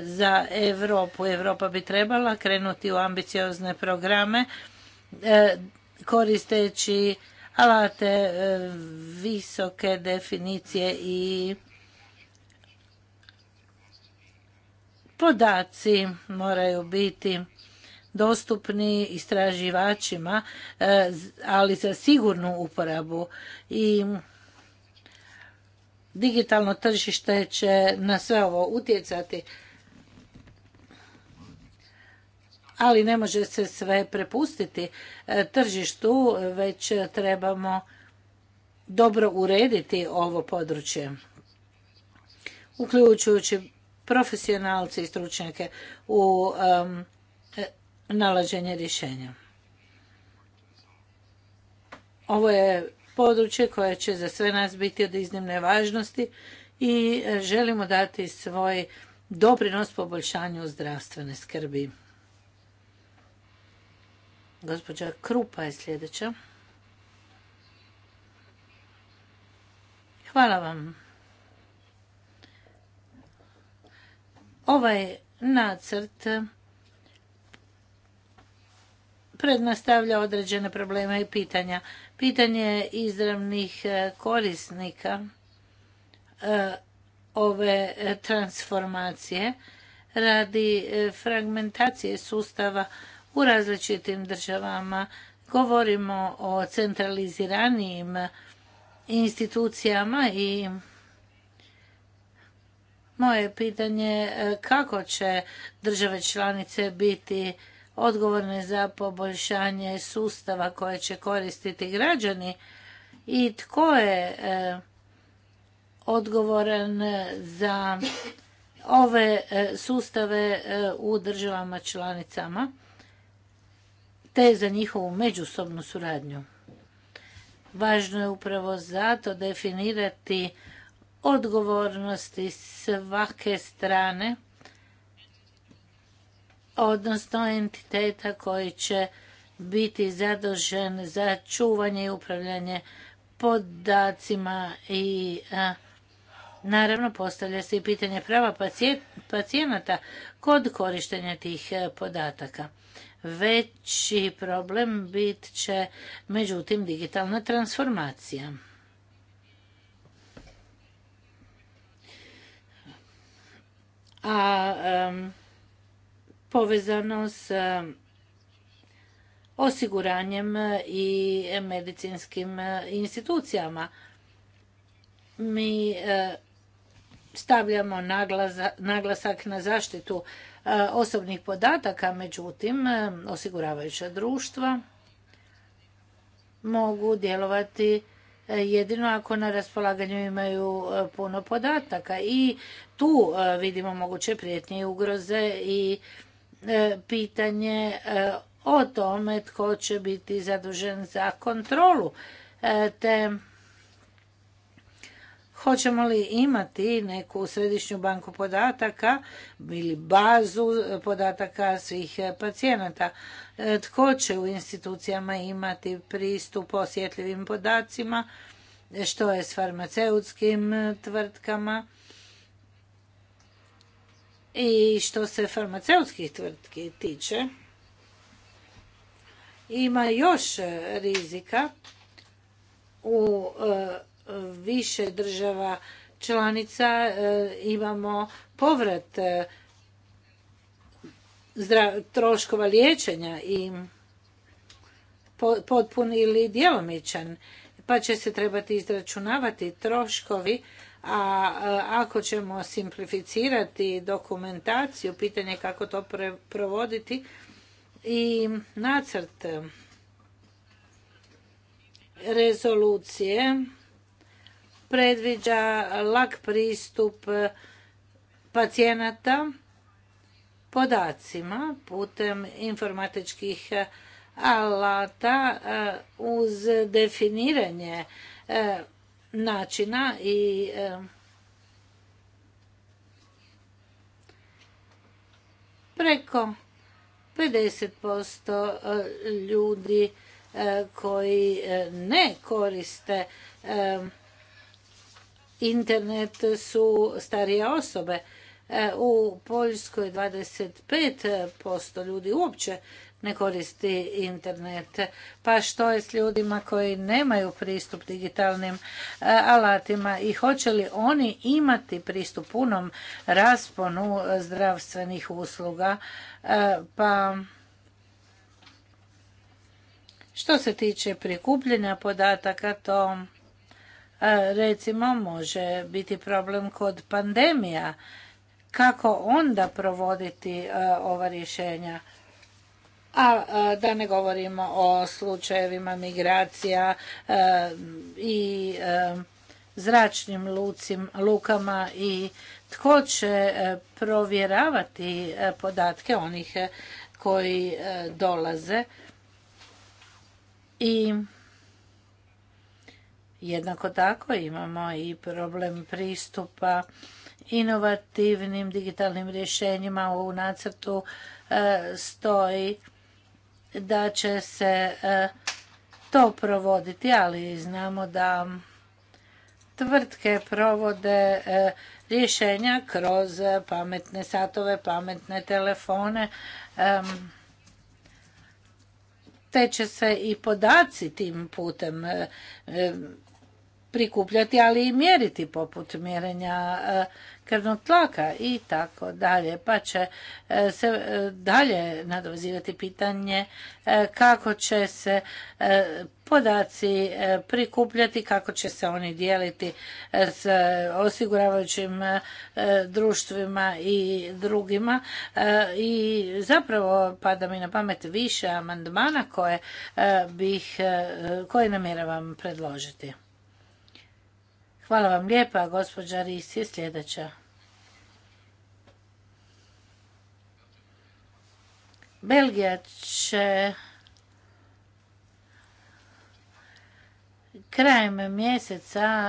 za Europu. Europa bi trebala krenuti u ambiciozne programe e, koristeći alate e, visoke definicije i podaci moraju biti dostupni istraživačima, ali za sigurnu uporabu i digitalno tržište će na sve ovo utjecati. Ali ne može se sve prepustiti e, tržištu, već trebamo dobro urediti ovo područje. Uključujući profesionalce i stručnjake u um, nalaženje rješenja. Ovo je područje koje će za sve nas biti od iznimne važnosti i e, želimo dati svoj doprinos poboljšanju zdravstvene skrbi. Gospođa Krupa je sljedeća. Hvala vam. Ovaj nacrt prednastavlja određene probleme i pitanja. Pitanje izravnih e, korisnika e, ove e, transformacije radi fragmentacije sustava u različitim državama. Govorimo o centraliziranijim institucijama i moje pitanje kako će države članice biti odgovorne za poboljšanje sustava koje će koristiti građani i tko je e, odgovoran za ove e, sustave e, u državama članicama te za njihovu međusobnu suradnju. Važno je upravo zato definirati odgovornosti svake strane odnosno entiteta koji će biti zadužen za čuvanje i upravljanje podacima i naravno postavlja se i pitanje prava pacijenata kod korištenja tih e, podataka. Veći problem bit će međutim digitalna transformacija. A povezano s e, osiguranjem e, i medicinskim e, institucijama. Mi stavljamo naglasak na zaštitu osobnih podataka, međutim, osiguravajuća društva mogu djelovati jedino ako na raspolaganju imaju puno podataka i tu vidimo moguće prijetnje i ugroze i E, pitanje e, o tome tko će biti zadužen za kontrolu e, te hoćemo li imati neku središnju banku podataka ili bazu podataka svih pacijenata tko će u institucijama imati pristup osjetljivim podacima što je s farmaceutskim tvrtkama i što se farmaceutskih tvrtki tiče, ima još rizika u e, više država članica e, imamo povrat e, troškova liječenja i potpuni ili djelomičan, pa će se trebati izračunavati troškovi a e, ako ćemo simplificirati dokumentaciju, pitanje kako to provoditi i nacrt rezolucije predviđa lak pristup pacijenata podacima putem informatičkih alata e, uz definiranje e, načina i e, preko 50% e, ljudi e, koji ne koriste internet su starije osobe. U Poljskoj 25% ljudi uopće ne koristi internet. Pa što je s ljudima koji nemaju pristup digitalnim e, alatima i hoće li oni imati pristup punom rasponu zdravstvenih usluga? E, pa što se tiče prikupljanja podataka, to e, recimo može biti problem kod pandemija. Kako onda provoditi ova rješenja? a da ne govorimo o slučajevima migracija e, i e, zračnim lukama i tko će e, provjeravati podatke onih koji dolaze i jednako tako imamo i problem pristupa inovativnim digitalnim rješenjima u nacrtu stoji da će se e, to provoditi, ali znamo da tvrtke provode e, rješenja kroz pametne satove, pametne telefone, te će se i podaci tim putem e, prikupljati, ali i mjeriti poput mjerenja e, krvnog tlaka i tako dalje. Pa će e, se e, dalje nadovezivati pitanje kako će se podaci prikupljati, kako će se oni dijeliti s osiguravajućim društvima i drugima. I zapravo pada mi na pamet više amandmana koje bih koje namjeravam predložiti. Hvala vam lijepa, gospođa Risi. je sljedeća. Belgija će krajem mjeseca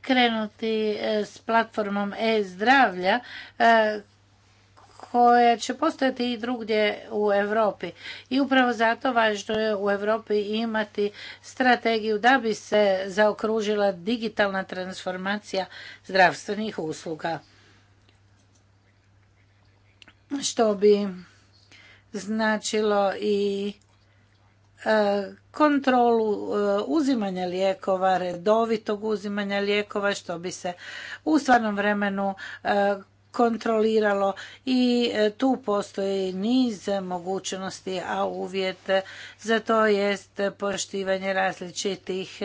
krenuti e, s platformom e-zdravlja koje će postojati i drugdje u Europi. I upravo zato važno je u Europi imati strategiju da bi se zaokružila digitalna transformacija zdravstvenih usluga. Što bi značilo i e, kontrolu e, uzimanja lijekova, redovitog uzimanja lijekova, što bi se u stvarnom vremenu e, kontroliralo i e, tu postoji niz mogućnosti, a uvjet za to jest poštivanje različitih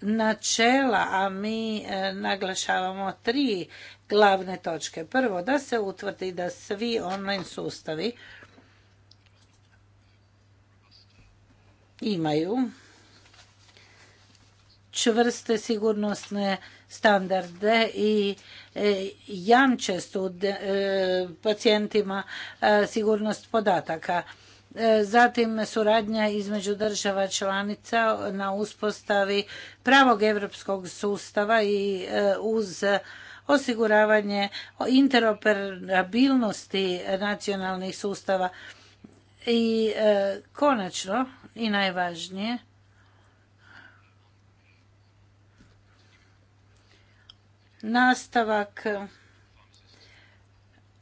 načela, a mi e, naglašavamo tri glavne točke. Prvo, da se utvrdi da svi online sustavi imaju čvrste sigurnosne standarde i E, jamče e, pacijentima e, sigurnost podataka. Zatim suradnja između država članica na uspostavi pravog europskog sustava i uz osiguravanje interoperabilnosti nacionalnih sustava. I konačno i najvažnije nastavak e,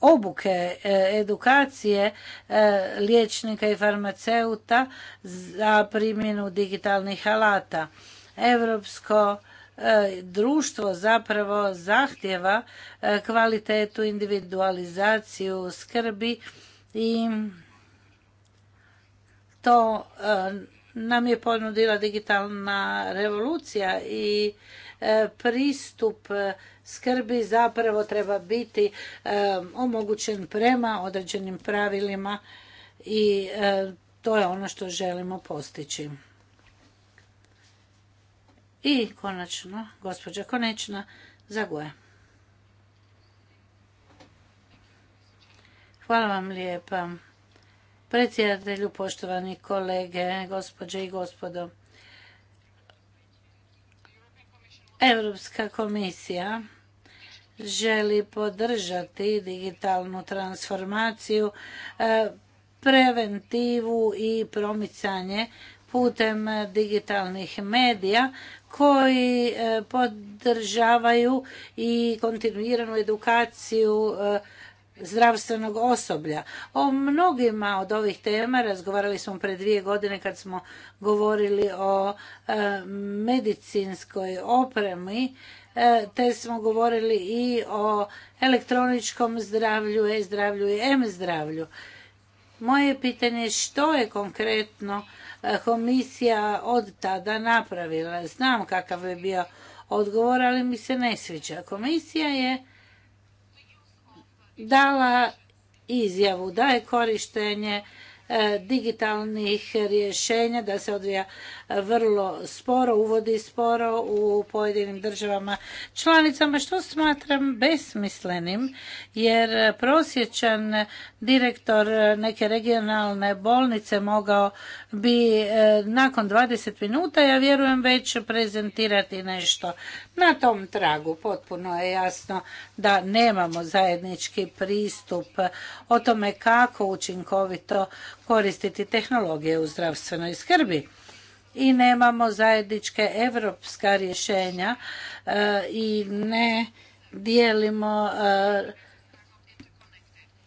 obuke, e, edukacije e, liječnika i farmaceuta za primjenu digitalnih alata. Europsko društvo zapravo zahtjeva kvalitetu, individualizaciju, skrbi i to nam je ponudila digitalna revolucija i E, pristup e, skrbi zapravo treba biti e, omogućen prema određenim pravilima i to je ono što želimo postići. I konačno, gospođa Konečna, Zagoja. Hvala vam lijepa. Predsjedatelju, poštovani kolege, gospođe i gospodo. Europska komisija želi podržati digitalnu transformaciju, e, preventivu i promicanje putem digitalnih medija koji e, podržavaju i kontinuiranu edukaciju e, zdravstvenog osoblja. O mnogima od ovih tema razgovarali smo pred dvije godine kad smo govorili o e, medicinskoj opremi e, te smo govorili i o elektroničkom zdravlju, e-zdravlju i m-zdravlju. Moje pitanje je što je konkretno e, komisija od tada napravila? Znam kakav je bio odgovor, ali mi se ne sviđa. Komisija je dala izjavu da je korištenje E, digitalnih rješenja, da se odvija vrlo sporo, uvodi sporo u pojedinim državama članicama, što smatram besmislenim, jer prosječan direktor neke regionalne bolnice mogao bi e, nakon 20 minuta, ja vjerujem, već prezentirati nešto. Na tom tragu potpuno je jasno da nemamo zajednički pristup o tome kako učinkovito koristiti tehnologije u zdravstvenoj skrbi i nemamo zajedničke europska rješenja e, i ne dijelimo e,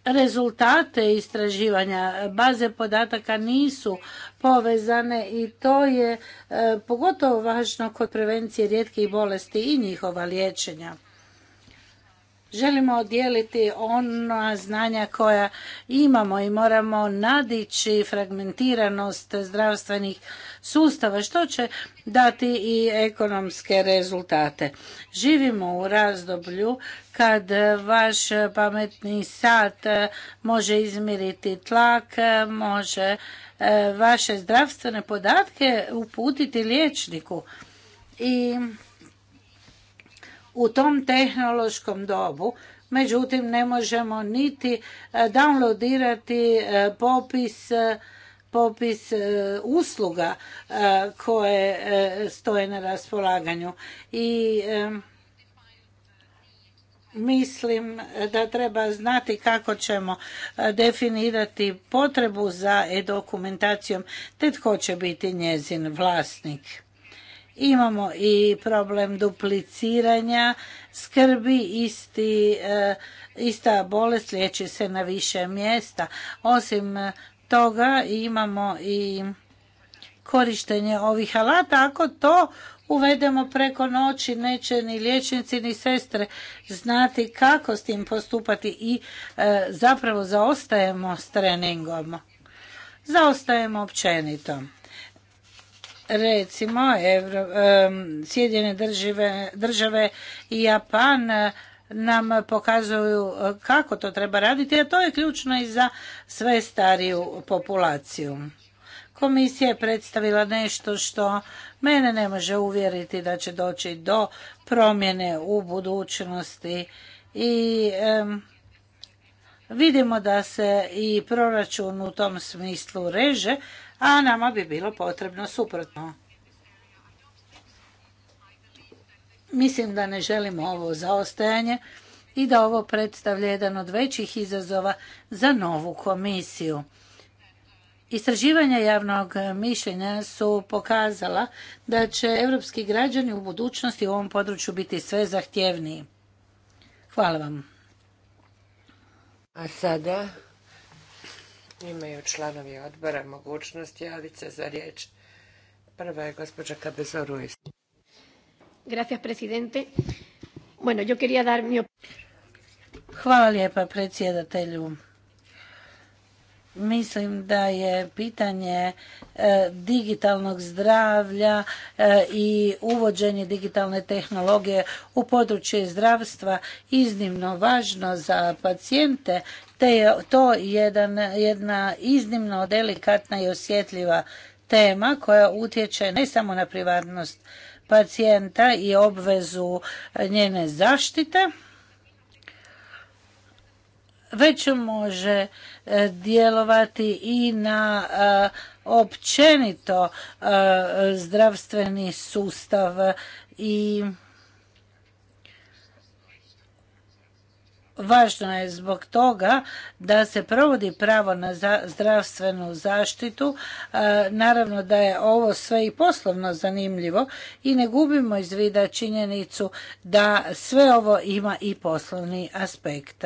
rezultate istraživanja baze podataka nisu povezane i to je e, pogotovo važno kod prevencije rijetkih bolesti i njihova liječenja Želimo dijeliti ona znanja koja imamo i moramo nadići fragmentiranost zdravstvenih sustava što će dati i ekonomske rezultate. Živimo u razdoblju kad vaš pametni sat može izmiriti tlak, može e, vaše zdravstvene podatke uputiti liječniku. I u tom tehnološkom dobu međutim ne možemo niti e, downloadirati e, popis e, popis usluga koje stoje na raspolaganju i mislim da treba znati kako ćemo definirati potrebu za e-dokumentacijom te tko će biti njezin vlasnik. Imamo i problem dupliciranja skrbi, isti, e, ista bolest liječi se na više mjesta. Osim toga imamo i korištenje ovih alata. Ako to uvedemo preko noći, neće ni liječnici ni sestre znati kako s tim postupati i e, zapravo zaostajemo s treningom. Zaostajemo općenitom recimo Evro, Sjedine države, države i Japan eh, nam pokazuju eh, kako to treba raditi, a to je ključno i za sve stariju populaciju. Komisija je predstavila nešto što mene ne može uvjeriti da će doći do promjene u budućnosti i vidimo da se i proračun u tom smislu reže, a nama bi bilo potrebno suprotno. Mislim da ne želimo ovo zaostajanje i da ovo predstavlja jedan od većih izazova za novu komisiju. Istraživanja javnog mišljenja su pokazala da će europski građani u budućnosti u ovom području biti sve zahtjevniji. Hvala vam. A sada Imaju članovi odbora mogućnost javiti se za riječ. Prva je gospođa Cabezo Ruiz. Gracias, presidente. Bueno, yo quería dar mi... Hvala lijepa predsjedatelju. Mislim da je pitanje e, digitalnog zdravlja e, i uvođenje digitalne tehnologije u područje zdravstva iznimno važno za pacijente, te je to jedan, jedna iznimno delikatna i osjetljiva tema koja utječe ne samo na privatnost pacijenta i obvezu njene zaštite, već može e, djelovati i na e, općenito e, zdravstveni sustav i Važno je zbog toga da se provodi pravo na zdravstvenu zaštitu. Naravno da je ovo sve i poslovno zanimljivo i ne gubimo iz vida činjenicu da sve ovo ima i poslovni aspekt.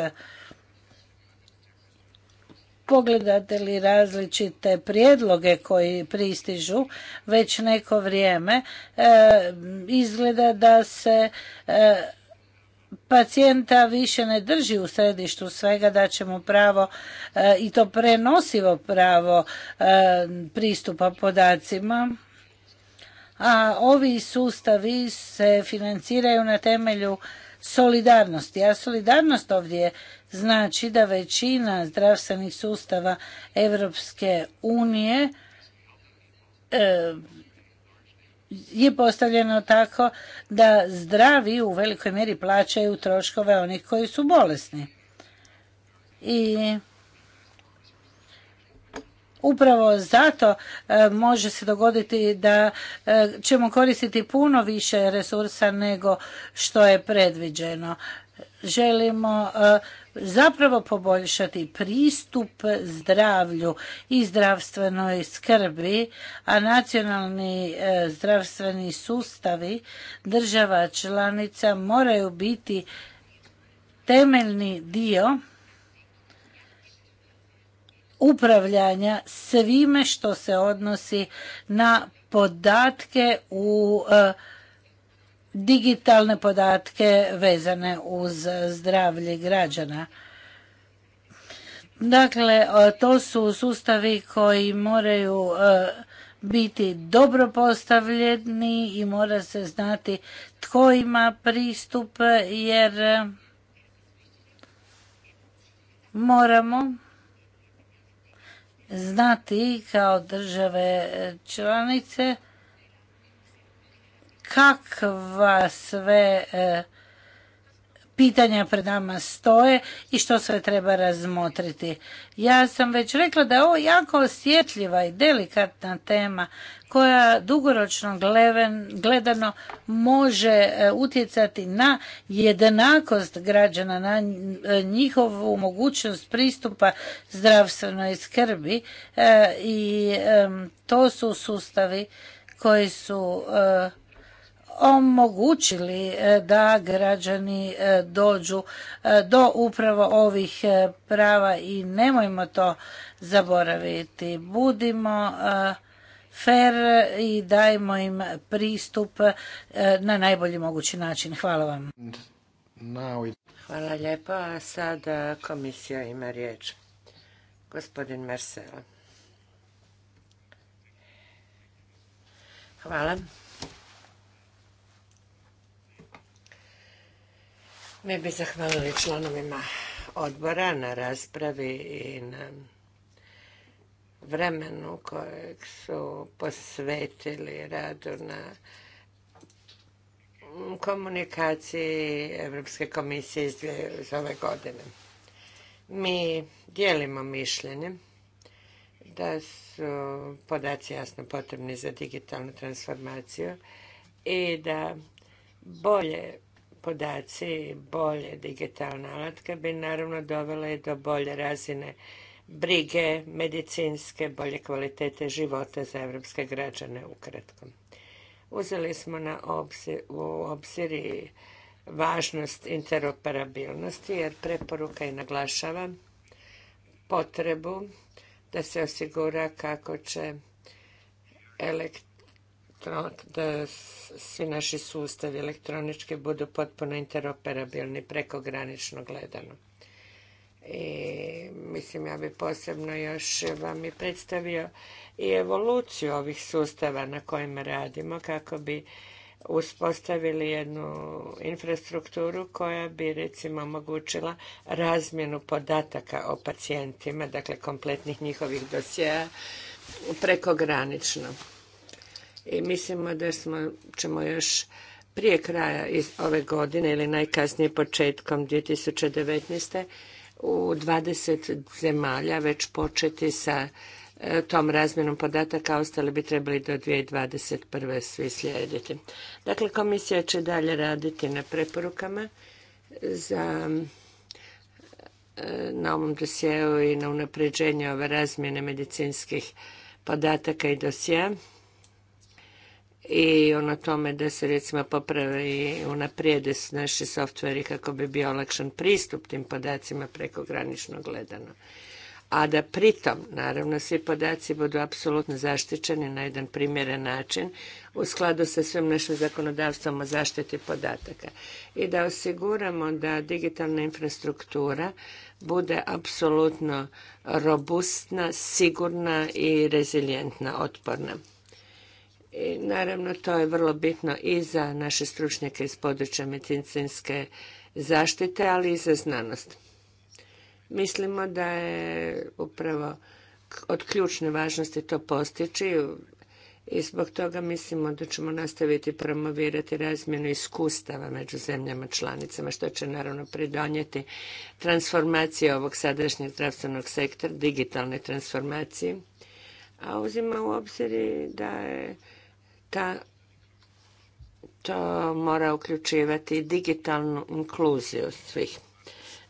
Pogledate li različite prijedloge koji pristižu već neko vrijeme, e, izgleda da se e, pacijenta više ne drži u središtu svega da će mu pravo e, i to prenosivo pravo pristupa podacima a ovi sustavi se financiraju na temelju solidarnosti a solidarnost ovdje znači da većina zdravstvenih sustava Europske unije e, je postavljeno tako da zdravi u velikoj mjeri plaćaju troškove onih koji su bolesni. I Upravo zato e, može se dogoditi da e, ćemo koristiti puno više resursa nego što je predviđeno želimo e, zapravo poboljšati pristup zdravlju i zdravstvenoj skrbi, a nacionalni e, zdravstveni sustavi država članica moraju biti temeljni dio upravljanja svime što se odnosi na podatke u e, digitalne podatke vezane uz zdravlje građana. Dakle, e, to su sustavi koji moraju e, biti dobro postavljeni i mora se znati tko ima pristup jer e, moramo znati kao države članice kakva sve e, pitanja pred nama stoje i što sve treba razmotriti. Ja sam već rekla da je ovo jako osjetljiva i delikatna tema koja dugoročno gledano može e, utjecati na jednakost građana, na e, njihovu mogućnost pristupa zdravstvenoj skrbi i to su sustavi koji su omogućili e, da građani e, dođu e, do upravo ovih prava i nemojmo to zaboraviti. Budimo fer i dajmo im pristup na najbolji mogući način. Hvala vam. Hvala lijepa. A sada komisija ima riječ. Gospodin Marcelo. Hvala. Mi bi zahvalili članovima odbora na raspravi i na vremenu kojeg su posvetili radu na komunikaciji Europske komisije iz, iz ove godine. Mi dijelimo mišljenje da su podaci jasno potrebni za digitalnu transformaciju i da bolje podaci bolje digitalne alatke bi naravno dovele do bolje razine brige, medicinske, bolje kvalitete života za evropske građane ukratko. Uzeli smo na u obzir i važnost interoperabilnosti jer preporuka i naglašava potrebu da se osigura kako će elekt da svi naši sustavi elektronički budu potpuno interoperabilni prekogranično gledano. I mislim ja bi posebno još vam i predstavio i evoluciju ovih sustava na kojima radimo kako bi uspostavili jednu infrastrukturu koja bi recimo omogućila razmjenu podataka o pacijentima, dakle kompletnih njihovih dosjea prekogranično i mislimo da smo, ćemo još prije kraja iz ove godine ili najkasnije početkom 2019. u 20 zemalja već početi sa e, tom razmjenom podataka, ostali bi trebali do 2021. svi slijediti. Dakle, komisija će dalje raditi na preporukama za e, na ovom dosjeu i na unapređenje ove razmjene medicinskih podataka i dosjea i ono tome da se recimo popravi i unaprijede naši softveri kako bi bio olakšan pristup tim podacima prekogranično gledano. A da pritom, naravno, svi podaci budu apsolutno zaštićeni na jedan primjeren način u skladu sa svim našim zakonodavstvom o zaštiti podataka. I da osiguramo da digitalna infrastruktura bude apsolutno robustna, sigurna i rezilijentna, otporna. I naravno to je vrlo bitno i za naše stručnjake iz područja medicinske zaštite, ali i za znanost. Mislimo da je upravo od ključne važnosti to postići i zbog toga mislimo da ćemo nastaviti promovirati razmjenu iskustava među zemljama članicama, što će naravno pridonijeti transformaciji ovog sadašnjeg zdravstvenog sektora, digitalne transformacije. A uzima u obzir da je to mora uključivati digitalnu inkluziju svih.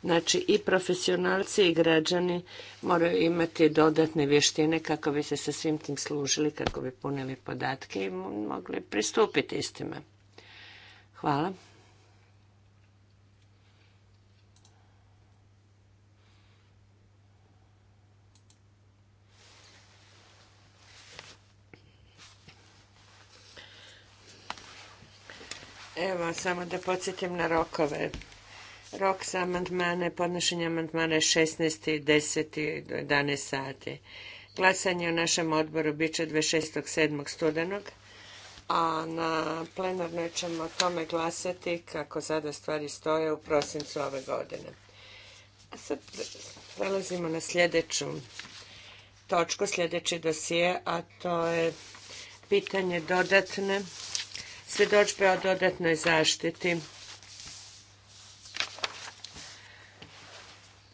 Znači i profesionalci i građani moraju imati dodatne vještine kako bi se sa svim tim služili, kako bi punili podatke i mogli pristupiti istima. Hvala. Evo, samo da podsjetim na rokove. Rok za amandmane, podnošenje amandmana je 16. 10. do 11. sati. Glasanje u našem odboru bit će 26.7. studenog, a na plenarnoj ćemo o tome glasati kako sada stvari stoje u prosincu ove godine. A sad prelazimo na sljedeću točku, sljedeći dosije, a to je pitanje dodatne svjedočbe o dodatnoj zaštiti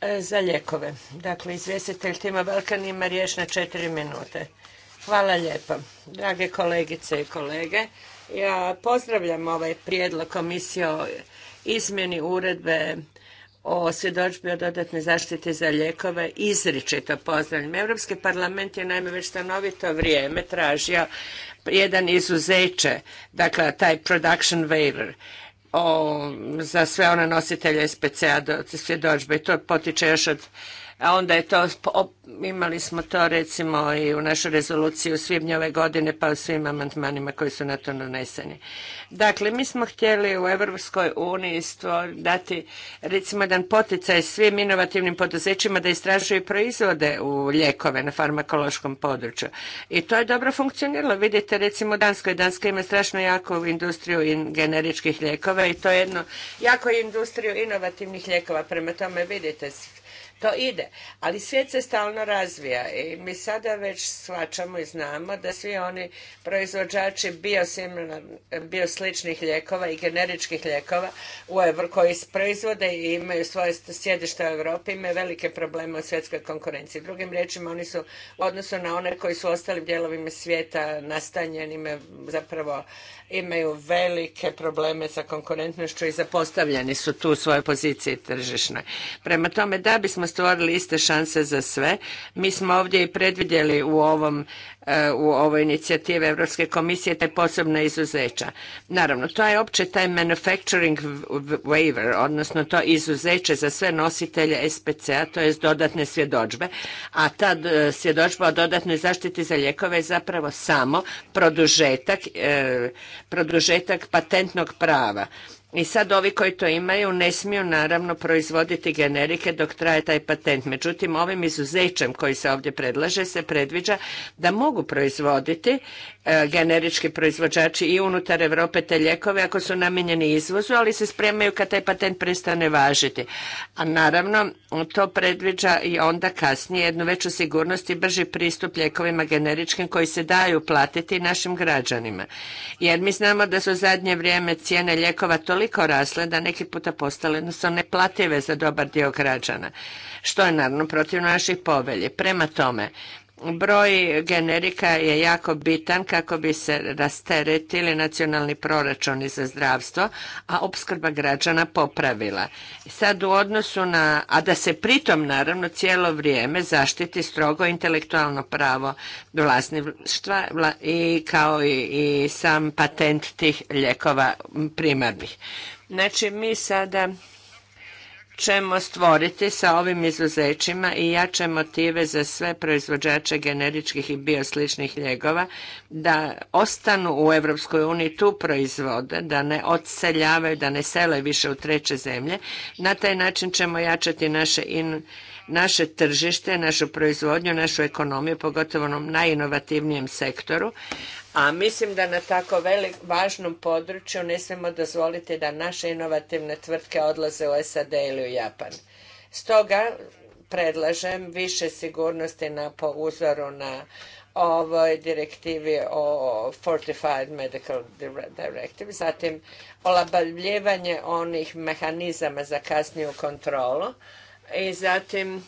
e, za lijekove. Dakle, izvjestitelj Tima Balkan ima riječ na četiri minute. Hvala lijepo. Drage kolegice i kolege, ja pozdravljam ovaj prijedlog komisije o izmjeni uredbe o svjedočbi o dodatnoj zaštiti za lijekove izričito pozdravljam. Europski parlament je naime već stanovito vrijeme tražio jedan izuzeće, dakle taj production waiver za sve one nositelje SPCA svjedočbe i to potiče još od a onda je to, imali smo to recimo i u našoj rezoluciji u svibnju ove godine pa u svim amandmanima koji su na to naneseni. Dakle, mi smo htjeli u Europskoj uniji dati recimo jedan poticaj svim inovativnim poduzećima da istražuju proizvode u ljekove na farmakološkom području. I to je dobro funkcioniralo. Vidite recimo u Danskoj. Danska ima strašno jaku industriju generičkih lijekova i to je jedno jako industriju inovativnih lijekova. Prema tome vidite to ide, ali svijet se stalno razvija i mi sada već shvaćamo i znamo da svi oni proizvođači biosličnih bio lijekova i generičkih lijekova koji proizvode i imaju svoje sjedište u Europi imaju velike probleme u svjetskoj konkurenciji. Drugim riječima, oni su u odnosu na one koji su u ostalim dijelovima svijeta nastanjeni, zapravo imaju velike probleme sa konkurentnošću i zapostavljeni su tu u svojoj poziciji tržišnoj. Prema tome, da bismo stvorili iste šanse za sve. Mi smo ovdje i predvidjeli u ovom e, u ovoj inicijativi Europske komisije te posebna izuzeća. Naravno, to je opće taj manufacturing waiver, odnosno to izuzeće za sve nositelje SPC-a, to je dodatne svjedočbe, a ta e, svjedočba o dodatnoj zaštiti za lijekove je zapravo samo produžetak, e, produžetak patentnog prava. I sad ovi koji to imaju ne smiju naravno proizvoditi generike dok traje taj patent. Međutim, ovim izuzećem koji se ovdje predlaže se predviđa da mogu proizvoditi e, generički proizvođači i unutar Europe te ljekove ako su namijenjeni izvozu, ali se spremaju kad taj patent prestane važiti. A naravno, to predviđa i onda kasnije jednu veću sigurnost i brži pristup ljekovima generičkim koji se daju platiti našim građanima. Jer mi znamo da su zadnje vrijeme cijene ljekova toliko toliko da neki puta postale jednostavno neplative za dobar dio građana, što je naravno protiv naših povelji. Prema tome, Broj generika je jako bitan kako bi se rasteretili nacionalni proračuni za zdravstvo, a opskrba građana popravila. Sad u odnosu na, a da se pritom naravno cijelo vrijeme zaštiti strogo intelektualno pravo vlasništva i kao i, sam patent tih ljekova primarnih. Znači mi sada ćemo stvoriti sa ovim izuzećima i jače motive za sve proizvođače generičkih i biosličnih ljegova da ostanu u Europskoj uniji tu proizvode, da ne odseljavaju, da ne sele više u treće zemlje. Na taj način ćemo jačati naše in naše tržište, našu proizvodnju, našu ekonomiju, pogotovo onom najinovativnijem sektoru, a mislim da na tako velik, važnom području ne smijemo dozvoliti da naše inovativne tvrtke odlaze u SAD ili u Japan. Stoga predlažem više sigurnosti na, po uzoru na ovoj direktivi o Fortified Medical Directive, zatim olabavljivanje onih mehanizama za kasniju kontrolu, i zatim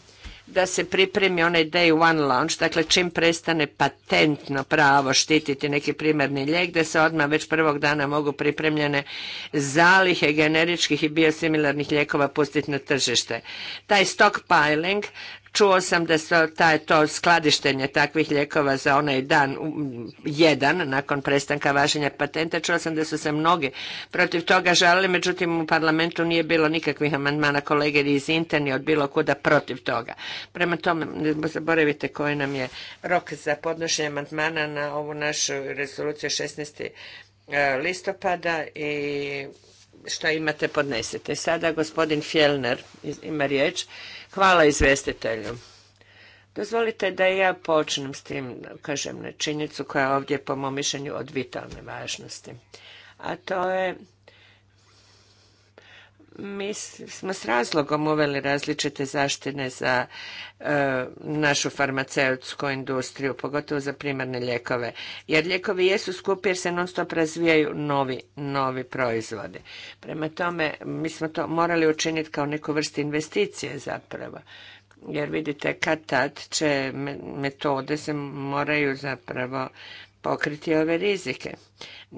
da se pripremi onaj day one launch, dakle čim prestane patentno pravo štititi neki primarni lijek, da se odmah već prvog dana mogu pripremljene zalihe generičkih i biosimilarnih lijekova pustiti na tržište. Taj stockpiling Čuo sam da se taj, to skladištenje takvih lijekova za onaj dan jedan nakon prestanka važenja patenta, čuo sam da su se mnogi protiv toga žalili, međutim u parlamentu nije bilo nikakvih amandmana kolege iz interni od bilo kuda protiv toga. Prema tome, ne zaboravite koji nam je rok za podnošenje amandmana na ovu našu rezoluciju 16 e, listopada i što imate podnesete. Sada gospodin Fjellner ima riječ Hvala izvjestitelju. Dozvolite da ja počnem s tim, kažem, na činjenicu koja je ovdje po mom mišljenju od vitalne važnosti. A to je mi smo s razlogom uveli različite zaštine za e, našu farmaceutsku industriju, pogotovo za primarne lijekove. Jer lijekovi jesu skupi jer se non stop razvijaju novi, novi proizvodi. Prema tome, mi smo to morali učiniti kao neku vrstu investicije zapravo. Jer vidite, kad tad će metode se moraju zapravo pokriti ove rizike.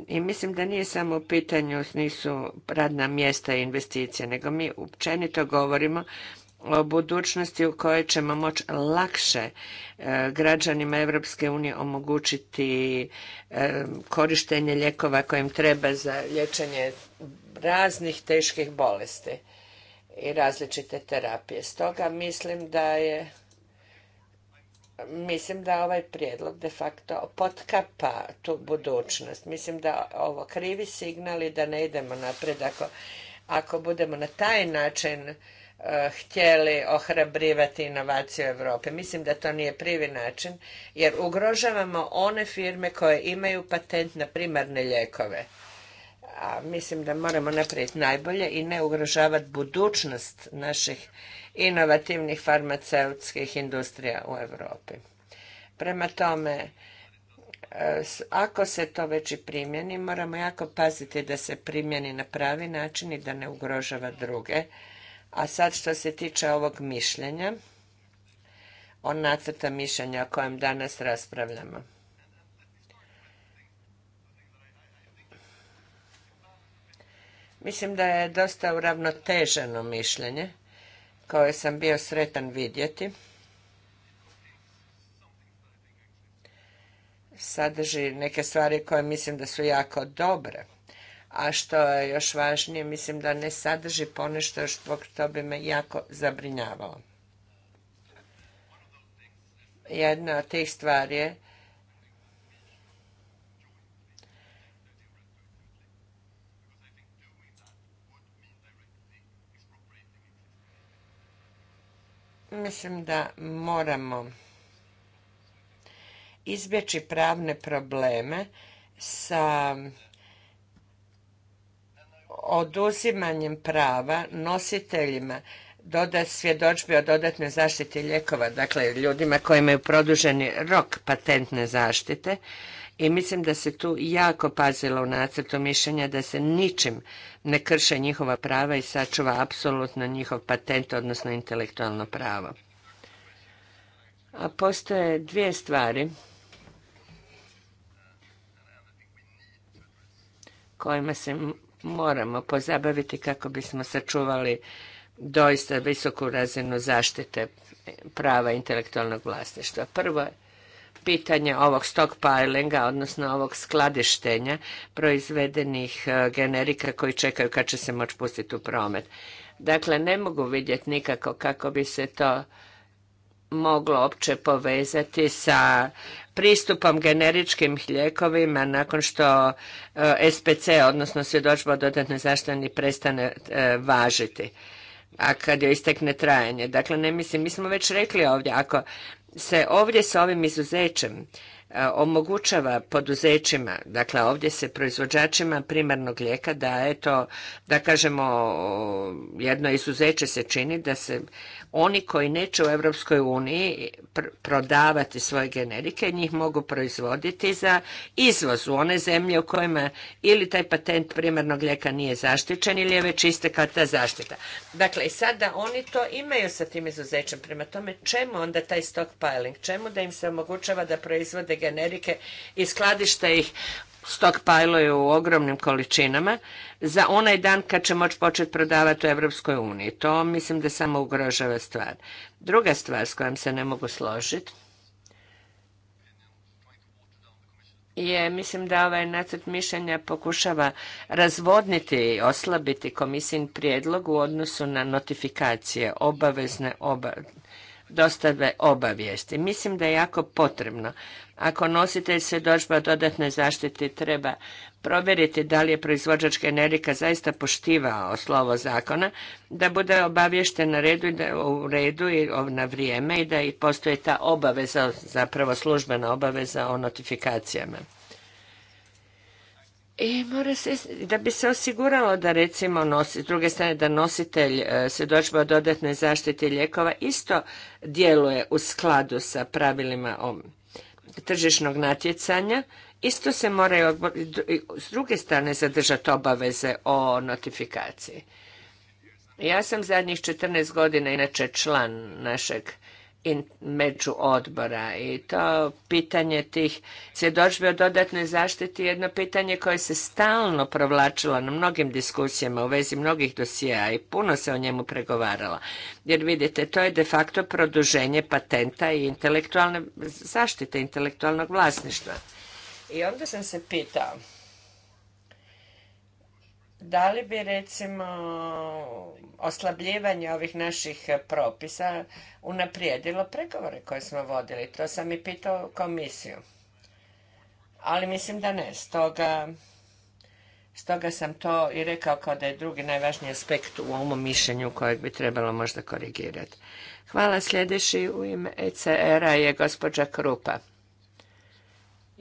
I mislim da nije samo u pitanju nisu radna mjesta i investicije, nego mi općenito govorimo o budućnosti u kojoj ćemo moći lakše e, građanima Europske unije omogućiti e, korištenje lijekova kojim treba za liječenje raznih teških bolesti i različite terapije. Stoga mislim da je mislim da ovaj prijedlog de facto potkapa tu budućnost. Mislim da ovo krivi signali da ne idemo naprijed ako, ako budemo na taj način e, htjeli ohrabrivati inovaciju Europe. Mislim da to nije privi način jer ugrožavamo one firme koje imaju patent na primarne lijekove. A mislim da moramo naprijed najbolje i ne ugrožavati budućnost naših inovativnih farmaceutskih industrija u Europi. Prema tome, e, ako se to već i primjeni, moramo jako paziti da se primjeni na pravi način i da ne ugrožava druge. A sad što se tiče ovog mišljenja, on nacrta mišljenja o kojem danas raspravljamo. Mislim da je dosta uravnoteženo mišljenje koje sam bio sretan vidjeti. Sadrži neke stvari koje mislim da su jako dobre. A što je još važnije, mislim da ne sadrži ponešto što to bi me jako zabrinjavalo. Jedna od tih stvari je Mislim da moramo izbjeći pravne probleme sa oduzimanjem prava nositeljima dodat o dodatnoj zaštiti lijekova, dakle ljudima koji imaju produženi rok patentne zaštite, i mislim da se tu jako pazilo u nacrtu mišljenja da se ničim ne krše njihova prava i sačuva apsolutno njihov patent, odnosno intelektualno pravo. A postoje dvije stvari kojima se moramo pozabaviti kako bismo sačuvali doista visoku razinu zaštite prava intelektualnog vlasništva. Prvo je pitanje ovog stockpilinga, odnosno ovog skladištenja proizvedenih e, generika koji čekaju kad će se moći pustiti u promet. Dakle, ne mogu vidjeti nikako kako bi se to moglo opće povezati sa pristupom generičkim lijekovima nakon što e, SPC, odnosno svjedočba o dodatnoj zaštiti, prestane važiti a kad joj istekne trajanje. Dakle, ne mislim, mi smo već rekli ovdje, ako se ovdje s ovim izuzećem omogućava poduzećima, dakle ovdje se proizvođačima primarnog lijeka je to, da kažemo, jedno izuzeće se čini da se oni koji neće u Europskoj uniji prodavati svoje generike, njih mogu proizvoditi za izvoz u one zemlje u kojima ili taj patent primarnog lijeka nije zaštićen ili je već kao ta zaštita. Dakle, i sada oni to imaju sa tim izuzećem. Prema tome, čemu onda taj stockpiling? Čemu da im se omogućava da proizvode generike i skladište ih stokpajluju u ogromnim količinama za onaj dan kad će moći početi prodavati u Europskoj uniji. To mislim da samo ugrožava stvar. Druga stvar s kojom se ne mogu složiti je, mislim da ovaj nacrt mišljenja pokušava razvodniti i oslabiti komisijin prijedlog u odnosu na notifikacije, obavezne dostave obavijesti. Mislim da je jako potrebno ako nositelj se o dodatne zaštiti treba provjeriti da li je proizvođač generika zaista poštivao slovo zakona, da bude obavješten na redu i da, u redu i na vrijeme i da i postoji ta obaveza, zapravo službena obaveza o notifikacijama. I mora se, da bi se osiguralo da recimo nosi, s druge strane da nositelj e, svjedočba o dodatnoj zaštiti lijekova isto djeluje u skladu sa pravilima o tržišnog natjecanja isto se moraju s druge strane zadržati obaveze o notifikaciji. Ja sam zadnjih 14 godina inače član našeg među odbora i to pitanje tih svjedočbi o dodatnoj zaštiti je jedno pitanje koje se stalno provlačilo na mnogim diskusijama u vezi mnogih dosija i puno se o njemu pregovaralo. Jer vidite, to je de facto produženje patenta i intelektualne zaštite intelektualnog vlasništva. I onda sam se pitao, da li bi recimo oslabljivanje ovih naših propisa unaprijedilo pregovore koje smo vodili? To sam i pitao komisiju. Ali mislim da ne, stoga, sam to i rekao kao da je drugi najvažniji aspekt u ovom mišljenju kojeg bi trebalo možda korigirati. Hvala sljedeći u ime ECR-a je gospođa Krupa.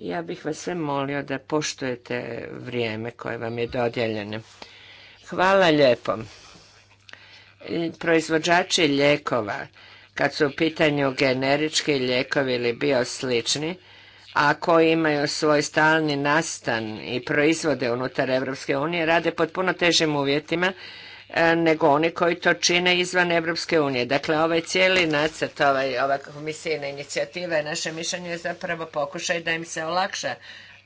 Ja bih vas sve molio da poštujete vrijeme koje vam je dodijeljeno. Hvala lijepo. Proizvođači lijekova, kad su u pitanju generički lijekovi ili bioslični, a koji imaju svoj stalni nastan i proizvode unutar EU, unije, rade pod puno težim uvjetima E, nego oni koji to čine izvan Evropske unije. Dakle, ovaj cijeli nacrt, ovaj, ova komisijna inicijativa i naše mišljenje je zapravo pokušaj da im se olakša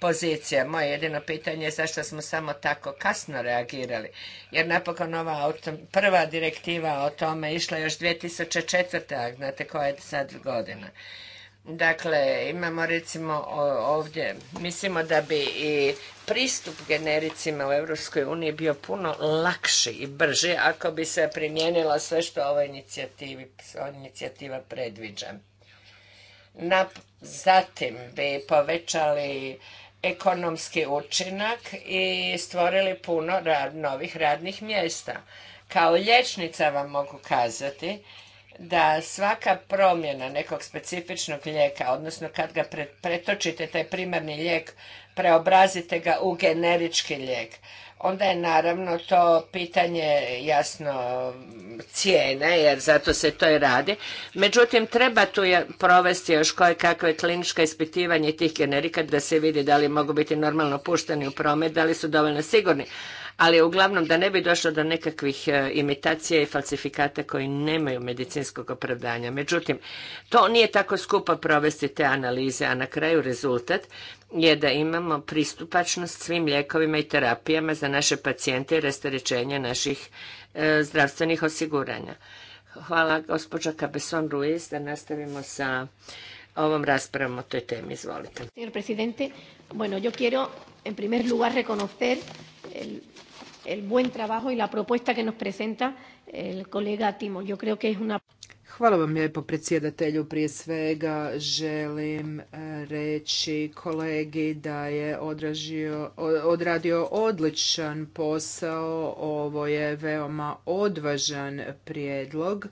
pozicija. Moje jedino pitanje je zašto smo samo tako kasno reagirali. Jer napokon ova prva direktiva o tome išla još 2004. znate koja je sad godina. Dakle, imamo recimo ovdje, mislimo da bi i pristup genericima u EU bio puno lakši i brži ako bi se primijenilo sve što ova inicijativa predviđa. zatim bi povećali ekonomski učinak i stvorili puno novih radnih mjesta. Kao lječnica vam mogu kazati da svaka promjena nekog specifičnog lijeka, odnosno kad ga pretočite, taj primarni lijek, preobrazite ga u generički lijek, onda je naravno to pitanje jasno cijene, jer zato se to i radi. Međutim, treba tu provesti još koje kakve klinička ispitivanje tih generika da se vidi da li mogu biti normalno pušteni u promet, da li su dovoljno sigurni ali uglavnom da ne bi došlo do nekakvih e, imitacija i falsifikata koji nemaju medicinskog opravdanja. Međutim, to nije tako skupo provesti te analize, a na kraju rezultat je da imamo pristupačnost svim lijekovima i terapijama za naše pacijente i rasterećenje naših e, zdravstvenih osiguranja. Hvala gospođa Cabeson Ruiz da nastavimo sa ovom raspravom o toj temi. Izvolite. Señor presidente, bueno, yo quiero en primer lugar reconocer el buen trabajo y la propuesta que nos presenta el colega Timo. Yo creo que es una Hvala vam lijepo predsjedatelju. Prije svega želim eh, reći kolegi da je odražio, odradio odličan posao. Ovo je veoma odvažan prijedlog.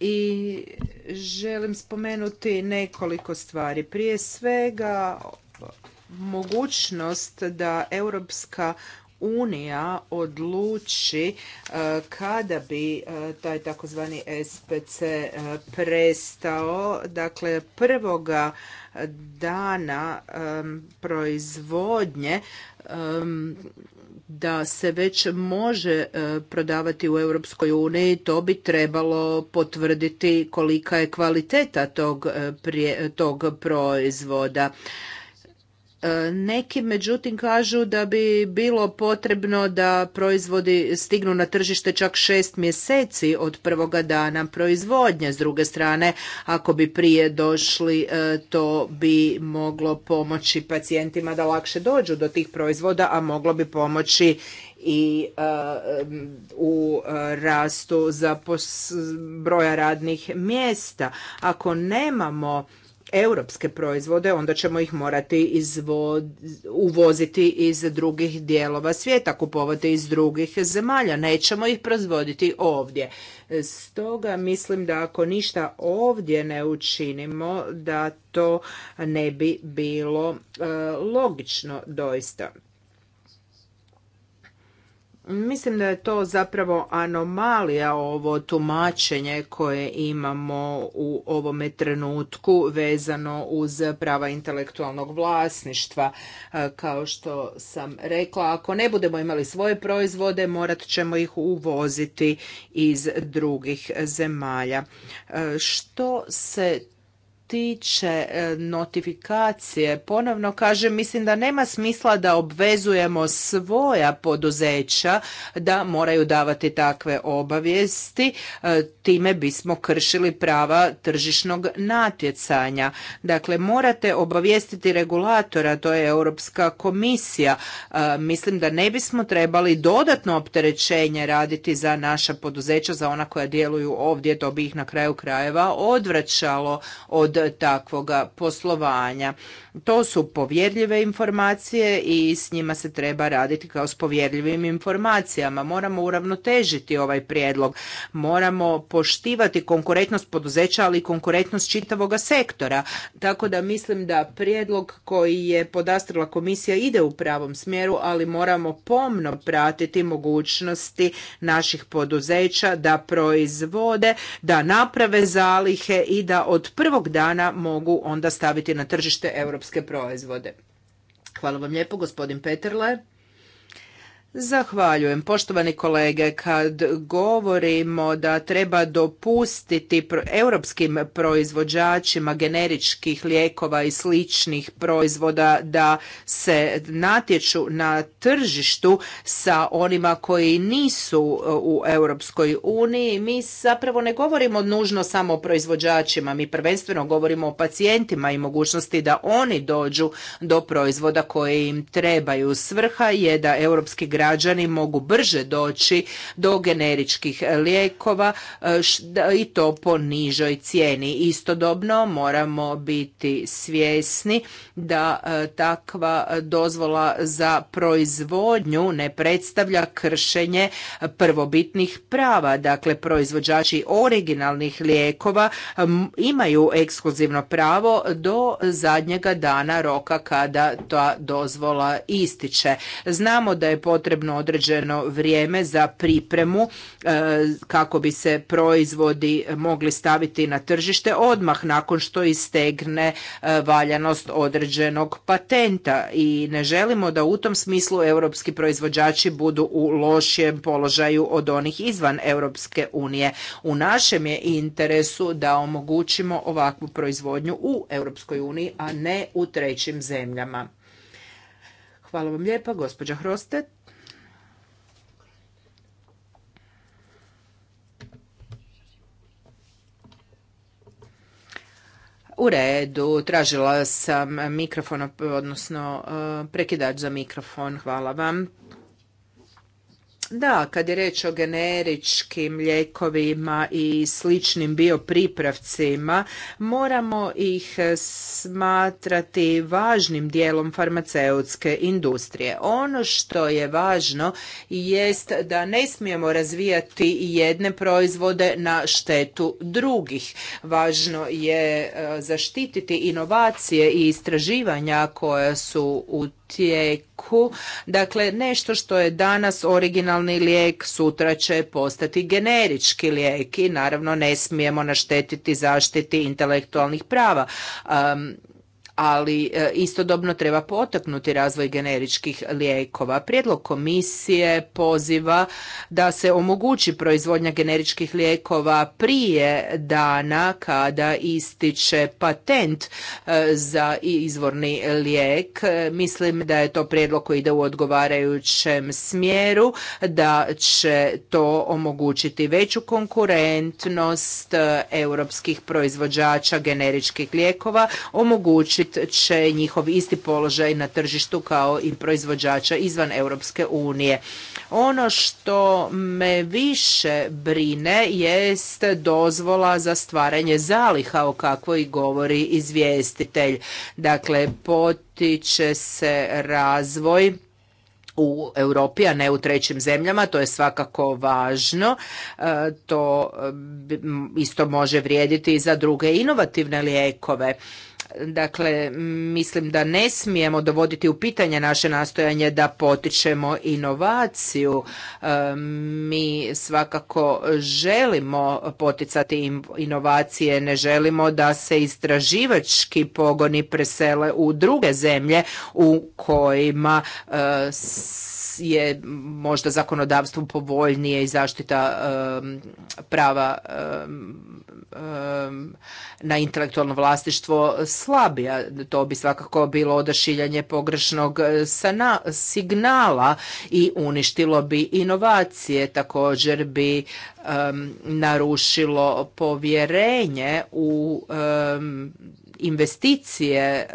I želim spomenuti nekoliko stvari. Prije svega mogućnost da Europska unija odluči e, kada bi e, taj takozvani SPC e, prestao. Dakle, prvoga dana proizvodnje da se već može prodavati u Europskoj uniji, to bi trebalo potvrditi kolika je kvaliteta tog, tog proizvoda. E, neki međutim kažu da bi bilo potrebno da proizvodi stignu na tržište čak šest mjeseci od prvoga dana proizvodnje. S druge strane, ako bi prije došli, e, to bi moglo pomoći pacijentima da lakše dođu do tih proizvoda, a moglo bi pomoći i e, u rastu za broja radnih mjesta. Ako nemamo europske proizvode, onda ćemo ih morati uvoziti iz drugih dijelova svijeta, kupovati iz drugih zemalja. Nećemo ih proizvoditi ovdje. Stoga mislim da ako ništa ovdje ne učinimo, da to ne bi bilo e, logično doista. Mislim da je to zapravo anomalija ovo tumačenje koje imamo u ovome trenutku vezano uz prava intelektualnog vlasništva. E, kao što sam rekla, ako ne budemo imali svoje proizvode, morat ćemo ih uvoziti iz drugih zemalja. E, što se tiče e, notifikacije, ponovno kažem, mislim da nema smisla da obvezujemo svoja poduzeća da moraju davati takve obavijesti, e, time bismo kršili prava tržišnog natjecanja. Dakle, morate obavijestiti regulatora, to je Europska komisija. E, mislim da ne bismo trebali dodatno opterećenje raditi za naša poduzeća, za ona koja djeluju ovdje, to bi ih na kraju krajeva odvraćalo od takvoga poslovanja. To su povjerljive informacije i s njima se treba raditi kao s povjerljivim informacijama. Moramo uravnotežiti ovaj prijedlog. Moramo poštivati konkurentnost poduzeća, ali i konkurentnost čitavoga sektora. Tako da mislim da prijedlog koji je podastrila komisija ide u pravom smjeru, ali moramo pomno pratiti mogućnosti naših poduzeća da proizvode, da naprave zalihe i da od prvog dana ana mogu onda staviti na tržište europske proizvode. Hvala vam lijepo, gospodin Peterle. Zahvaljujem. Poštovani kolege, kad govorimo da treba dopustiti europskim proizvođačima generičkih lijekova i sličnih proizvoda da se natječu na tržištu sa onima koji nisu uh, u Europskoj uniji, mi zapravo ne govorimo nužno samo o proizvođačima, mi prvenstveno govorimo o pacijentima i mogućnosti da oni dođu do proizvoda koji im trebaju. Svrha je da europski građani građani mogu brže doći do generičkih lijekova e, i to po nižoj cijeni. Istodobno moramo biti svjesni da e, takva dozvola za proizvodnju ne predstavlja kršenje prvobitnih prava. Dakle, proizvođači originalnih lijekova imaju ekskluzivno pravo do zadnjega dana roka kada ta dozvola ističe. Znamo da je potrebno potrebno određeno vrijeme za pripremu e, kako bi se proizvodi mogli staviti na tržište odmah nakon što istegne e, valjanost određenog patenta i ne želimo da u tom smislu europski proizvođači budu u lošijem položaju od onih izvan Europske unije. U našem je interesu da omogućimo ovakvu proizvodnju u Europskoj uniji, a ne u trećim zemljama. Hvala vam lijepa, gospođa Hrostet. U redu, tražila sam mikrofon, odnosno e, prekidač za mikrofon. Hvala vam. Da, kad je reč o generičkim ljekovima i sličnim biopripravcima, moramo ih smatrati važnim dijelom farmaceutske industrije. Ono što je važno jest da ne smijemo razvijati jedne proizvode na štetu drugih. Važno je e, zaštititi inovacije i istraživanja koja su u tijeku. Dakle, nešto što je danas originalni lijek, sutra će postati generički lijek i naravno ne smijemo naštetiti zaštiti intelektualnih prava ali e, istodobno treba potaknuti razvoj generičkih lijekova. Prijedlog komisije poziva da se omogući proizvodnja generičkih lijekova prije dana kada ističe patent e, za izvorni lijek. E, mislim da je to prijedlog koji ide u odgovarajućem smjeru, da će to omogućiti veću konkurentnost europskih proizvođača generičkih lijekova, omogući će njihov isti položaj na tržištu kao i proizvođača izvan Europske unije. Ono što me više brine jest dozvola za stvaranje zaliha o kakvoj govori izvjestitelj. Dakle, potiče se razvoj u Europi, a ne u trećim zemljama, to je svakako važno. E, to isto može vrijediti i za druge inovativne lijekove. Dakle, mislim da ne smijemo dovoditi u pitanje naše nastojanje da potičemo inovaciju. E, mi svakako želimo poticati inovacije, ne želimo da se istraživački pogoni presele u druge zemlje u kojima e, je možda zakonodavstvo povoljnije i zaštita prava na intelektualno vlasništvo slabija. To bi svakako bilo odašiljanje pogrešnog e, signala i uništilo bi inovacije. Također bi narušilo povjerenje u investicije e,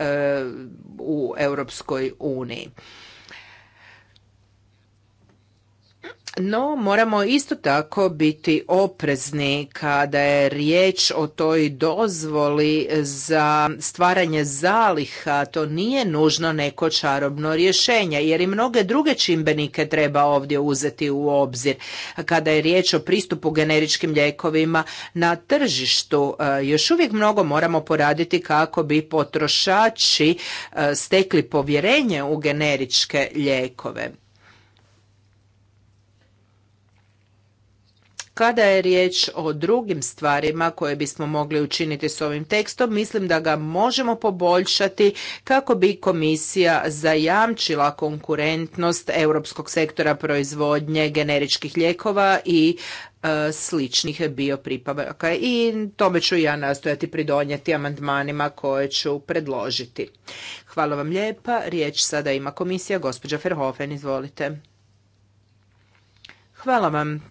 u Europskoj uniji. no moramo isto tako biti oprezni kada je riječ o toj dozvoli za stvaranje zaliha. To nije nužno neko čarobno rješenje jer i mnoge druge čimbenike treba ovdje uzeti u obzir. Kada je riječ o pristupu generičkim lijekovima na tržištu, e, još uvijek mnogo moramo poraditi kako bi potrošači e, stekli povjerenje u generičke lijekove. Kada je riječ o drugim stvarima koje bismo mogli učiniti s ovim tekstom, mislim da ga možemo poboljšati kako bi komisija zajamčila konkurentnost europskog sektora proizvodnje generičkih lijekova i e, sličnih biopripavaka i tome ću ja nastojati pridonijeti amandmanima koje ću predložiti. Hvala vam lijepa. Riječ sada ima komisija. Gospođa Ferhofen, izvolite. Hvala vam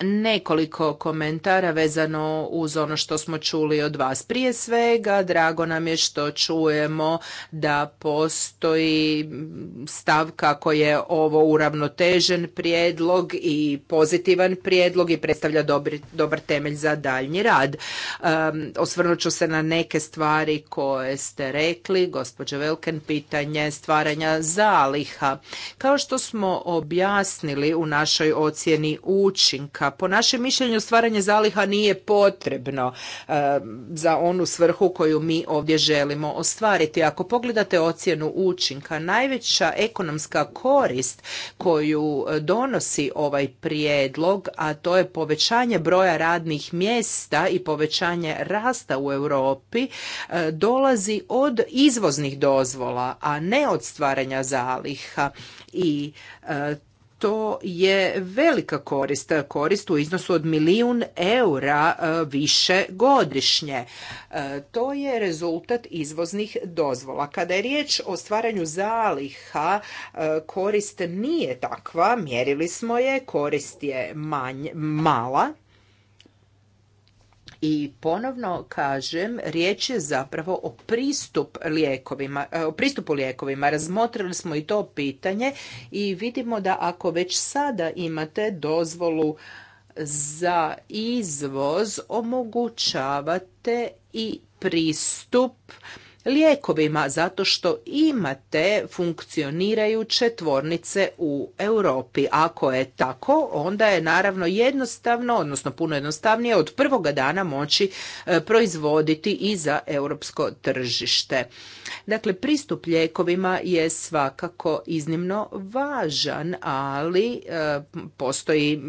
nekoliko komentara vezano uz ono što smo čuli od vas. Prije svega, drago nam je što čujemo da postoji stav kako je ovo uravnotežen prijedlog i pozitivan prijedlog i predstavlja dobri, dobar temelj za daljnji rad. Um, osvrnut ću se na neke stvari koje ste rekli, gospođo Velken, pitanje stvaranja zaliha. Kao što smo objasnili u našoj ocjeni učinka, po našem mišljenju stvaranje zaliha nije potrebno e, za onu svrhu koju mi ovdje želimo ostvariti. Ako pogledate ocjenu učinka, najveća ekonomska korist koju e, donosi ovaj prijedlog, a to je povećanje broja radnih mjesta i povećanje rasta u Europi, e, dolazi od izvoznih dozvola, a ne od stvaranja zaliha. I to je velika korist, korist u iznosu od milijun eura e, više godišnje. E, to je rezultat izvoznih dozvola. Kada je riječ o stvaranju zaliha, e, korist nije takva, mjerili smo je, korist je manj, mala i ponovno kažem, riječ je zapravo o pristup lijekovima, e, o pristupu lijekovima. Razmotrili smo i to pitanje i vidimo da ako već sada imate dozvolu za izvoz, omogućavate i pristup lijekovima zato što imate funkcionirajuće tvornice u Europi. Ako je tako, onda je naravno jednostavno, odnosno puno jednostavnije od prvoga dana moći e, proizvoditi i za europsko tržište. Dakle, pristup lijekovima je svakako iznimno važan, ali e, postoji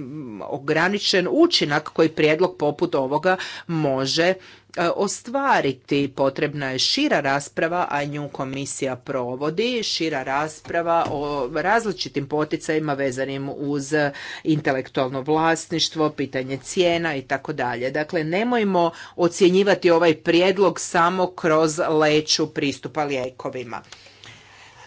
ograničen učinak koji prijedlog poput ovoga može E, ostvariti. Potrebna je šira rasprava, a nju komisija provodi, šira rasprava o različitim poticajima vezanim uz intelektualno vlasništvo, pitanje cijena i tako dalje. Dakle, nemojmo ocjenjivati ovaj prijedlog samo kroz leću pristupa lijekovima.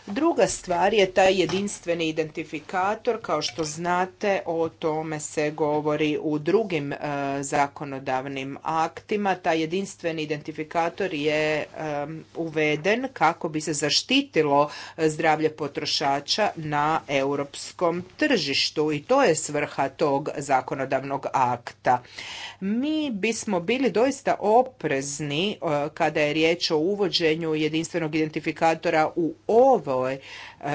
Druga stvar je taj jedinstveni identifikator, kao što znate o tome se govori u drugim e, zakonodavnim aktima. Taj jedinstveni identifikator je e, uveden kako bi se zaštitilo zdravlje potrošača na europskom tržištu i to je svrha tog zakonodavnog akta. Mi bismo bili doista oprezni e, kada je riječ o uvođenju jedinstvenog identifikatora u ovaj ovaj,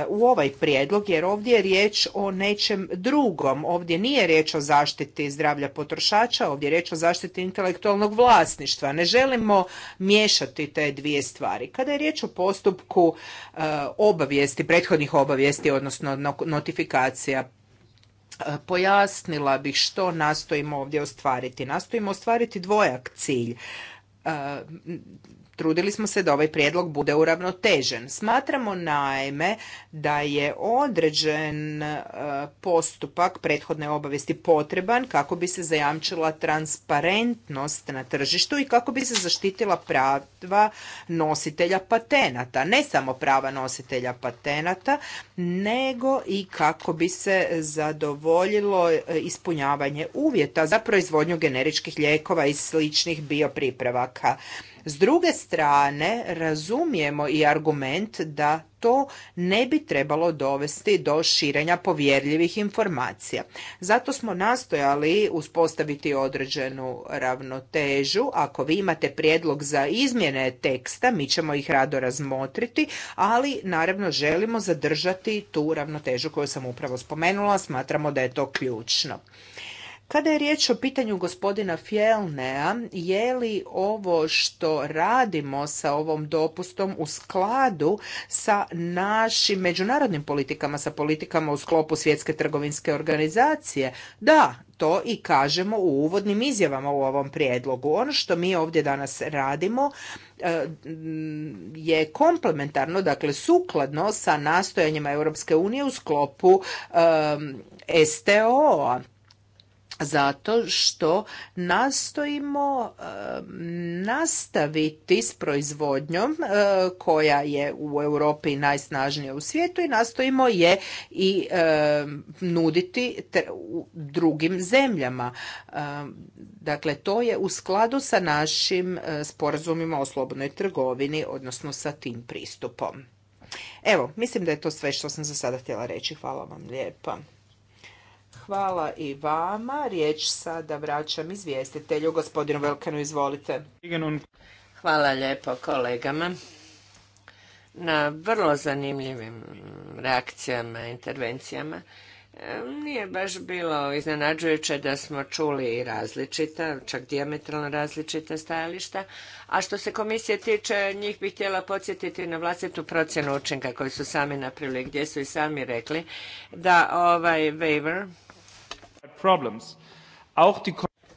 u ovaj prijedlog jer ovdje je riječ o nečem drugom. Ovdje nije riječ o zaštiti zdravlja potrošača, ovdje je riječ o zaštiti intelektualnog vlasništva. Ne želimo miješati te dvije stvari. Kada je riječ o postupku e, obavijesti, prethodnih obavijesti, odnosno notifikacija e, pojasnila bih što nastojimo ovdje ostvariti. Nastojimo ostvariti dvojak cilj trudili smo se da ovaj prijedlog bude uravnotežen. Smatramo naime da je određen e, postupak prethodne obavesti potreban kako bi se zajamčila transparentnost na tržištu i kako bi se zaštitila prava nositelja patenata. Ne samo prava nositelja patenata, nego i kako bi se zadovoljilo e, ispunjavanje uvjeta za proizvodnju generičkih lijekova i sličnih biopripravaka. S druge strane, razumijemo i argument da to ne bi trebalo dovesti do širenja povjerljivih informacija. Zato smo nastojali uspostaviti određenu ravnotežu. Ako vi imate prijedlog za izmjene teksta, mi ćemo ih rado razmotriti, ali naravno želimo zadržati tu ravnotežu koju sam upravo spomenula, smatramo da je to ključno. Kada je riječ o pitanju gospodina Fjelnea, je li ovo što radimo sa ovom dopustom u skladu sa našim međunarodnim politikama, sa politikama u sklopu svjetske trgovinske organizacije? Da, to i kažemo u uvodnim izjavama u ovom prijedlogu. Ono što mi ovdje danas radimo e, je komplementarno, dakle sukladno sa nastojanjima Europske unije u sklopu e, STO-a zato što nastojimo nastaviti s proizvodnjom eh, koja je u Europi najsnažnija u svijetu i nastojimo je i nuditi u drugim zemljama. Dakle, to je u skladu sa našim eh, sporazumima o slobodnoj trgovini, odnosno sa tim pristupom. Evo, mislim da je to sve što sam za sada htjela reći. Hvala vam lijepa. Hvala i vama. Riječ sada vraćam izvjestitelju, gospodinu Velkanu, izvolite. Hvala lijepo kolegama na vrlo zanimljivim reakcijama, intervencijama. E, nije baš bilo iznenađujuće da smo čuli i različita, čak diametralno različita stajališta. A što se komisije tiče, njih bih htjela podsjetiti na vlastitu procjenu učinka koju su sami napravili, gdje su i sami rekli da ovaj waiver, problems. Auch die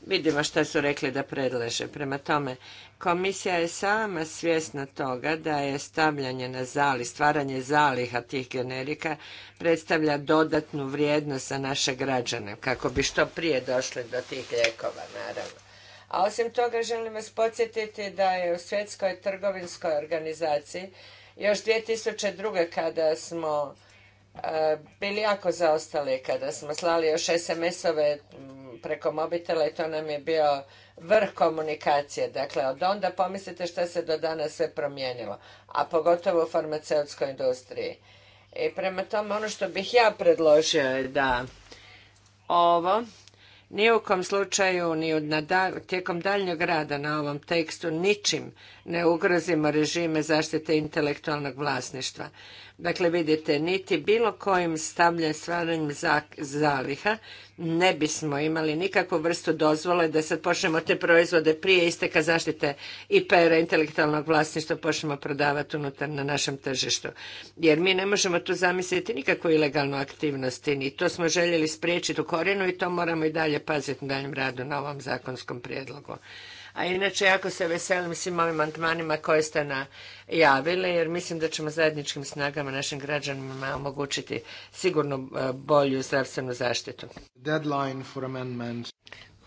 Vidimo što su rekli da predlaže. Prema tome, komisija je sama svjesna toga da je stavljanje na zali, stvaranje zaliha tih generika predstavlja dodatnu vrijednost za naše građane, kako bi što prije došli do tih lijekova, naravno. A osim toga želim vas podsjetiti da je u svjetskoj trgovinskoj organizaciji još 2002. kada smo E, bili jako zaostali kada smo slali još SMS-ove preko mobitela i to nam je bio vrh komunikacije. Dakle, od onda pomislite što se do danas sve promijenilo, a pogotovo u farmaceutskoj industriji. I prema tome, ono što bih ja predložio je da ovo ni u kom slučaju ni tijekom daljnjeg rada na ovom tekstu ničim ne ugrozimo režime zaštite intelektualnog vlasništva. Dakle, vidite, niti bilo kojim stavljanjem stvaranjem zaliha ne bismo imali nikakvu vrstu dozvole da sad počnemo te proizvode prije isteka zaštite i a intelektualnog vlasništva počnemo prodavati unutar na našem tržištu. Jer mi ne možemo tu zamisliti nikakvu ilegalnu aktivnost i to smo željeli spriječiti u korijenu i to moramo i dalje paziti u daljem radu na ovom zakonskom prijedlogu. A inače, jako se veselim svim ovim amandmanima koje ste najavili, jer mislim da ćemo zajedničkim snagama našim građanima omogućiti sigurno e, bolju zdravstvenu zaštitu. Deadline for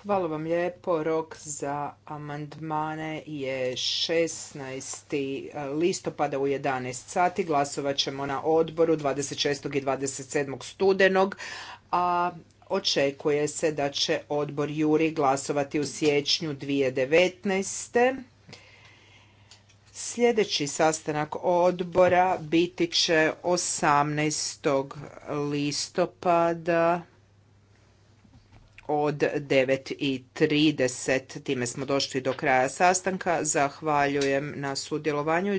Hvala vam lijepo. Rok za amandmane je 16. E, listopada u 11 sati. Glasovat ćemo na odboru 26. i 27. studenog, a Očekuje se da će odbor Juri glasovati u siječnju 2019. Sljedeći sastanak odbora biti će 18. listopada od 9.30. Time smo došli do kraja sastanka. Zahvaljujem na sudjelovanju.